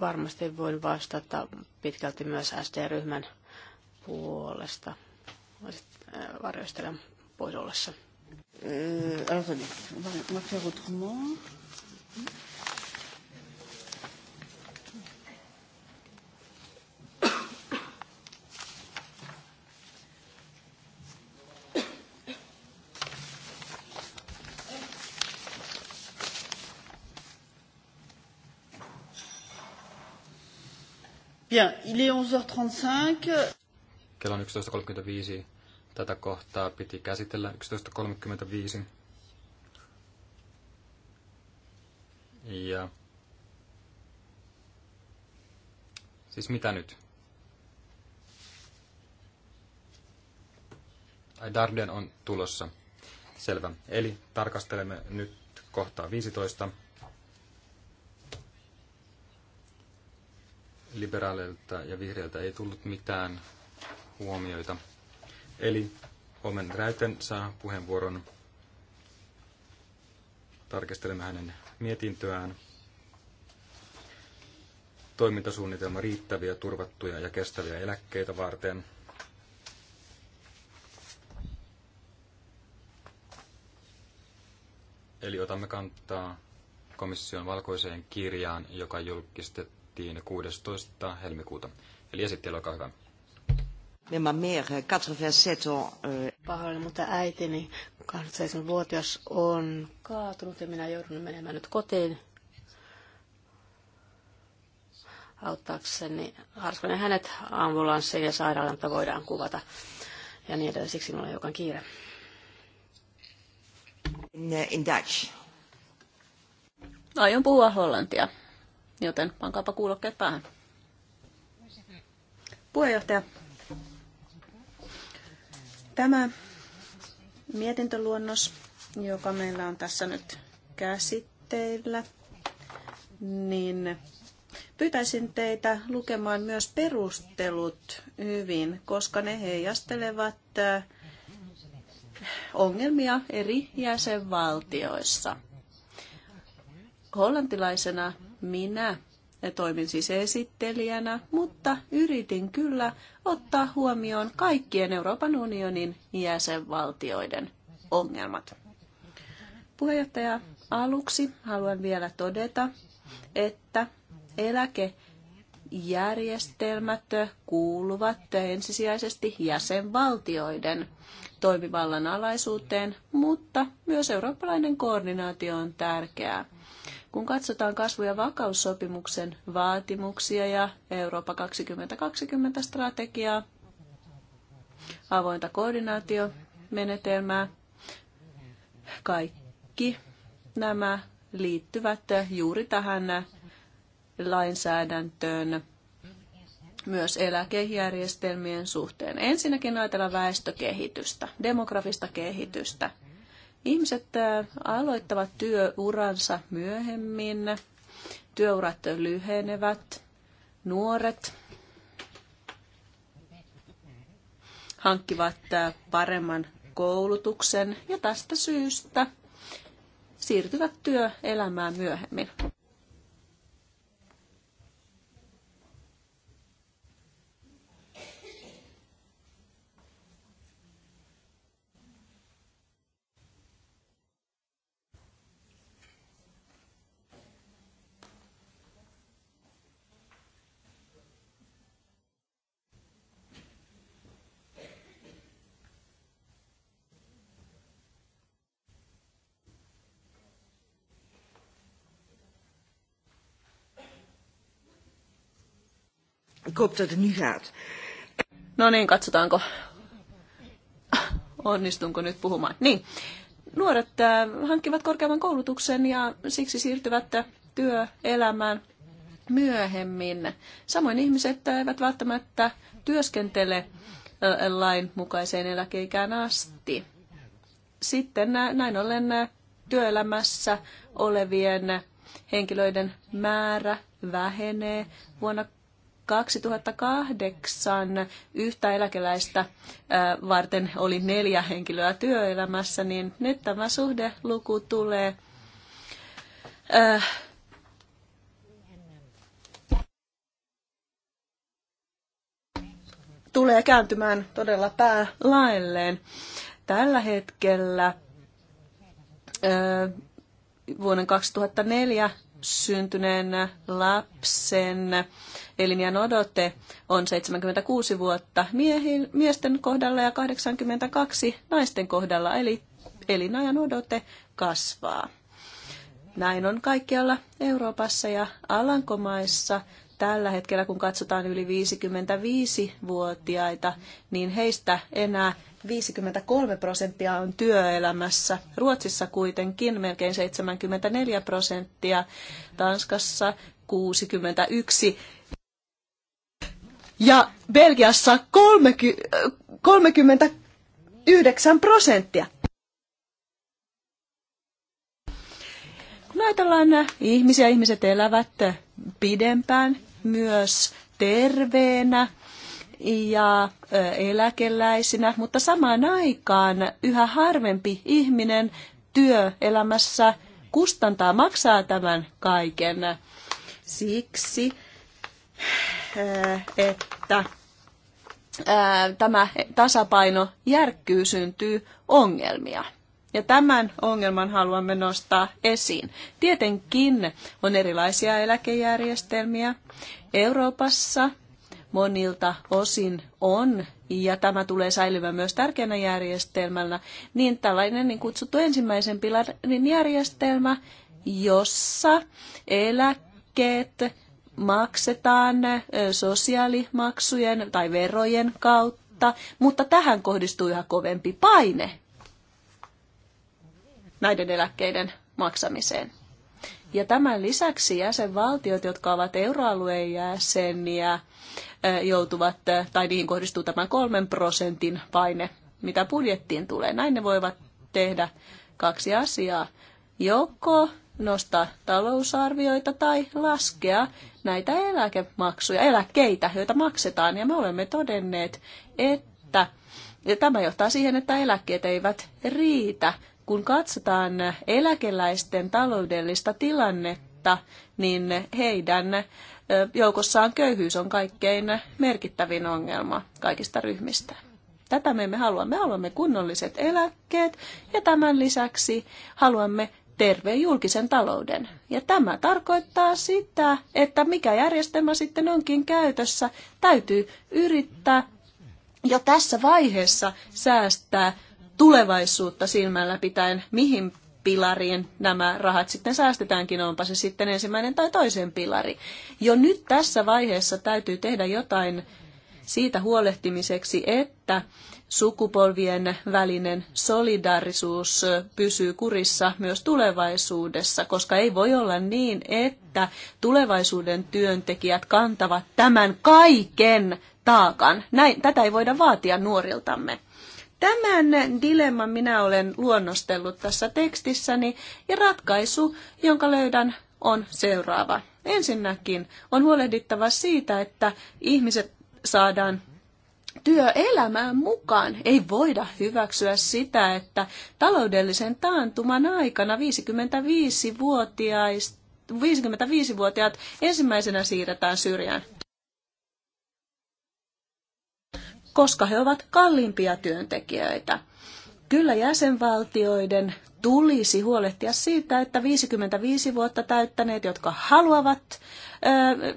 Varmasti voin vastata pitkälti myös st ryhmän puolesta äh, varjoistelen pois ollessa. Euh, alors, attendez, on va, on va faire autrement. Bien, il est 11h35. Kello on 11.35 Tätä kohtaa piti käsitellä 11.35. Ja siis mitä nyt? Ai Darden on tulossa. Selvä. Eli tarkastelemme nyt kohtaa 15. Liberaaleilta ja vihreiltä ei tullut mitään huomioita. Eli Homen Räyten saa puheenvuoron. Tarkistelemme hänen mietintöään. Toimintasuunnitelma riittäviä, turvattuja ja kestäviä eläkkeitä varten. Eli otamme kantaa komission valkoiseen kirjaan, joka julkistettiin 16. helmikuuta. Eli esittely, olkaa hyvä. Euh, Pahoillani, mutta äitini 87-vuotias on kaatunut ja minä joudun menemään nyt kotiin auttaakseni Harskonen hänet ambulanssiin ja sairaalan, voidaan kuvata ja niin edelleen. Siksi minulla on jokan kiire. In, uh, in Dutch. Aion puhua hollantia, joten pankaapa kuulokkeet päähän. Puheenjohtaja. Tämä mietintöluonnos, joka meillä on tässä nyt käsitteillä, niin pyytäisin teitä lukemaan myös perustelut hyvin, koska ne heijastelevat äh, ongelmia eri jäsenvaltioissa. Hollantilaisena minä toimin siis esittelijänä, mutta yritin kyllä ottaa huomioon kaikkien Euroopan unionin jäsenvaltioiden ongelmat. Puheenjohtaja, aluksi haluan vielä todeta, että eläkejärjestelmät kuuluvat ensisijaisesti jäsenvaltioiden toimivallan alaisuuteen, mutta myös eurooppalainen koordinaatio on tärkeää. Kun katsotaan kasvu- ja vakaussopimuksen vaatimuksia ja Eurooppa 2020-strategiaa, avointa koordinaatiomenetelmää, kaikki nämä liittyvät juuri tähän lainsäädäntöön myös eläkejärjestelmien suhteen. Ensinnäkin ajatellaan väestökehitystä, demografista kehitystä – Ihmiset äh, aloittavat työuransa myöhemmin, työurat lyhenevät, nuoret hankkivat äh, paremman koulutuksen ja tästä syystä siirtyvät työelämään myöhemmin. Ik hoop dat het nu gaat. No niin, katsotaanko. Onnistunko nyt puhumaan? Niin. Nuoret äh, hankkivat korkeamman koulutuksen ja siksi siirtyvät työelämään myöhemmin. Samoin ihmiset eivät välttämättä työskentele äh, lain mukaiseen eläkeikään asti. Sitten äh, näin ollen työelämässä olevien henkilöiden määrä vähenee. Vuonna 2008 yhtä eläkeläistä varten oli neljä henkilöä työelämässä, niin nyt tämä suhdeluku tulee tulee kääntymään todella päälaelleen. Tällä hetkellä vuoden 2004 syntyneen lapsen elinjän odote on 76 vuotta miehin, miesten kohdalla ja 82 naisten kohdalla, eli elinajan odote kasvaa. Näin on kaikkialla Euroopassa ja Alankomaissa Tällä hetkellä, kun katsotaan yli 55-vuotiaita, niin heistä enää 53 prosenttia on työelämässä. Ruotsissa kuitenkin melkein 74 prosenttia, Tanskassa 61 ja Belgiassa 30, 39 prosenttia. Kun ajatellaan äh, ihmisiä, ihmiset elävät äh, pidempään myös terveenä ja eläkeläisinä, mutta samaan aikaan yhä harvempi ihminen työelämässä kustantaa, maksaa tämän kaiken siksi, että tämä tasapaino järkkyy syntyy ongelmia. Ja tämän ongelman haluamme nostaa esiin. Tietenkin on erilaisia eläkejärjestelmiä Euroopassa monilta osin on, ja tämä tulee säilymään myös tärkeänä järjestelmällä, niin tällainen niin kutsuttu ensimmäisen pilarin järjestelmä, jossa eläkkeet maksetaan sosiaalimaksujen tai verojen kautta, mutta tähän kohdistuu yhä kovempi paine näiden eläkkeiden maksamiseen. Ja tämän lisäksi jäsenvaltiot, jotka ovat euroalueen jäseniä, joutuvat, tai niihin kohdistuu tämä kolmen prosentin paine, mitä budjettiin tulee. Näin ne voivat tehdä kaksi asiaa. Joko nostaa talousarvioita tai laskea näitä eläkemaksuja, eläkkeitä, joita maksetaan. Ja me olemme todenneet, että ja tämä johtaa siihen, että eläkkeet eivät riitä kun katsotaan eläkeläisten taloudellista tilannetta, niin heidän joukossaan köyhyys on kaikkein merkittävin ongelma kaikista ryhmistä. Tätä me emme halua. Me haluamme kunnolliset eläkkeet ja tämän lisäksi haluamme terveen julkisen talouden. Ja tämä tarkoittaa sitä, että mikä järjestelmä sitten onkin käytössä, täytyy yrittää jo tässä vaiheessa säästää tulevaisuutta silmällä pitäen, mihin pilariin nämä rahat sitten säästetäänkin, onpa se sitten ensimmäinen tai toisen pilari. Jo nyt tässä vaiheessa täytyy tehdä jotain siitä huolehtimiseksi, että sukupolvien välinen solidaarisuus pysyy kurissa myös tulevaisuudessa, koska ei voi olla niin, että tulevaisuuden työntekijät kantavat tämän kaiken taakan. Näin, tätä ei voida vaatia nuoriltamme. Tämän dilemman minä olen luonnostellut tässä tekstissäni ja ratkaisu, jonka löydän, on seuraava. Ensinnäkin on huolehdittava siitä, että ihmiset saadaan työelämään mukaan. Ei voida hyväksyä sitä, että taloudellisen taantuman aikana 55-vuotiaista 55-vuotiaat ensimmäisenä siirretään syrjään. koska he ovat kalliimpia työntekijöitä. Kyllä jäsenvaltioiden tulisi huolehtia siitä, että 55 vuotta täyttäneet, jotka haluavat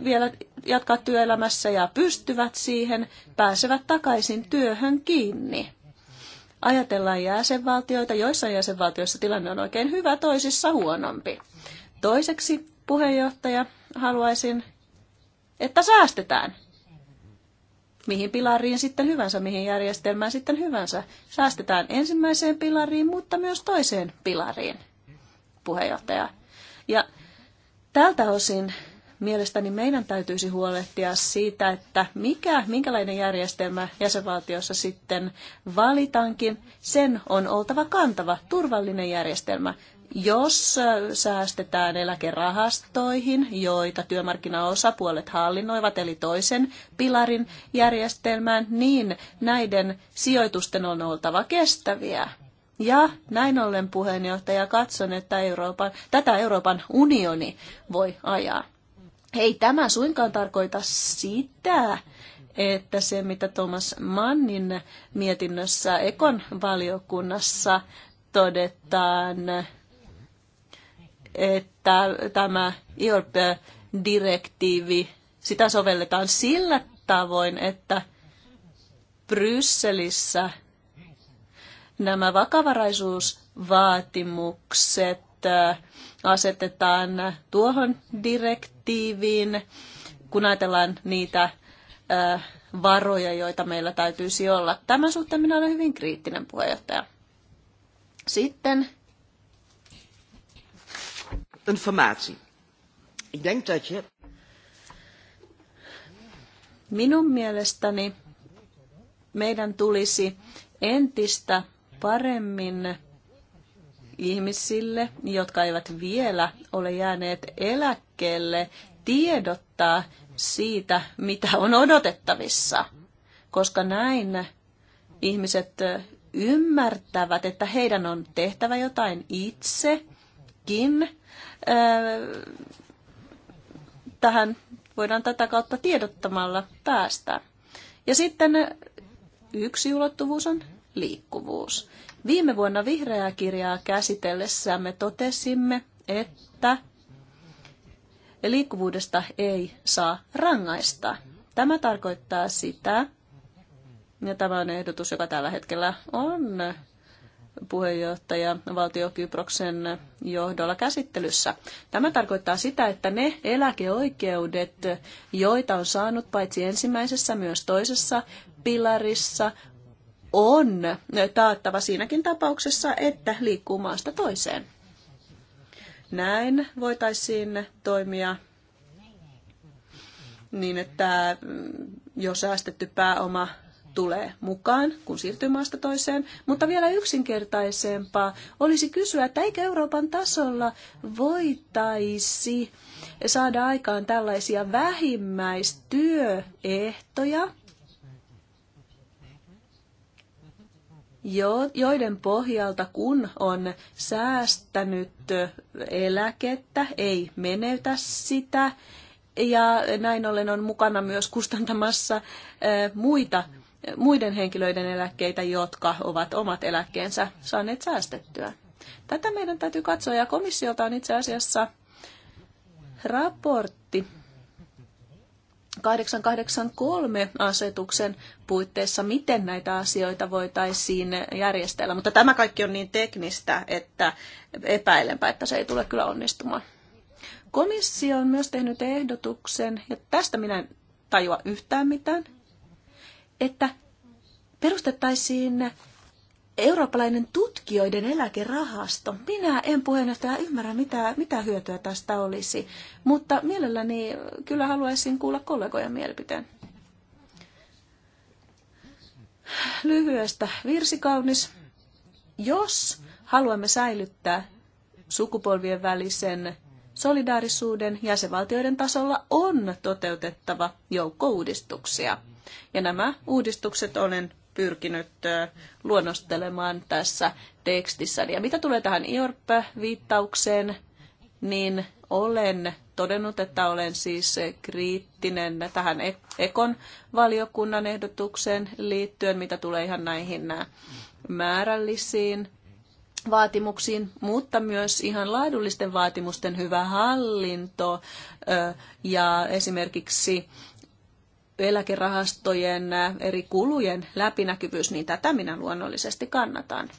vielä jatkaa työelämässä ja pystyvät siihen, pääsevät takaisin työhön kiinni. Ajatellaan jäsenvaltioita, joissa jäsenvaltioissa tilanne on oikein hyvä, toisissa huonompi. Toiseksi, puheenjohtaja, haluaisin, että säästetään mihin pilariin sitten hyvänsä, mihin järjestelmään sitten hyvänsä. Säästetään ensimmäiseen pilariin, mutta myös toiseen pilariin, puheenjohtaja. Ja tältä osin mielestäni meidän täytyisi huolehtia siitä, että mikä, minkälainen järjestelmä jäsenvaltiossa sitten valitaankin, sen on oltava kantava, turvallinen järjestelmä. Jos äh, säästetään eläkerahastoihin, joita työmarkkinaosapuolet hallinnoivat, eli toisen pilarin järjestelmään, niin näiden sijoitusten on oltava kestäviä. Ja näin ollen puheenjohtaja katson, että Euroopan, tätä Euroopan unioni voi ajaa. Ei tämä suinkaan tarkoita sitä, että se mitä Thomas Mannin mietinnössä Ekon valiokunnassa todetaan että tämä IORP-direktiivi, sitä sovelletaan sillä tavoin, että Brysselissä nämä vakavaraisuusvaatimukset äh, asetetaan tuohon direktiiviin, kun ajatellaan niitä äh, varoja, joita meillä täytyisi olla. Tämän suhteen minä olen hyvin kriittinen puheenjohtaja. Sitten informatie. Ik denk dat je... Minun mielestäni meidän tulisi entistä paremmin ihmisille, jotka eivät vielä ole jääneet eläkkeelle, tiedottaa siitä, mitä on odotettavissa. Koska näin ihmiset ymmärtävät, että heidän on tehtävä jotain itsekin tähän voidaan tätä kautta tiedottamalla päästä. Ja sitten yksi ulottuvuus on liikkuvuus. Viime vuonna vihreää kirjaa käsitellessämme totesimme, että liikkuvuudesta ei saa rangaista. Tämä tarkoittaa sitä, ja tämä on ehdotus, joka tällä hetkellä on puheenjohtaja valtio Kyproksen johdolla käsittelyssä. Tämä tarkoittaa sitä, että ne eläkeoikeudet, joita on saanut paitsi ensimmäisessä myös toisessa pilarissa, on taattava siinäkin tapauksessa, että liikkuu maasta toiseen. Näin voitaisiin toimia niin, että jo säästetty pääoma tulee mukaan, kun siirtyy maasta toiseen, mutta vielä yksinkertaisempaa olisi kysyä, että eikö Euroopan tasolla voitaisi saada aikaan tällaisia vähimmäistyöehtoja, joiden pohjalta kun on säästänyt eläkettä, ei menetä sitä, ja näin ollen on mukana myös kustantamassa muita muiden henkilöiden eläkkeitä, jotka ovat omat eläkkeensä saaneet säästettyä. Tätä meidän täytyy katsoa ja komissiolta on itse asiassa raportti 883 asetuksen puitteissa, miten näitä asioita voitaisiin järjestellä. Mutta tämä kaikki on niin teknistä, että epäilenpä, että se ei tule kyllä onnistumaan. Komissio on myös tehnyt ehdotuksen, ja tästä minä en tajua yhtään mitään, että perustettaisiin eurooppalainen tutkijoiden eläkerahasto. Minä en puheenjohtaja ymmärrä, mitä, mitä hyötyä tästä olisi, mutta mielelläni kyllä haluaisin kuulla kollegojen mielipiteen. Lyhyestä virsikaunis. Jos haluamme säilyttää sukupolvien välisen solidaarisuuden jäsenvaltioiden tasolla on toteutettava joukko uudistuksia – ja nämä uudistukset olen pyrkinyt luonnostelemaan tässä tekstissä. Ja mitä tulee tähän IORP-viittaukseen, niin olen todennut, että olen siis kriittinen tähän e-, Ekon valiokunnan ehdotukseen liittyen, mitä tulee ihan näihin määrällisiin vaatimuksiin, mutta myös ihan laadullisten vaatimusten hyvä hallinto ja esimerkiksi eläkerahastojen eri kulujen läpinäkyvyys, niin tätä minä luonnollisesti kannatan.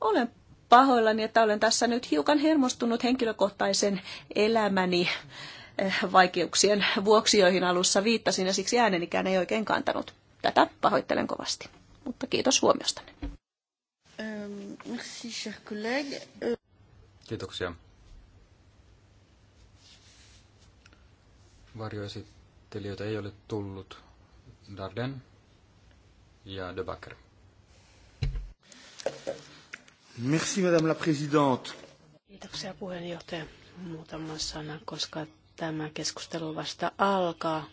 Olen pahoillani, että olen tässä nyt hiukan hermostunut henkilökohtaisen elämäni eh, vaikeuksien vuoksi, joihin alussa viittasin, ja siksi äänenikään ei oikein kantanut. Tätä pahoittelen kovasti, mutta kiitos huomiostanne. Euh, Kiitoksia. Varjoesittelijöitä ei ole tullut. Darden ja De Backer. Merci, Madame la Présidente. Kiitoksia puheenjohtaja. Muutama sana, koska tämä keskustelu vasta alkaa.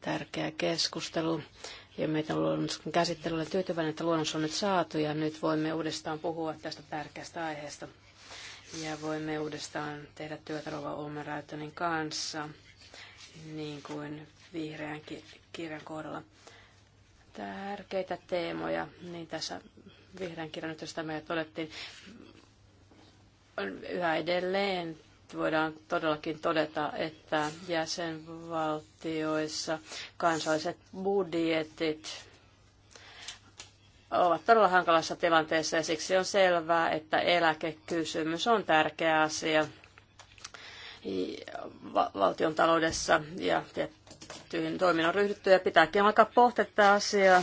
Tärkeä keskustelu. Ja meitä on luonnollisen käsittelyllä tyytyväinen, että luonnos on nyt saatu ja nyt voimme uudestaan puhua tästä tärkeästä aiheesta. Ja voimme uudestaan tehdä työtä Rova Omeräytönin kanssa niin kuin vihreän kirjan kohdalla. Tärkeitä teemoja, niin tässä vihreän kirjan josta me todettiin yhä edelleen voidaan todellakin todeta, että jäsenvaltioissa kansalliset budjetit ovat todella hankalassa tilanteessa ja siksi on selvää, että eläkekysymys on tärkeä asia valtion taloudessa ja tiettyihin toiminnan ryhdytty ja pitääkin alkaa pohtia tätä asiaa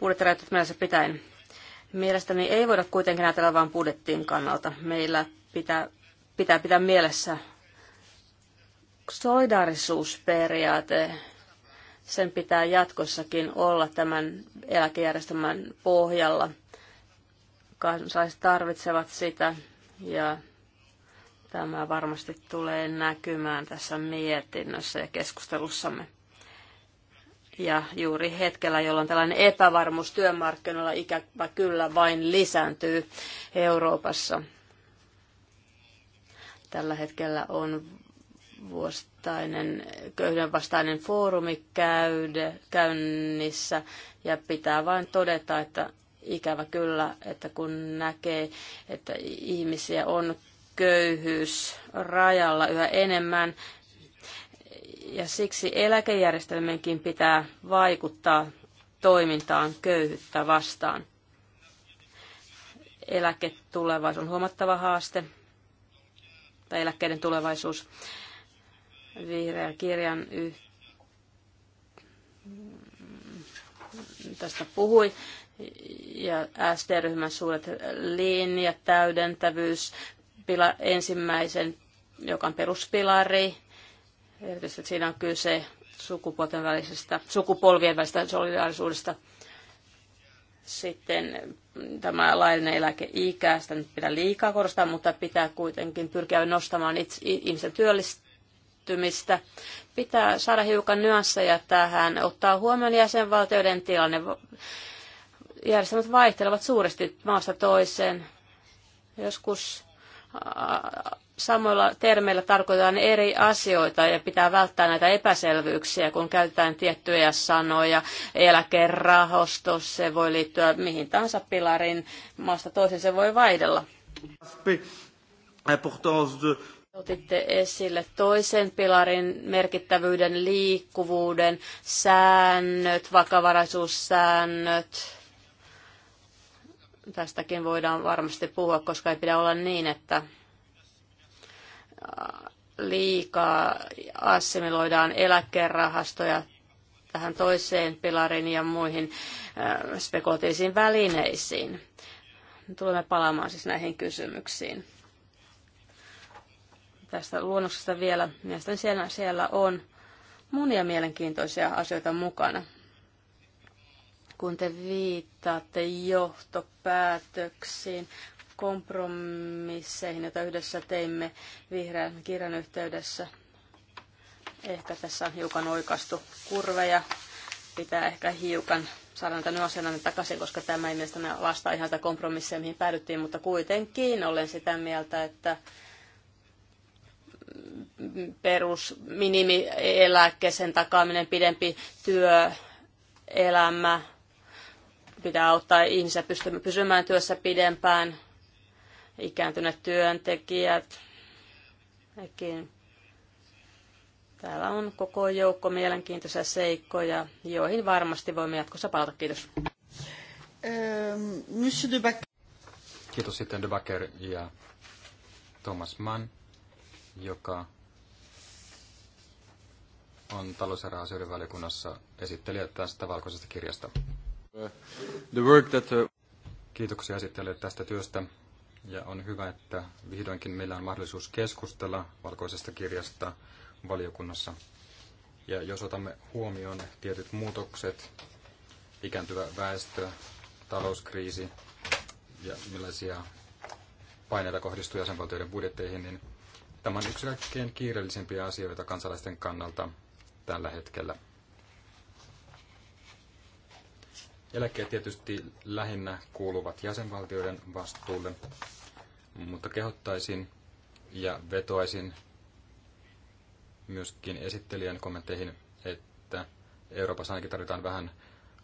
budjettirajoitut mielessä pitäen. Mielestäni ei voida kuitenkin ajatella vain budjettin kannalta. Meillä pitää pitää, pitää mielessä solidaarisuusperiaate. Sen pitää jatkossakin olla tämän eläkejärjestelmän pohjalla. Kansalaiset tarvitsevat sitä ja Tämä varmasti tulee näkymään tässä mietinnössä ja keskustelussamme. Ja juuri hetkellä, jolloin tällainen epävarmuus työmarkkinoilla ikävä kyllä vain lisääntyy Euroopassa. Tällä hetkellä on vuosittainen köyhdenvastainen foorumi käyde, käynnissä ja pitää vain todeta, että ikävä kyllä, että kun näkee, että ihmisiä on köyhyysrajalla yhä enemmän. Ja siksi eläkejärjestelmienkin pitää vaikuttaa toimintaan köyhyyttä vastaan. Eläketulevaisuus on huomattava haaste, tai eläkkeiden tulevaisuus vihreä kirjan yh... tästä puhui. Ja SD-ryhmän suuret linjat, täydentävyys, pila, ensimmäisen, joka on peruspilari. Erityisesti siinä on kyse sukupuolten välisestä, sukupolvien välisestä solidaarisuudesta. Sitten tämä laillinen eläkeikä, sitä nyt pitää liikaa korostaa, mutta pitää kuitenkin pyrkiä nostamaan itse, ihmisten työllistymistä. Pitää saada hiukan nyansseja tähän, ottaa huomioon jäsenvaltioiden tilanne. Järjestelmät vaihtelevat suuresti maasta toiseen. Joskus samoilla termeillä tarkoitetaan eri asioita ja pitää välttää näitä epäselvyyksiä, kun käytetään tiettyjä sanoja. Eläkerahasto, se voi liittyä mihin tahansa pilarin, maasta toiseen, se voi vaihdella. Otitte esille toisen pilarin merkittävyyden, liikkuvuuden, säännöt, vakavaraisuussäännöt tästäkin voidaan varmasti puhua, koska ei pidä olla niin, että äh, liikaa assimiloidaan eläkerahastoja tähän toiseen pilarin ja muihin äh, spekulatiivisiin välineisiin. Tulemme palaamaan siis näihin kysymyksiin. Tästä luonnoksesta vielä, mielestäni siellä, siellä on monia mielenkiintoisia asioita mukana kun te viittaatte johtopäätöksiin, kompromisseihin, joita yhdessä teimme vihreän kirjan yhteydessä. Ehkä tässä on hiukan oikastu kurveja. Pitää ehkä hiukan saada näitä nyansseja takaisin, koska tämä ei mielestäni vastaa ihan sitä kompromisseja, mihin päädyttiin, mutta kuitenkin olen sitä mieltä, että perus minimieläkkeen takaaminen, pidempi työelämä, Pitää auttaa ihmisiä pysymään työssä pidempään, ikääntyneet työntekijät. Ekin. Täällä on koko joukko mielenkiintoisia seikkoja, joihin varmasti voimme jatkossa palata. Kiitos. Ähm, Monsieur de Kiitos sitten De Backer ja Thomas Mann, joka on talous- ja valiokunnassa esittelijä tästä valkoisesta kirjasta. The work that, uh, Kiitoksia esittelijöille tästä työstä. Ja on hyvä, että vihdoinkin meillä on mahdollisuus keskustella valkoisesta kirjasta valiokunnassa. Ja jos otamme huomioon tietyt muutokset, ikääntyvä väestö, talouskriisi ja millaisia paineita kohdistuu jäsenvaltioiden budjetteihin, niin tämä on yksi kaikkein kiireellisimpiä asioita kansalaisten kannalta tällä hetkellä. Eläkkeet tietysti lähinnä kuuluvat jäsenvaltioiden vastuulle, mutta kehottaisin ja vetoaisin myöskin esittelijän kommentteihin, että Euroopassa ainakin tarvitaan vähän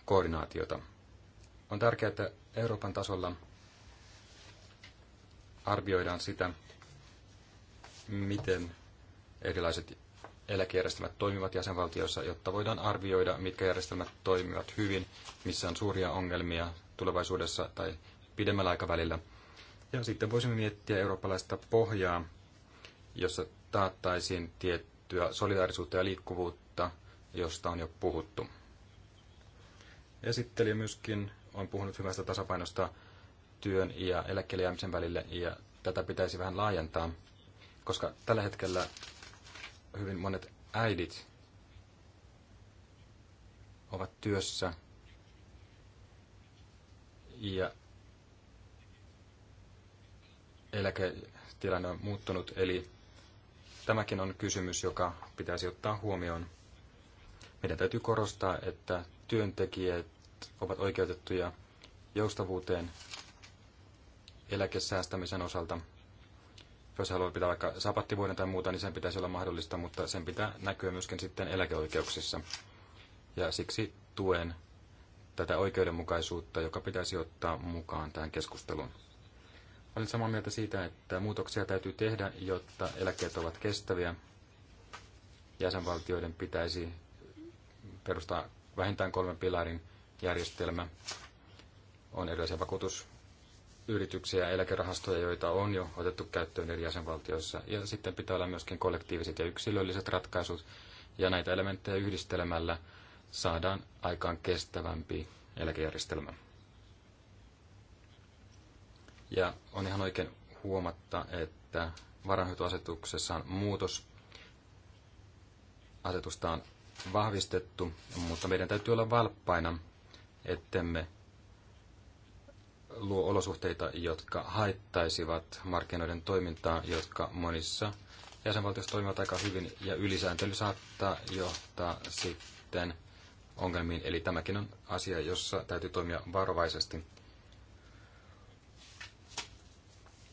koordinaatiota. On tärkeää, että Euroopan tasolla arvioidaan sitä, miten erilaiset eläkejärjestelmät toimivat jäsenvaltioissa, jotta voidaan arvioida, mitkä järjestelmät toimivat hyvin, missä on suuria ongelmia tulevaisuudessa tai pidemmällä aikavälillä. Ja sitten voisimme miettiä eurooppalaista pohjaa, jossa taattaisiin tiettyä solidaarisuutta ja liikkuvuutta, josta on jo puhuttu. Esittelijä myöskin on puhunut hyvästä tasapainosta työn ja eläkkeelle jäämisen välille, ja tätä pitäisi vähän laajentaa, koska tällä hetkellä hyvin monet äidit ovat työssä ja eläketilanne on muuttunut, eli tämäkin on kysymys, joka pitäisi ottaa huomioon. Meidän täytyy korostaa, että työntekijät ovat oikeutettuja joustavuuteen eläkesäästämisen osalta – jos haluaa pitää vaikka sapattivuoden tai muuta, niin sen pitäisi olla mahdollista, mutta sen pitää näkyä myöskin sitten eläkeoikeuksissa. Ja siksi tuen tätä oikeudenmukaisuutta, joka pitäisi ottaa mukaan tähän keskusteluun. Olen samaa mieltä siitä, että muutoksia täytyy tehdä, jotta eläkkeet ovat kestäviä. Jäsenvaltioiden pitäisi perustaa vähintään kolmen pilarin järjestelmä. On erilaisia vakuutus yrityksiä ja eläkerahastoja, joita on jo otettu käyttöön eri jäsenvaltioissa. Ja sitten pitää olla myöskin kollektiiviset ja yksilölliset ratkaisut. Ja näitä elementtejä yhdistelemällä saadaan aikaan kestävämpi eläkejärjestelmä. Ja on ihan oikein huomatta, että varanhoitoasetuksessa on muutos. Asetusta on vahvistettu, mutta meidän täytyy olla valppaina, ettemme luo olosuhteita, jotka haittaisivat markkinoiden toimintaa, jotka monissa jäsenvaltioissa toimivat aika hyvin, ja ylisääntely saattaa johtaa sitten ongelmiin. Eli tämäkin on asia, jossa täytyy toimia varovaisesti.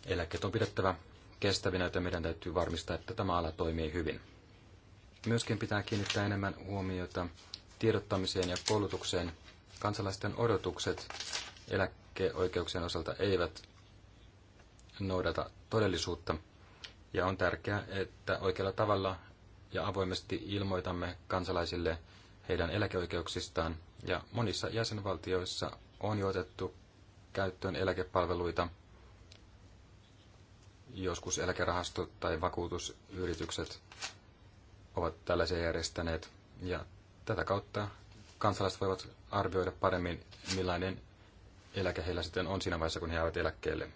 Eläkkeet on pidettävä kestävinä, joten meidän täytyy varmistaa, että tämä ala toimii hyvin. Myöskin pitää kiinnittää enemmän huomiota tiedottamiseen ja koulutukseen. Kansalaisten odotukset eläkkeet oikeuksien osalta eivät noudata todellisuutta. Ja on tärkeää, että oikealla tavalla ja avoimesti ilmoitamme kansalaisille heidän eläkeoikeuksistaan. Ja monissa jäsenvaltioissa on jo otettu käyttöön eläkepalveluita, joskus eläkerahastot tai vakuutusyritykset ovat tällaisia järjestäneet. Ja tätä kautta kansalaiset voivat arvioida paremmin, millainen eläke heillä sitten on siinä vaiheessa, kun he jäävät eläkkeelle.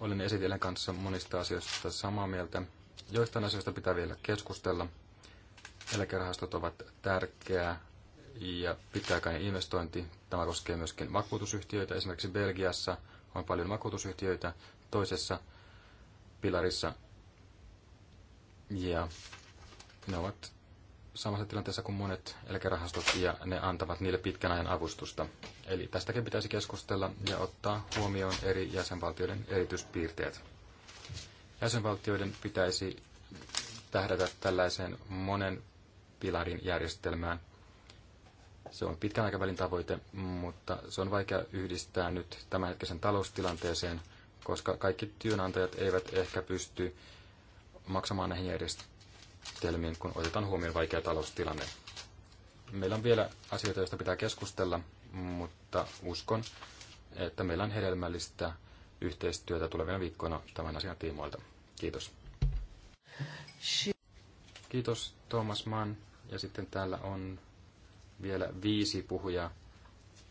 Olen esitellen kanssa monista asioista samaa mieltä. Joistain asioista pitää vielä keskustella. Eläkerahastot ovat tärkeää ja pitkäaikainen investointi. Tämä koskee myöskin vakuutusyhtiöitä. Esimerkiksi Belgiassa on paljon vakuutusyhtiöitä toisessa pilarissa. Ja ne ovat samassa tilanteessa kuin monet eläkerahastot ja ne antavat niille pitkän ajan avustusta. Eli tästäkin pitäisi keskustella ja ottaa huomioon eri jäsenvaltioiden erityispiirteet. Jäsenvaltioiden pitäisi tähdätä tällaiseen monen pilarin järjestelmään. Se on pitkän aikavälin tavoite, mutta se on vaikea yhdistää nyt tämänhetkisen taloustilanteeseen, koska kaikki työnantajat eivät ehkä pysty maksamaan näihin järjestelmiin suunnitelmiin, kun otetaan huomioon vaikea taloustilanne. Meillä on vielä asioita, joista pitää keskustella, mutta uskon, että meillä on hedelmällistä yhteistyötä tulevina viikkoina tämän asian tiimoilta. Kiitos. Kiitos Thomas Mann. Ja sitten täällä on vielä viisi puhujaa.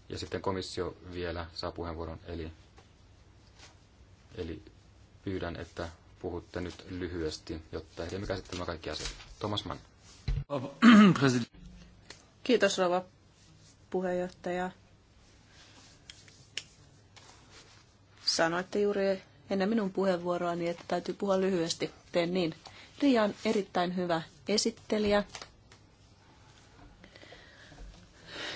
Ja sitten komissio vielä saa puheenvuoron. Eli, eli pyydän, että puhutte nyt lyhyesti, jotta ehdimme käsittelemään kaikki asiat. Thomas Mann. Kiitos rouva puheenjohtaja. Sanoitte juuri ennen minun puheenvuoroani, että täytyy puhua lyhyesti. Teen niin. Ria on erittäin hyvä esittelijä.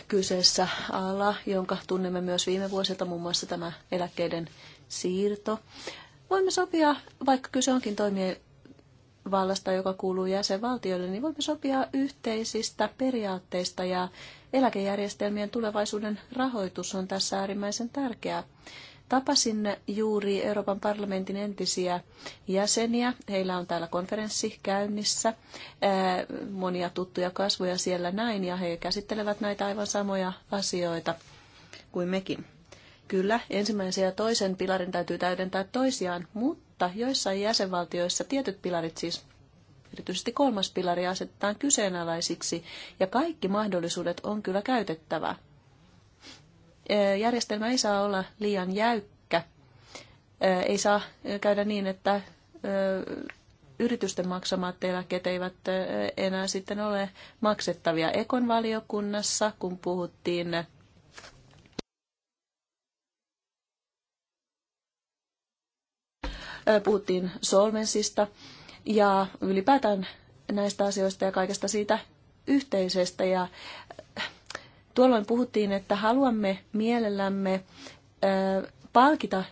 Kyseessä ala, jonka tunnemme myös viime vuosilta, muun muassa tämä eläkkeiden siirto. Voimme sopia, vaikka kyse onkin toimivallasta, joka kuuluu jäsenvaltioille, niin voimme sopia yhteisistä periaatteista ja eläkejärjestelmien tulevaisuuden rahoitus on tässä äärimmäisen tärkeää. Tapasin juuri Euroopan parlamentin entisiä jäseniä. Heillä on täällä konferenssi käynnissä. Monia tuttuja kasvoja siellä näin ja he käsittelevät näitä aivan samoja asioita kuin mekin. Kyllä, ensimmäisen ja toisen pilarin täytyy täydentää toisiaan, mutta joissain jäsenvaltioissa tietyt pilarit siis erityisesti kolmas pilari asetetaan kyseenalaisiksi ja kaikki mahdollisuudet on kyllä käytettävä. Järjestelmä ei saa olla liian jäykkä. Ei saa käydä niin, että yritysten maksamat eläkkeet eivät enää sitten ole maksettavia. ekonvaliokunnassa, kun puhuttiin puhuttiin solvenssista ja ylipäätään näistä asioista ja kaikesta siitä yhteisestä. Ja tuolloin puhuttiin, että haluamme mielellämme palkita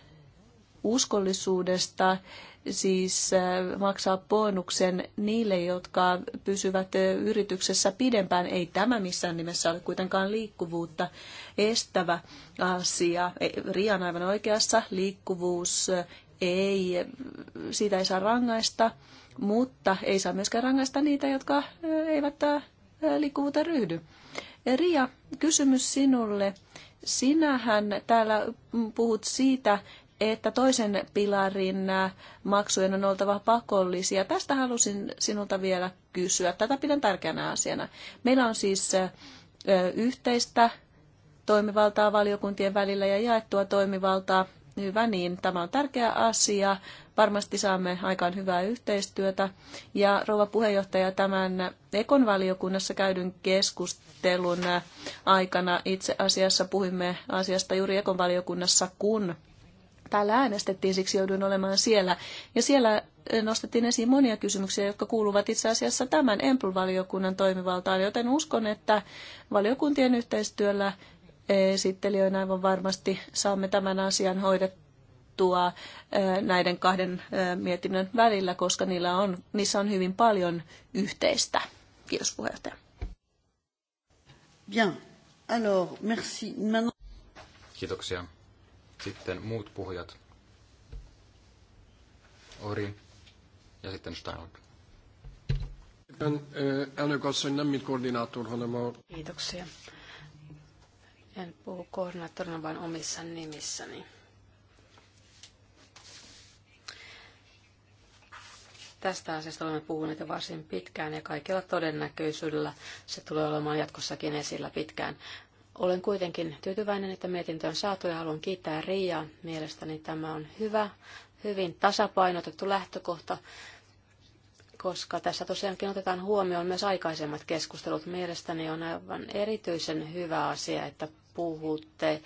uskollisuudesta, siis maksaa bonuksen niille, jotka pysyvät yrityksessä pidempään. Ei tämä missään nimessä ole kuitenkaan liikkuvuutta estävä asia. Rian aivan oikeassa liikkuvuus ei, siitä ei saa rangaista, mutta ei saa myöskään rangaista niitä, jotka eivät liikkuvuutta ryhdy. Ria, kysymys sinulle. Sinähän täällä puhut siitä, että toisen pilarin maksujen on oltava pakollisia. Tästä halusin sinulta vielä kysyä. Tätä pidän tärkeänä asiana. Meillä on siis yhteistä toimivaltaa valiokuntien välillä ja jaettua toimivaltaa Hyvä niin, tämä on tärkeä asia. Varmasti saamme aikaan hyvää yhteistyötä. Ja rouva puheenjohtaja, tämän Ekon valiokunnassa käydyn keskustelun aikana itse asiassa puhumme asiasta juuri Ekon valiokunnassa, kun täällä äänestettiin, siksi jouduin olemaan siellä. Ja siellä nostettiin esiin monia kysymyksiä, jotka kuuluvat itse asiassa tämän empl valiokunnan toimivaltaan, joten uskon, että valiokuntien yhteistyöllä esittelijöinä aivan varmasti saamme tämän asian hoidettua näiden kahden mietinnön välillä, koska niillä on, niissä on hyvin paljon yhteistä. Kiitos puheenjohtaja. Bien. Alors, merci. Maintenant... Kiitoksia. Sitten muut puhujat. Ori ja sitten Steinhardt. Kiitoksia. En puhu koordinaattorina, vain omissa nimissäni. Tästä asiasta olemme puhuneet jo varsin pitkään ja kaikilla todennäköisyydellä se tulee olemaan jatkossakin esillä pitkään. Olen kuitenkin tyytyväinen, että mietintö on saatu ja haluan kiittää Riiaa. Mielestäni tämä on hyvä, hyvin tasapainotettu lähtökohta, koska tässä tosiaankin otetaan huomioon myös aikaisemmat keskustelut. Mielestäni on aivan erityisen hyvä asia, että puhutte eh,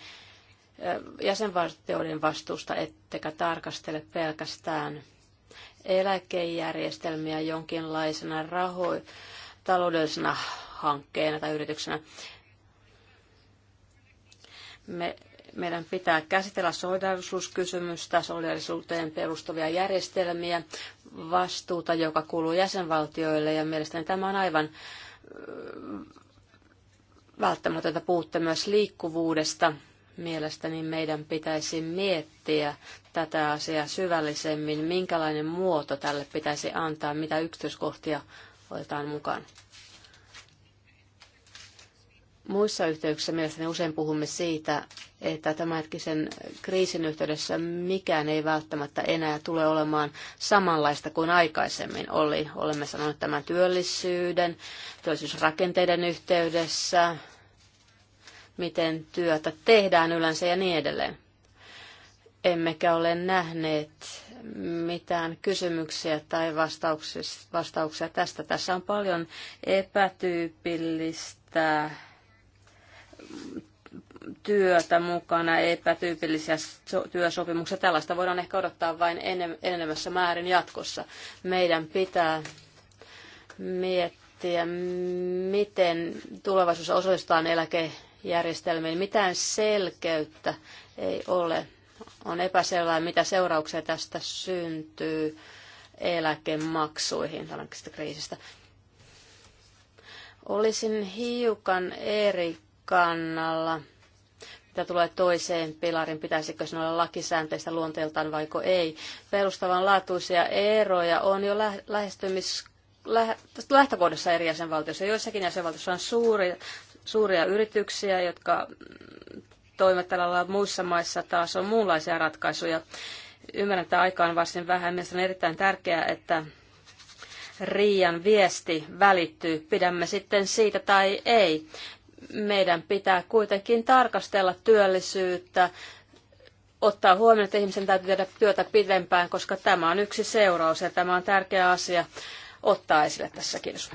jäsenvaltioiden vastuusta, ettekä tarkastele pelkästään eläkejärjestelmiä jonkinlaisena raho- taloudellisena hankkeena tai yrityksenä. Me, meidän pitää käsitellä solidarisuuskysymystä, solidarisuuteen perustuvia järjestelmiä, vastuuta, joka kuuluu jäsenvaltioille, ja mielestäni tämä on aivan välttämätöntä puhutte myös liikkuvuudesta. Mielestäni meidän pitäisi miettiä tätä asiaa syvällisemmin, minkälainen muoto tälle pitäisi antaa, mitä yksityiskohtia otetaan mukaan. Muissa yhteyksissä mielestäni usein puhumme siitä, että tämänhetkisen kriisin yhteydessä mikään ei välttämättä enää tule olemaan samanlaista kuin aikaisemmin oli. Olemme sanoneet tämän työllisyyden, työllisyysrakenteiden yhteydessä, miten työtä tehdään yleensä ja niin edelleen. Emmekä ole nähneet mitään kysymyksiä tai vastauksia tästä. Tässä on paljon epätyypillistä työtä mukana, epätyypillisiä työsopimuksia. Tällaista voidaan ehkä odottaa vain enenevässä määrin jatkossa. Meidän pitää miettiä, miten tulevaisuudessa osallistutaan eläkejärjestelmiin. Mitään selkeyttä ei ole. On epäselvää, mitä seurauksia tästä syntyy eläkemaksuihin tällaisesta kriisistä. Olisin hiukan eri kannalla? Mitä tulee toiseen pilarin, pitäisikö sen olla lakisäänteistä luonteeltaan vaiko ei? Perustavanlaatuisia eroja on jo lä- lähestymis lähtökohdassa eri jäsenvaltioissa. Joissakin jäsenvaltioissa on suuri, suuria yrityksiä, jotka mm, toimivat tällä lailla muissa maissa taas on muunlaisia ratkaisuja. Ymmärrän, että aikaan varsin vähän. Mielestäni on erittäin tärkeää, että Riian viesti välittyy, pidämme sitten siitä tai ei meidän pitää kuitenkin tarkastella työllisyyttä, ottaa huomioon, että ihmisen täytyy tehdä työtä pidempään, koska tämä on yksi seuraus ja tämä on tärkeä asia ottaa esille tässä. Kiitos.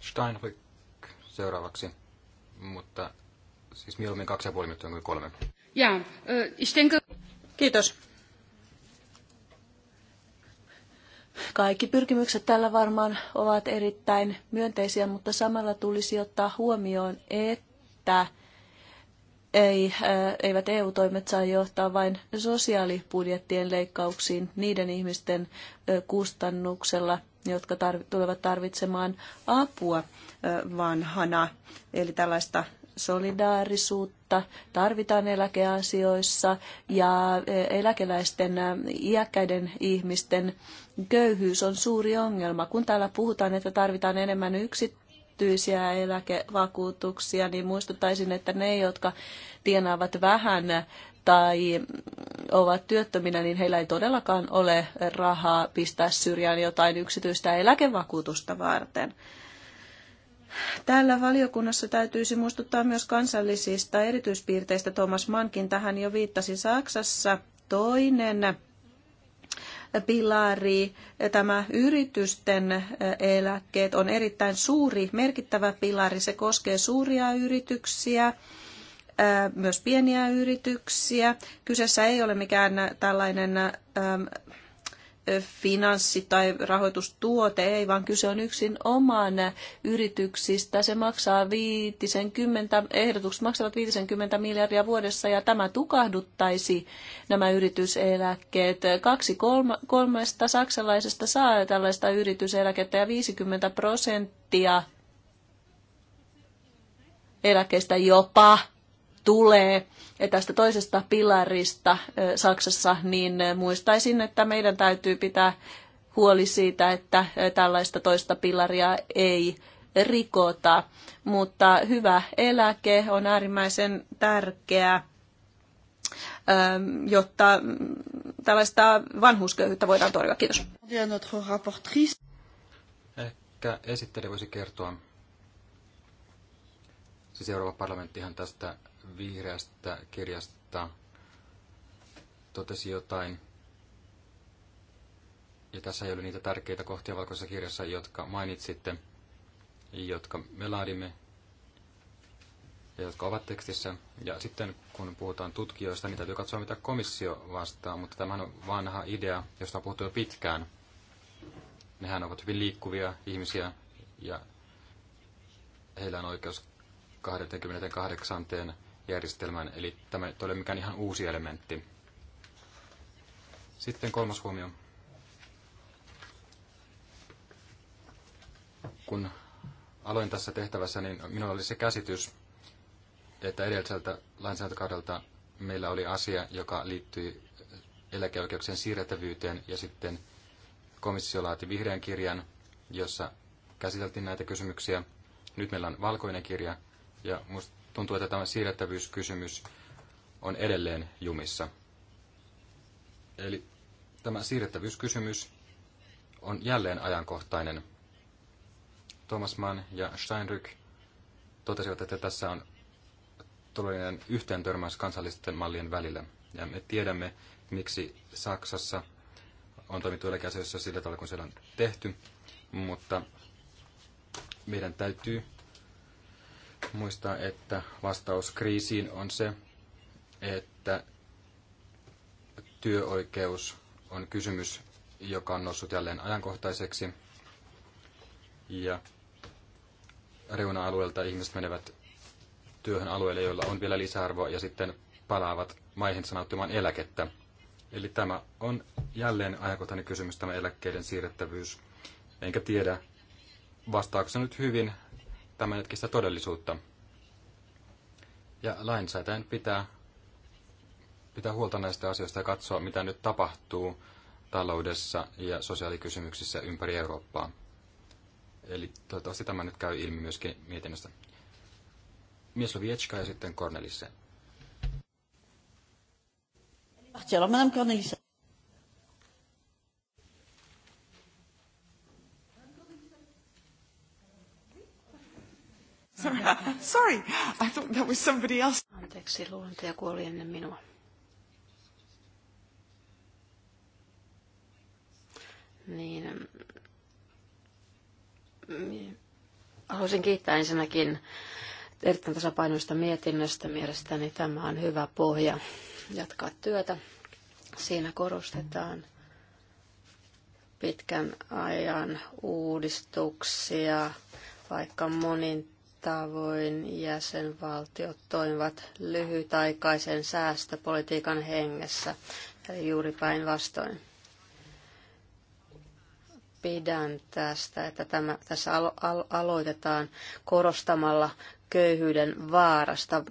Steinrück seuraavaksi, mutta siis mieluummin kaksi ja puoli minuuttia kuin kolme. Ja, ich denke... Kiitos. Kaikki pyrkimykset tällä varmaan ovat erittäin myönteisiä, mutta samalla tulisi ottaa huomioon, että ei, äh, eivät EU-toimet saa johtaa vain sosiaalibudjettien leikkauksiin niiden ihmisten kustannuksella, jotka tarv- tulevat tarvitsemaan apua vanhana, eli tällaista solidaarisuutta tarvitaan eläkeasioissa ja e, eläkeläisten iäkkäiden ihmisten köyhyys on suuri ongelma. Kun täällä puhutaan, että tarvitaan enemmän yksityisiä eläkevakuutuksia, niin muistuttaisin, että ne, jotka tienaavat vähän tai ovat työttöminä, niin heillä ei todellakaan ole rahaa pistää syrjään jotain yksityistä eläkevakuutusta varten. Täällä valiokunnassa täytyisi muistuttaa myös kansallisista erityispiirteistä. Thomas Mankin tähän jo viittasi Saksassa. Toinen pilari, tämä yritysten eläkkeet on erittäin suuri, merkittävä pilari. Se koskee suuria yrityksiä, myös pieniä yrityksiä. Kyseessä ei ole mikään tällainen finanssi- tai rahoitustuote, ei vaan kyse on yksin oman yrityksistä. Se maksaa 50, ehdotukset maksavat 50 miljardia vuodessa ja tämä tukahduttaisi nämä yrityseläkkeet. Kaksi kolma, kolmesta saksalaisesta saa tällaista yrityseläkettä ja 50 prosenttia eläkkeistä jopa tulee tästä toisesta pilarista Saksassa, niin muistaisin, että meidän täytyy pitää huoli siitä, että tällaista toista pilaria ei rikota. Mutta hyvä eläke on äärimmäisen tärkeä, jotta tällaista vanhuusköyhyyttä voidaan torjua. Kiitos. Ehkä esittelijä voisi kertoa. Siis Euroopan parlamenttihan tästä vihreästä kirjasta totesi jotain. Ja tässä ei ole niitä tärkeitä kohtia valkoisessa kirjassa, jotka mainitsitte, jotka me laadimme ja jotka ovat tekstissä. Ja sitten kun puhutaan tutkijoista, niin täytyy katsoa, mitä komissio vastaa, mutta tämä on vanha idea, josta on puhuttu jo pitkään. Nehän ovat hyvin liikkuvia ihmisiä ja heillä on oikeus 28 järjestelmään, eli tämä ei ole mikään ihan uusi elementti. Sitten kolmas huomio. Kun aloin tässä tehtävässä, niin minulla oli se käsitys, että edelliseltä lainsäädäntökaudelta meillä oli asia, joka liittyi eläkeoikeuksien siirrettävyyteen, ja sitten komissio laati vihreän kirjan, jossa käsiteltiin näitä kysymyksiä. Nyt meillä on valkoinen kirja, ja musta tuntuu, että tämä siirrettävyyskysymys on edelleen jumissa. Eli tämä siirrettävyyskysymys on jälleen ajankohtainen. Thomas Mann ja Steinrück totesivat, että tässä on todellinen yhteen törmäys kansallisten mallien välillä. Ja me tiedämme, miksi Saksassa on toimittu eläkeasioissa sillä tavalla, kun siellä on tehty, mutta meidän täytyy muistaa, että vastaus kriisiin on se, että työoikeus on kysymys, joka on noussut jälleen ajankohtaiseksi. Ja reuna-alueelta ihmiset menevät työhön alueille, joilla on vielä lisäarvoa, ja sitten palaavat maihinsa sanottumaan eläkettä. Eli tämä on jälleen ajankohtainen kysymys, tämä eläkkeiden siirrettävyys. Enkä tiedä, vastaako se nyt hyvin tämänhetkistä todellisuutta. Ja lainsäätäjän pitää pitää huolta näistä asioista ja katsoa, mitä nyt tapahtuu taloudessa ja sosiaalikysymyksissä ympäri Eurooppaa. Eli toivottavasti tämä nyt käy ilmi myöskin mietinnöstä. Mies Lovietska ja sitten Cornelisse. Madame Cornelisse. Sorry, I thought that was somebody else. Anteeksi, luulen, että ennen minua. Niin, mm, mm, haluaisin kiittää ensinnäkin erittäin tasapainoista mietinnöstä. Mielestäni tämä on hyvä pohja jatkaa työtä. Siinä korostetaan pitkän ajan uudistuksia, vaikka monin tavoin jäsenvaltiot toimivat lyhytaikaisen säästöpolitiikan hengessä, eli juuri päinvastoin. Pidän tästä, että tämä, tässä alo, alo, aloitetaan korostamalla köyhyyden vaarasta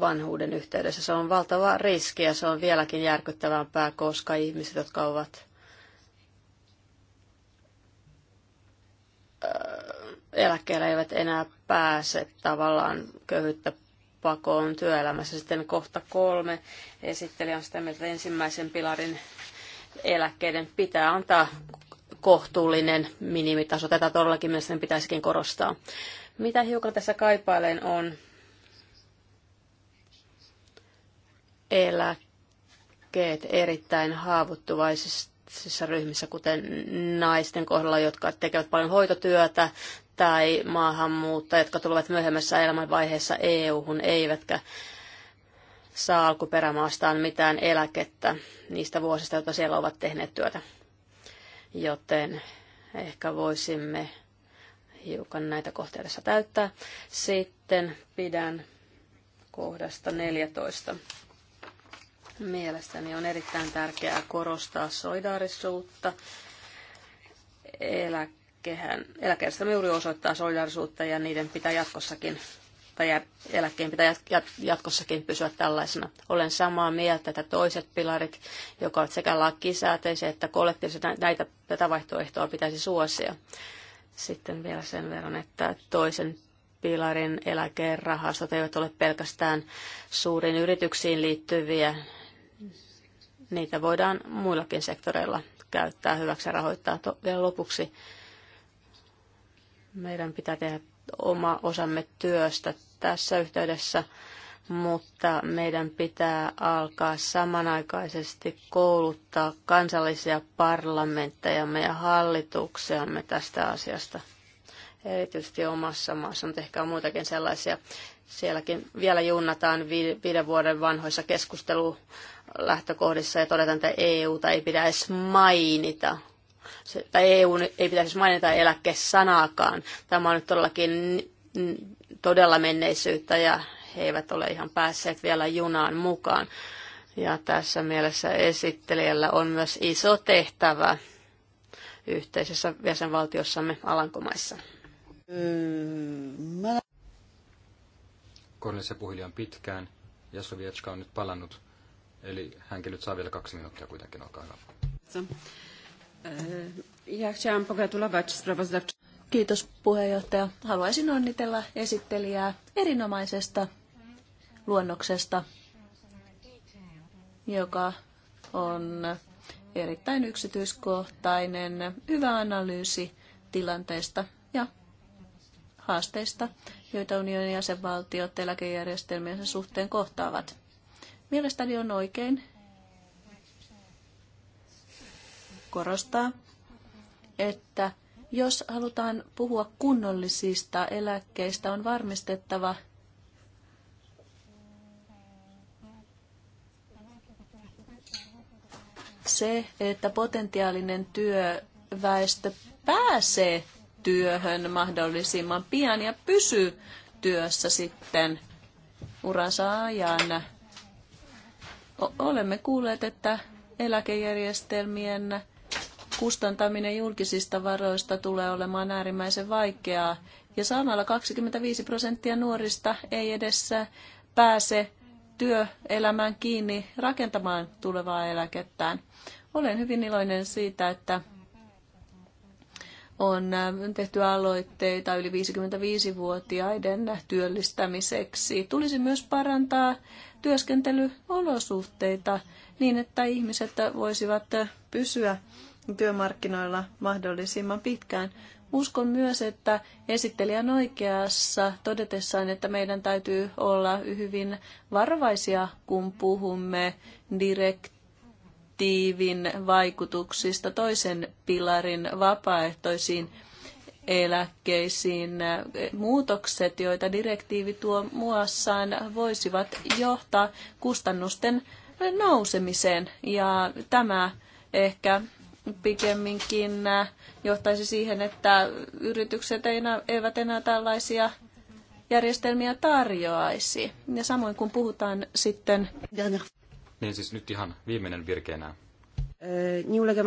vanhuuden yhteydessä. Se on valtava riski ja se on vieläkin järkyttävämpää, koska ihmiset, jotka ovat eläkkeellä eivät enää pääse tavallaan köyhyyttä pakoon työelämässä. Sitten kohta kolme esitteli on sitä mieltä, ensimmäisen pilarin eläkkeiden pitää antaa kohtuullinen minimitaso. Tätä todellakin mielestäni pitäisikin korostaa. Mitä hiukan tässä kaipailen on eläkkeet erittäin haavoittuvaisista ryhmissä, kuten naisten kohdalla, jotka tekevät paljon hoitotyötä tai maahanmuuttajat, jotka tulevat myöhemmässä elämänvaiheessa EU-hun, eivätkä saa alkuperämaastaan mitään eläkettä niistä vuosista, joita siellä ovat tehneet työtä. Joten ehkä voisimme hiukan näitä kohteessa täyttää. Sitten pidän kohdasta 14. Mielestäni on erittäin tärkeää korostaa solidaarisuutta eläkettä eläkkeen, eläkejärjestelmä juuri osoittaa solidarisuutta ja niiden pitää jatkossakin tai eläkkeen pitää jatkossakin pysyä tällaisena. Olen samaa mieltä, että toiset pilarit, joka ovat sekä lakisääteisiä että kollektiivisia, näitä, tätä vaihtoehtoa pitäisi suosia. Sitten vielä sen verran, että toisen pilarin eläkerahastot eivät ole pelkästään suuriin yrityksiin liittyviä. Niitä voidaan muillakin sektoreilla käyttää hyväksi ja rahoittaa. Vielä lopuksi meidän pitää tehdä oma osamme työstä tässä yhteydessä, mutta meidän pitää alkaa samanaikaisesti kouluttaa kansallisia parlamenttejamme ja hallituksiamme tästä asiasta. Erityisesti omassa maassa, mutta ehkä on muitakin sellaisia. Sielläkin vielä junnataan viiden vuoden vanhoissa keskustelu lähtökohdissa ja todetaan, että EUta ei pidä edes mainita se, tai EU ei pitäisi mainita eläkesanaakaan. Tämä on nyt todellakin todella menneisyyttä ja he eivät ole ihan päässeet vielä junaan mukaan. Ja tässä mielessä esittelijällä on myös iso tehtävä yhteisessä jäsenvaltiossamme Alankomaissa. Öö, Kornelissa puhui liian pitkään. Jasovietska on nyt palannut, eli hänkin nyt saa vielä kaksi minuuttia kuitenkin, olkaa hyvä. Ja chciałam pogratulować sprawozdawczyni. Kiitos puheenjohtaja. Haluaisin onnitella esittelijää erinomaisesta luonnoksesta, joka on erittäin yksityiskohtainen, hyvä analyysi tilanteesta ja haasteista, joita unionin jäsenvaltiot eläkejärjestelmiensä suhteen kohtaavat. Mielestäni on oikein, korostaa, että jos halutaan puhua kunnollisista eläkkeistä, on varmistettava, se, että potentiaalinen työväestö pääsee työhön mahdollisimman pian ja pysyy työssä sitten uransa ajan. Olemme kuulleet, että eläkejärjestelmien kustantaminen julkisista varoista tulee olemaan äärimmäisen vaikeaa. Ja samalla 25 prosenttia nuorista ei edessä pääse työelämään kiinni rakentamaan tulevaa eläkettään. Olen hyvin iloinen siitä, että on äh, tehty aloitteita yli 55-vuotiaiden työllistämiseksi. Tulisi myös parantaa työskentelyolosuhteita niin, että ihmiset voisivat pysyä työmarkkinoilla mahdollisimman pitkään. Uskon myös, että esittelijän oikeassa todetessaan, että meidän täytyy olla hyvin varovaisia, kun puhumme direktiivin vaikutuksista toisen pilarin vapaaehtoisiin eläkkeisiin. Muutokset, joita direktiivi tuo muassaan, voisivat johtaa kustannusten nousemiseen ja tämä ehkä pikemminkin äh, johtaisi siihen, että yritykset eivät enää tällaisia järjestelmiä tarjoaisi. Ja samoin kun puhutaan sitten... Niin siis nyt ihan viimeinen virkeenä. enää.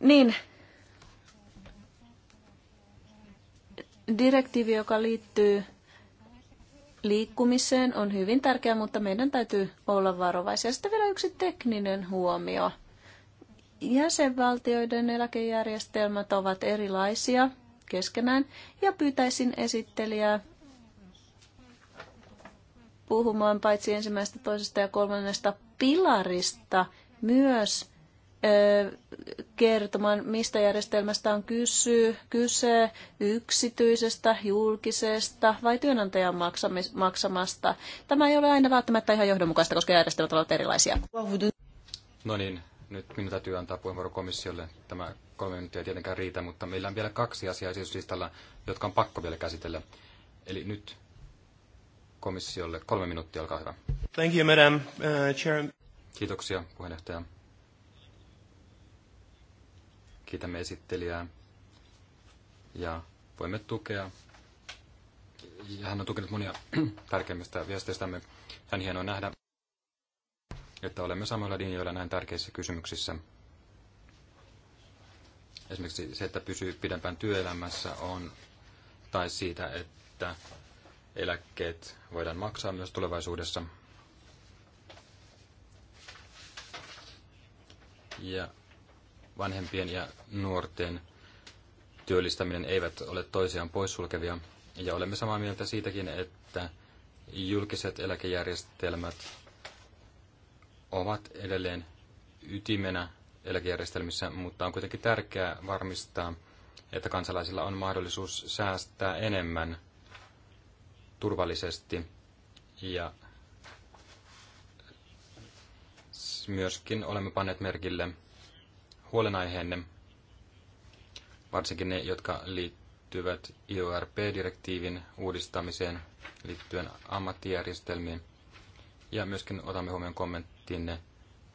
Niin. Direktiivi, joka liittyy liikkumiseen on hyvin tärkeää, mutta meidän täytyy olla varovaisia. Sitten vielä yksi tekninen huomio. Jäsenvaltioiden eläkejärjestelmät ovat erilaisia keskenään ja pyytäisin esittelijää puhumaan paitsi ensimmäistä, toisesta ja kolmannesta pilarista myös kertomaan, mistä järjestelmästä on kysy, kyse, yksityisestä, julkisesta vai työnantajan maksamasta. Tämä ei ole aina välttämättä ihan johdonmukaista, koska järjestelmät ovat erilaisia. No niin, nyt minun täytyy antaa puheenvuoro komissiolle. Tämä kolme minuuttia ei tietenkään riitä, mutta meillä on vielä kaksi asiaa esityslistalla, jotka on pakko vielä käsitellä. Eli nyt komissiolle kolme minuuttia, olkaa hyvä. Thank you, madam, uh, chair. Kiitoksia, puheenjohtaja kiitämme esittelijää ja voimme tukea. Ja hän on tukenut monia tärkeimmistä viesteistämme. Hän hienoa nähdä, että olemme samoilla linjoilla näin tärkeissä kysymyksissä. Esimerkiksi se, että pysyy pidempään työelämässä on, tai siitä, että eläkkeet voidaan maksaa myös tulevaisuudessa. Ja vanhempien ja nuorten työllistäminen eivät ole toisiaan poissulkevia. Ja olemme samaa mieltä siitäkin, että julkiset eläkejärjestelmät ovat edelleen ytimenä eläkejärjestelmissä, mutta on kuitenkin tärkeää varmistaa, että kansalaisilla on mahdollisuus säästää enemmän turvallisesti ja myöskin olemme panneet merkille, huolenaiheenne, varsinkin ne, jotka liittyvät IORP-direktiivin uudistamiseen liittyen ammattijärjestelmiin. Ja myöskin otamme huomioon kommenttinne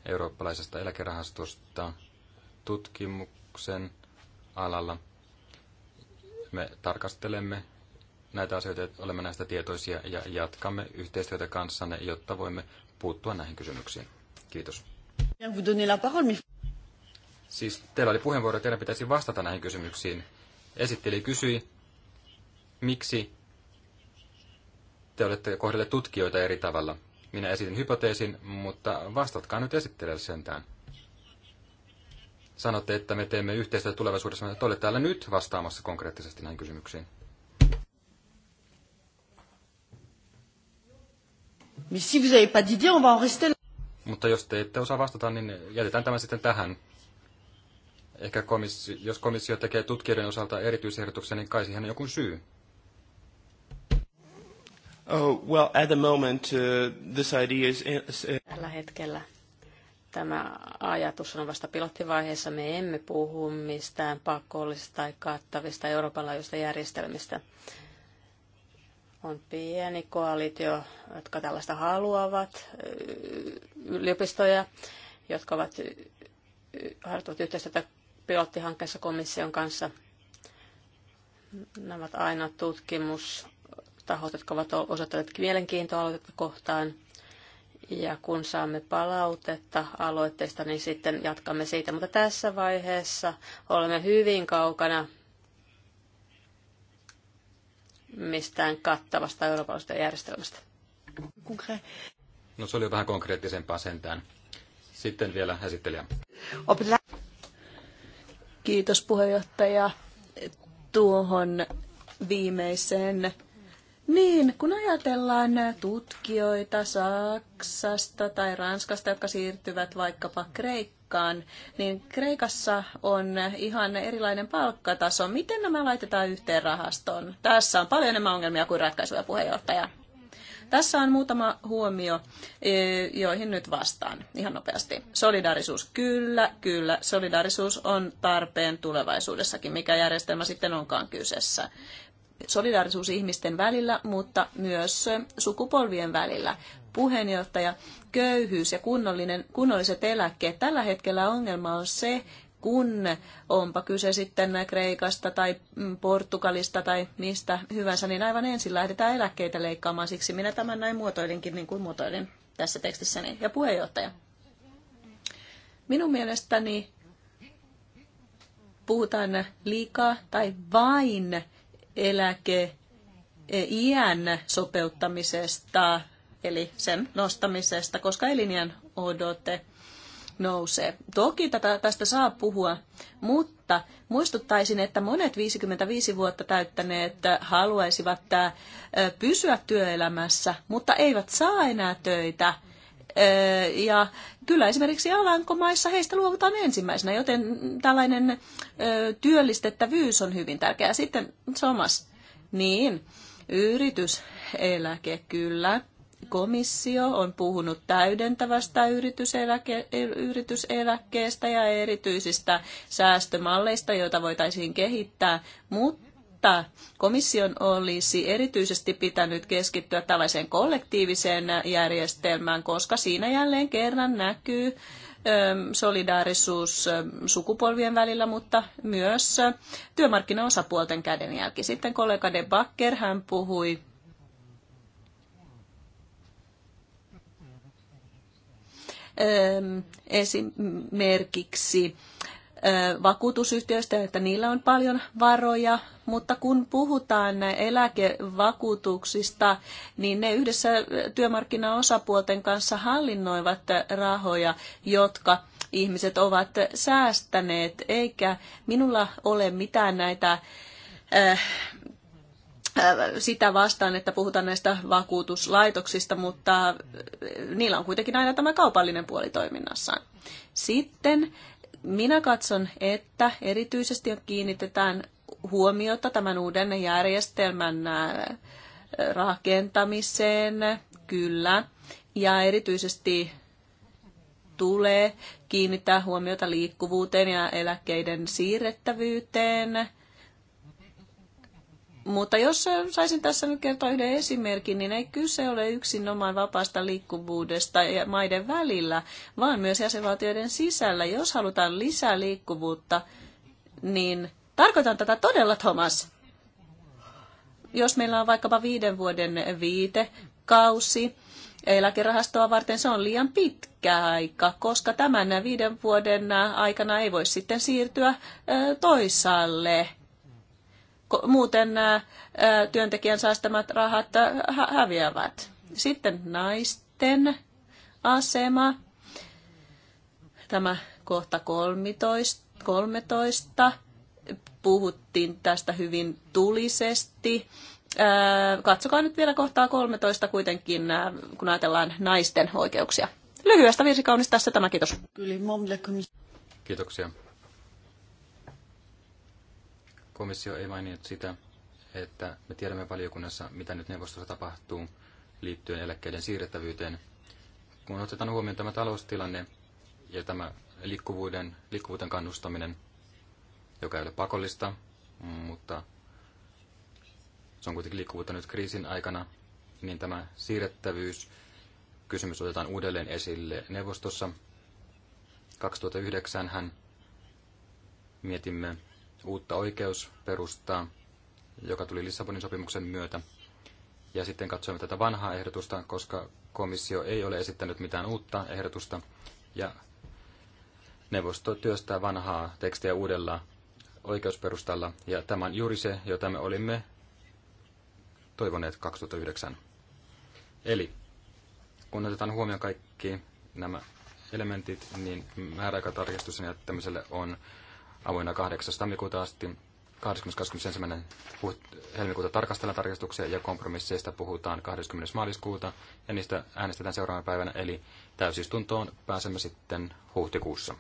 eurooppalaisesta eläkerahastosta tutkimuksen alalla. Me tarkastelemme näitä asioita, olemme näistä tietoisia ja jatkamme yhteistyötä kanssanne, jotta voimme puuttua näihin kysymyksiin. Kiitos. Siis teillä oli puheenvuoro, teidän pitäisi vastata näihin kysymyksiin. Esitteli kysyi, miksi te olette kohdelle tutkijoita eri tavalla. Minä esitin hypoteesin, mutta vastatkaa nyt esittelijälle sentään. Sanotte, että me teemme yhteistyötä tulevaisuudessa, mutta olette täällä nyt vastaamassa konkreettisesti näihin kysymyksiin. Mutta jos te ette osaa vastata, niin jätetään tämä sitten tähän. Ehkä komissio, jos komissio tekee tutkijoiden osalta erityisehdotuksen, niin kai siihen on joku syy. Oh, well, at the moment, uh, this idea is... Uh, Tällä hetkellä tämä ajatus on vasta pilottivaiheessa. Me emme puhu mistään pakollisista tai kattavista Euroopan laajuista järjestelmistä. On pieni koalitio, jotka tällaista haluavat, yliopistoja, jotka ovat harjoittavat yhteistyötä pilottihankkeessa komission kanssa. Nämä ovat aina tutkimustahot, jotka ovat osoittaneet mielenkiintoa aloitetta kohtaan. Ja kun saamme palautetta aloitteesta, niin sitten jatkamme siitä. Mutta tässä vaiheessa olemme hyvin kaukana mistään kattavasta eurooppalaisesta järjestelmästä. No se oli vähän konkreettisempaa sentään. Sitten vielä esittelijä. Kiitos puheenjohtaja tuohon viimeiseen. Niin, kun ajatellaan tutkijoita Saksasta tai Ranskasta, jotka siirtyvät vaikkapa Kreikkaan, niin Kreikassa on ihan erilainen palkkataso. Miten nämä laitetaan yhteen rahastoon? Tässä on paljon enemmän ongelmia kuin ratkaisuja puheenjohtaja. Tässä on muutama huomio, e, joihin nyt vastaan ihan nopeasti. Solidarisuus, kyllä, kyllä. Solidarisuus on tarpeen tulevaisuudessakin, mikä järjestelmä sitten onkaan kyseessä Solidarisuus ihmisten välillä, mutta myös sukupolvien välillä. Puheenjohtaja, köyhyys ja kunnolliset eläkkeet. Tällä hetkellä ongelma on se, kun onpa kyse sitten Kreikasta tai mm, Portugalista tai mistä hyvänsä, niin aivan ensin lähdetään eläkkeitä leikkaamaan. Siksi minä tämän näin muotoilinkin niin kuin muotoilin tässä tekstissäni. Ja puheenjohtaja. Minun mielestäni puhutaan liikaa tai vain eläke e, iän sopeuttamisesta, eli sen nostamisesta, koska elinjän odote nousee. Toki tätä, tästä saa puhua, mutta muistuttaisin, että monet 55 vuotta täyttäneet haluaisivat pysyä työelämässä, mutta eivät saa enää töitä. Ja kyllä esimerkiksi Alankomaissa heistä luovutaan ensimmäisenä, joten tällainen työllistettävyys on hyvin tärkeää. Sitten Somas, niin, yrityseläke kyllä Komissio on puhunut täydentävästä yrityseläke, yrityseläkkeestä ja erityisistä säästömalleista, joita voitaisiin kehittää, mutta komission olisi erityisesti pitänyt keskittyä tällaiseen kollektiiviseen järjestelmään, koska siinä jälleen kerran näkyy solidaarisuus sukupolvien välillä, mutta myös työmarkkinaosapuolten kädenjälki. Sitten kollega De Backer, hän puhui esimerkiksi vakuutusyhtiöistä, että niillä on paljon varoja, mutta kun puhutaan eläkevakuutuksista, niin ne yhdessä työmarkkinaosapuolten kanssa hallinnoivat rahoja, jotka ihmiset ovat säästäneet, eikä minulla ole mitään näitä Äh, sitä vastaan, että puhutaan näistä vakuutuslaitoksista, mutta äh, niillä on kuitenkin aina tämä kaupallinen puoli toiminnassaan. Sitten minä katson, että erityisesti kiinnitetään huomiota tämän uuden järjestelmän äh, rakentamiseen, kyllä, ja erityisesti tulee kiinnittää huomiota liikkuvuuteen ja eläkkeiden siirrettävyyteen – mutta jos saisin tässä nyt kertoa yhden esimerkin, niin ei kyse ole yksinomaan vapaasta liikkuvuudesta ja maiden välillä, vaan myös jäsenvaltioiden sisällä. Jos halutaan lisää liikkuvuutta, niin tarkoitan tätä todella, Thomas. Jos meillä on vaikkapa viiden vuoden viite, kausi, eläkerahastoa varten se on liian pitkä aika, koska tämän viiden vuoden aikana ei voi sitten siirtyä toisaalle muuten työntekijän säästämät rahat häviävät. Sitten naisten asema. Tämä kohta 13. 13. Puhuttiin tästä hyvin tulisesti. Katsokaa nyt vielä kohtaa 13 kuitenkin, kun ajatellaan naisten oikeuksia. Lyhyestä virsikaunis tässä tämä, kiitos. Kiitoksia komissio ei maininnut sitä, että me tiedämme valiokunnassa, mitä nyt neuvostossa tapahtuu liittyen eläkkeiden siirrettävyyteen. Kun otetaan huomioon tämä taloustilanne ja tämä liikkuvuuden, liikkuvuuden kannustaminen, joka ei ole pakollista, mutta se on kuitenkin liikkuvuutta nyt kriisin aikana, niin tämä siirrettävyys kysymys otetaan uudelleen esille neuvostossa. 2009 hän mietimme uutta oikeusperustaa, joka tuli Lissabonin sopimuksen myötä. Ja sitten katsoimme tätä vanhaa ehdotusta, koska komissio ei ole esittänyt mitään uutta ehdotusta. Ja neuvosto työstää vanhaa tekstiä uudella oikeusperustalla. Ja tämä on juuri se, jota me olimme toivoneet 2009. Eli kun otetaan huomioon kaikki nämä elementit, niin määräaikatarkistus jättämiselle on avoinna 8. tammikuuta asti. 20.21. helmikuuta tarkastellaan tarkastuksia ja kompromisseista puhutaan 20. maaliskuuta ja niistä äänestetään seuraavana päivänä eli täysistuntoon pääsemme sitten huhtikuussa.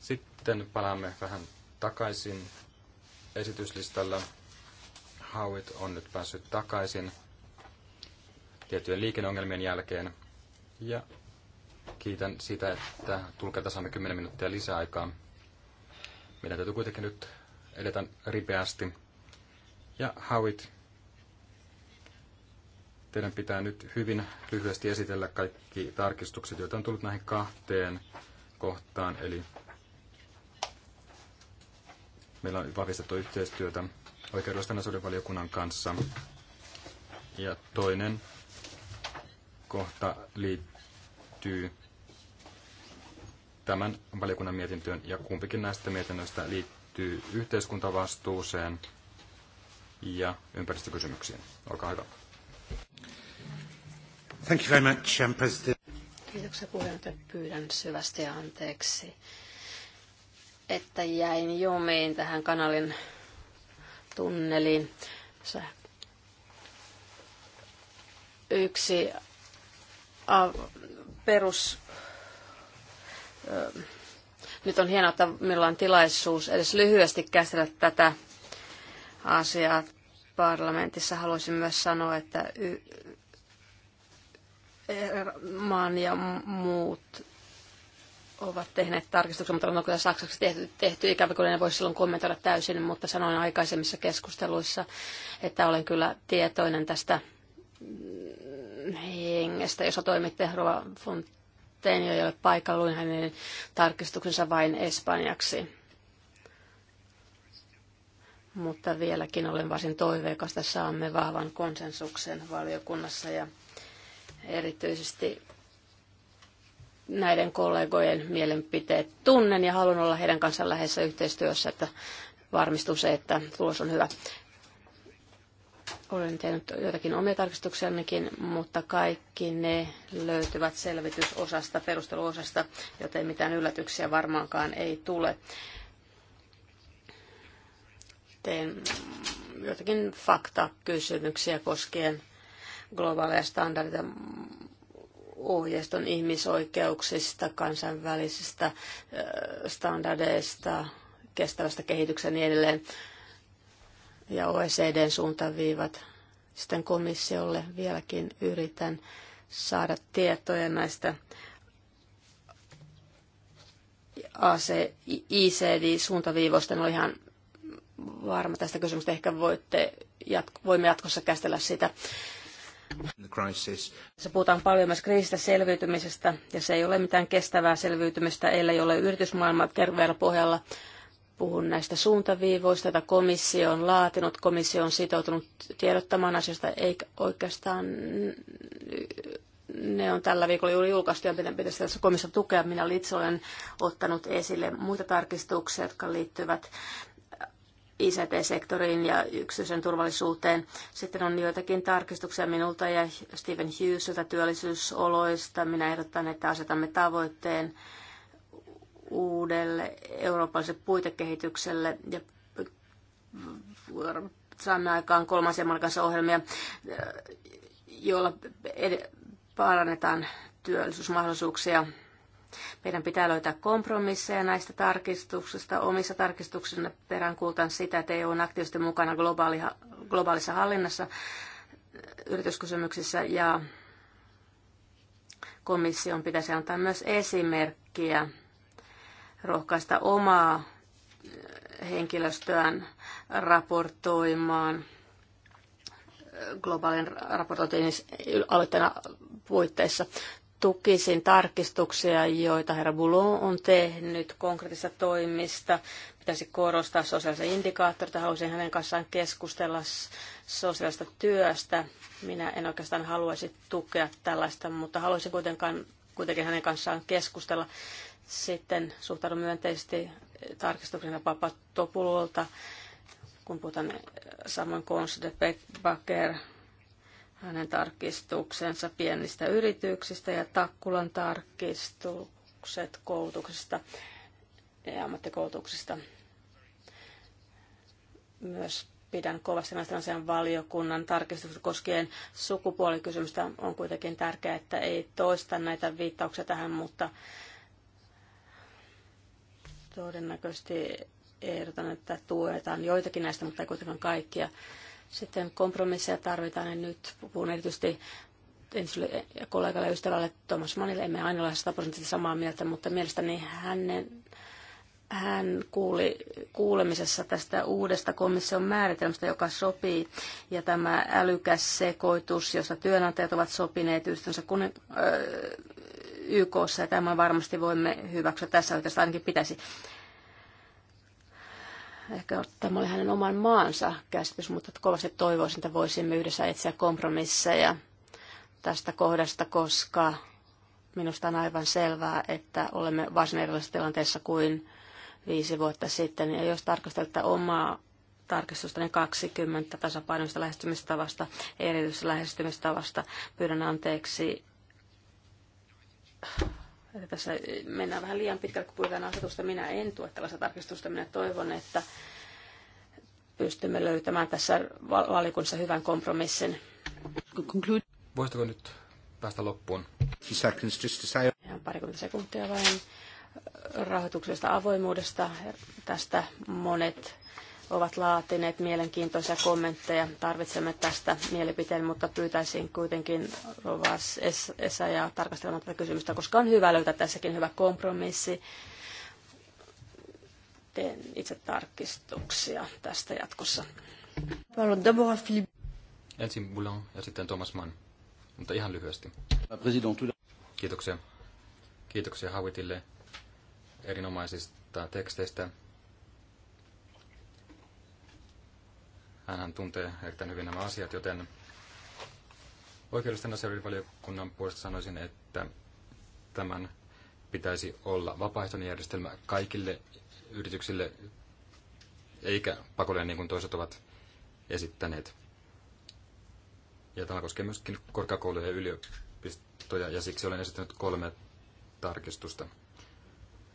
Sitten palaamme vähän takaisin esityslistalla. Hauit on nyt päässyt takaisin tiettyjen liikenneongelmien jälkeen. Ja kiitän sitä, että tulkelta saamme 10 minuuttia lisäaikaa. Meidän täytyy kuitenkin nyt edetä ripeästi. Ja Howit, teidän pitää nyt hyvin lyhyesti esitellä kaikki tarkistukset, joita on tullut näihin kahteen kohtaan. Eli meillä on vahvistettu yhteistyötä oikeudellisten asioiden valiokunnan kanssa. Ja toinen kohta liittyy tämän valiokunnan mietintöön, ja kumpikin näistä mietinnöistä liittyy yhteiskuntavastuuseen ja ympäristökysymyksiin. Olkaa hyvä. Thank you very much, um, President. Kiitoksia puheenjohtaja. Pyydän syvästi anteeksi, että jäin jumiin tähän kanalin tunneliin. Yksi perus nyt on hienoa, että meillä on tilaisuus edes lyhyesti käsitellä tätä asiaa parlamentissa. Haluaisin myös sanoa, että maan ja muut ovat tehneet tarkistuksen, mutta on kyllä saksaksi tehty, tehty ikävä, kun en voi silloin kommentoida täysin, mutta sanoin aikaisemmissa keskusteluissa, että olen kyllä tietoinen tästä mm, hengestä, jossa toimitte Rova von Martteen, jo ei ole paikalla, luin hänen tarkistuksensa vain espanjaksi. Mutta vieläkin olen varsin toiveikasta, että saamme vahvan konsensuksen valiokunnassa ja erityisesti näiden kollegojen mielipiteet tunnen ja haluan olla heidän kanssaan läheisessä yhteistyössä, että varmistun se, että tulos on hyvä. Olen tehnyt jotakin omia tarkistuksianikin, mutta kaikki ne löytyvät selvitysosasta, perusteluosasta, joten mitään yllätyksiä varmaankaan ei tule. Teen jotakin faktakysymyksiä koskien globaaleja standardeja ohjeiston ihmisoikeuksista, kansainvälisistä standardeista, kestävästä kehityksestä ja niin edelleen ja OECDn suuntaviivat. Sitten komissiolle vieläkin yritän saada tietoja näistä AC, ICD-suuntaviivoista. En ole ihan varma tästä kysymystä. Ehkä voitte, jatko, voimme jatkossa käsitellä sitä. Se puhutaan paljon myös kriisistä selviytymisestä, ja se ei ole mitään kestävää selviytymistä, ellei ole yritysmaailma terveellä pohjalla. Puhun näistä suuntaviivoista, joita komissio on laatinut. Komissio on sitoutunut tiedottamaan asiasta, eikä oikeastaan ne on tällä viikolla juuri julkaistu ja pitäisi tässä komissa tukea. Minä itse olen ottanut esille muita tarkistuksia, jotka liittyvät ICT-sektoriin ja yksityisen turvallisuuteen. Sitten on joitakin tarkistuksia minulta ja Stephen Hughesilta työllisyysoloista. Minä ehdotan, että asetamme tavoitteen uudelle eurooppalaiselle puitekehitykselle ja saamme aikaan kolmansien kanssa ohjelmia, joilla parannetaan työllisyysmahdollisuuksia. Meidän pitää löytää kompromisseja näistä tarkistuksista. Omissa tarkistuksissa peräänkuultaan sitä, että EU on aktiivisesti mukana globaali, globaalissa hallinnassa äh, yrityskysymyksissä ja komission pitäisi antaa myös esimerkkiä rohkaista omaa henkilöstöään raportoimaan globaalin raportointiin aloitteena puitteissa. Tukisin tarkistuksia, joita herra Boulon on tehnyt konkreettisista toimista. Pitäisi korostaa sosiaalista indikaattorita. Haluaisin hänen kanssaan keskustella sosiaalista työstä. Minä en oikeastaan haluaisi tukea tällaista, mutta haluaisin kuitenkaan, kuitenkin hänen kanssaan keskustella sitten suhtaudun myönteisesti tarkistuksena Papatopulolta, kun puhutaan eh, saman de Becker, hänen tarkistuksensa pienistä yrityksistä ja Takkulan tarkistukset koulutuksesta ja ammattikoulutuksista. Myös pidän kovasti näistä asian valiokunnan tarkistusta koskien sukupuolikysymystä. On kuitenkin tärkeää, että ei toista näitä viittauksia tähän, mutta Todennäköisesti ehdotan, että tuetaan joitakin näistä, mutta ei kuitenkaan kaikkia. Sitten kompromisseja tarvitaan, ja niin nyt puhun erityisesti entiselle kollegalle ja ystävälle Thomas Manille. Emme aina ole prosenttia samaa mieltä, mutta mielestäni hänen, hän kuuli kuulemisessa tästä uudesta komission määritelmästä, joka sopii, ja tämä älykäs sekoitus, jossa työnantajat ovat sopineet ystävänsä kun, äh, YKssa ja tämä varmasti voimme hyväksyä tässä yhteydessä, ainakin pitäisi. Ehkä tämä oli hänen oman maansa käsitys, mutta kovasti toivoisin, että voisimme yhdessä etsiä kompromisseja tästä kohdasta, koska minusta on aivan selvää, että olemme varsin erilaisessa tilanteessa kuin viisi vuotta sitten. Ja jos tarkastelette omaa tarkistusta, niin 20 tasapainoista lähestymistavasta, erityisestä lähestymistavasta. Pyydän anteeksi että tässä mennään vähän liian pitkälle, kun puhutaan asetusta. Minä en tue tällaista tarkistusta. Minä toivon, että pystymme löytämään tässä valikunnassa hyvän kompromissin. Voisitko nyt päästä loppuun? Ihan parikymmentä sekuntia vain rahoituksesta, avoimuudesta. Tästä monet ovat laatineet mielenkiintoisia kommentteja. Tarvitsemme tästä mielipiteen, mutta pyytäisin kuitenkin Rovas Esa ja tarkastelemaan tätä kysymystä, koska on hyvä löytää tässäkin hyvä kompromissi. Teen itse tarkistuksia tästä jatkossa. Ensin Boulon ja sitten Thomas Mann, mutta ihan lyhyesti. Kiitoksia. Kiitoksia Hawitille erinomaisista teksteistä Hän tuntee erittäin hyvin nämä asiat, joten oikeudellisten asioiden valiokunnan puolesta sanoisin, että tämän pitäisi olla vapaaehtoinen järjestelmä kaikille yrityksille, eikä pakollinen niin kuin toiset ovat esittäneet. Ja tämä koskee myöskin korkeakouluja ja yliopistoja, ja siksi olen esittänyt kolme tarkistusta.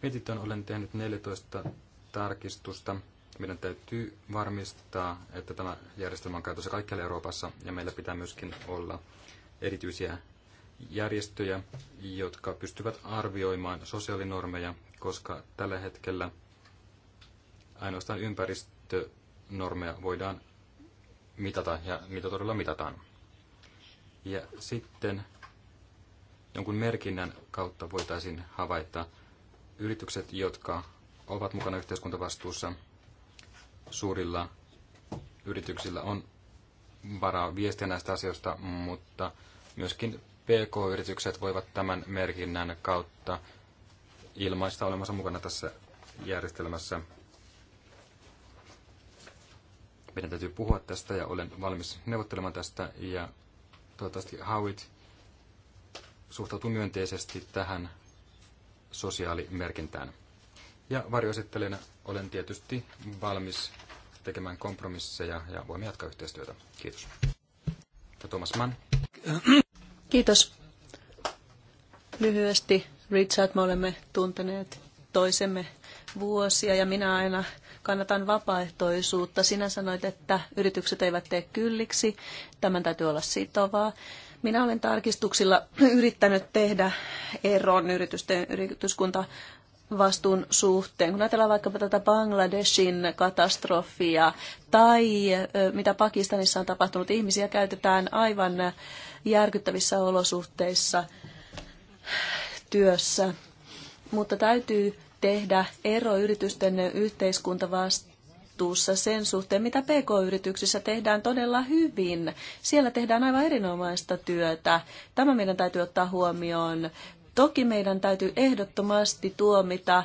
Mietintöön olen tehnyt 14 tarkistusta. Meidän täytyy varmistaa, että tämä järjestelmä on käytössä kaikkialla Euroopassa ja meillä pitää myöskin olla erityisiä järjestöjä, jotka pystyvät arvioimaan sosiaalinormeja, koska tällä hetkellä ainoastaan ympäristönormeja voidaan mitata ja mitä todella mitataan. Ja sitten jonkun merkinnän kautta voitaisiin havaita yritykset, jotka ovat mukana yhteiskuntavastuussa suurilla yrityksillä on varaa viestiä näistä asioista, mutta myöskin PK-yritykset voivat tämän merkinnän kautta ilmaista olemassa mukana tässä järjestelmässä. Meidän täytyy puhua tästä ja olen valmis neuvottelemaan tästä ja toivottavasti Howit suhtautuu myönteisesti tähän sosiaalimerkintään. Ja varjoesittelijänä olen tietysti valmis tekemään kompromisseja ja voimme jatkaa yhteistyötä. Kiitos. Ja Thomas Mann. Kiitos. Lyhyesti, Richard, me olemme tunteneet toisemme vuosia ja minä aina kannatan vapaaehtoisuutta. Sinä sanoit, että yritykset eivät tee kylliksi, tämän täytyy olla sitovaa. Minä olen tarkistuksilla yrittänyt tehdä eron yritysten yrityskunta vastuun suhteen. Kun ajatellaan vaikkapa tätä Bangladeshin katastrofia tai mitä Pakistanissa on tapahtunut, ihmisiä käytetään aivan järkyttävissä olosuhteissa työssä. Mutta täytyy tehdä ero yritysten yhteiskuntavastuun sen suhteen, mitä PK-yrityksissä tehdään todella hyvin. Siellä tehdään aivan erinomaista työtä. Tämä meidän täytyy ottaa huomioon, Toki meidän täytyy ehdottomasti tuomita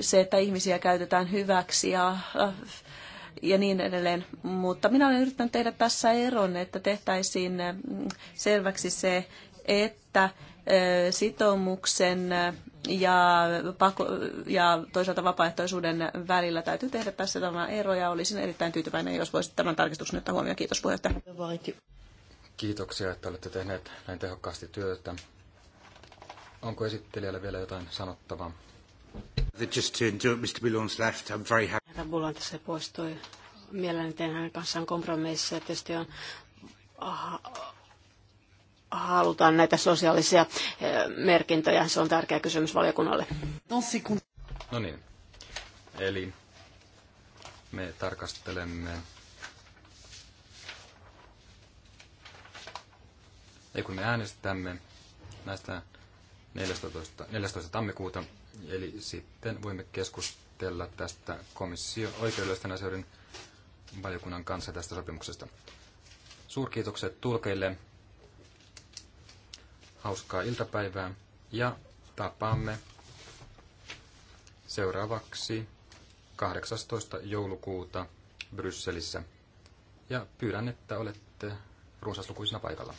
se, että ihmisiä käytetään hyväksi ja ja niin edelleen. Mutta minä olen yrittänyt tehdä tässä eron, että tehtäisiin selväksi se, että sitoumuksen ja, pako- ja toisaalta vapaaehtoisuuden välillä täytyy tehdä tässä tämä ero ja olisin erittäin tyytyväinen, jos voisit tämän tarkistuksen ottaa huomioon. Kiitos puheenjohtaja. Kiitoksia, että olette tehneet näin tehokkaasti työtä Onko esittelijällä vielä jotain sanottavaa? Just turned Mr. Bullon's left. I'm very happy. Herra Bullon tässä poistui. Mielelläni teen hänen kanssaan kompromisseja. Tietysti on halutaan näitä sosiaalisia eh, merkintöjä. Se on tärkeä kysymys valiokunnalle. No niin. Eli me tarkastelemme... Ei kun me äänestämme näistä 14. 14. tammikuuta, eli sitten voimme keskustella tästä komission oikeudellisten asioiden valiokunnan kanssa tästä sopimuksesta. Suurkiitokset tulkeille, hauskaa iltapäivää ja tapaamme seuraavaksi 18. joulukuuta Brysselissä. Ja pyydän, että olette runsaslukuisina paikalla.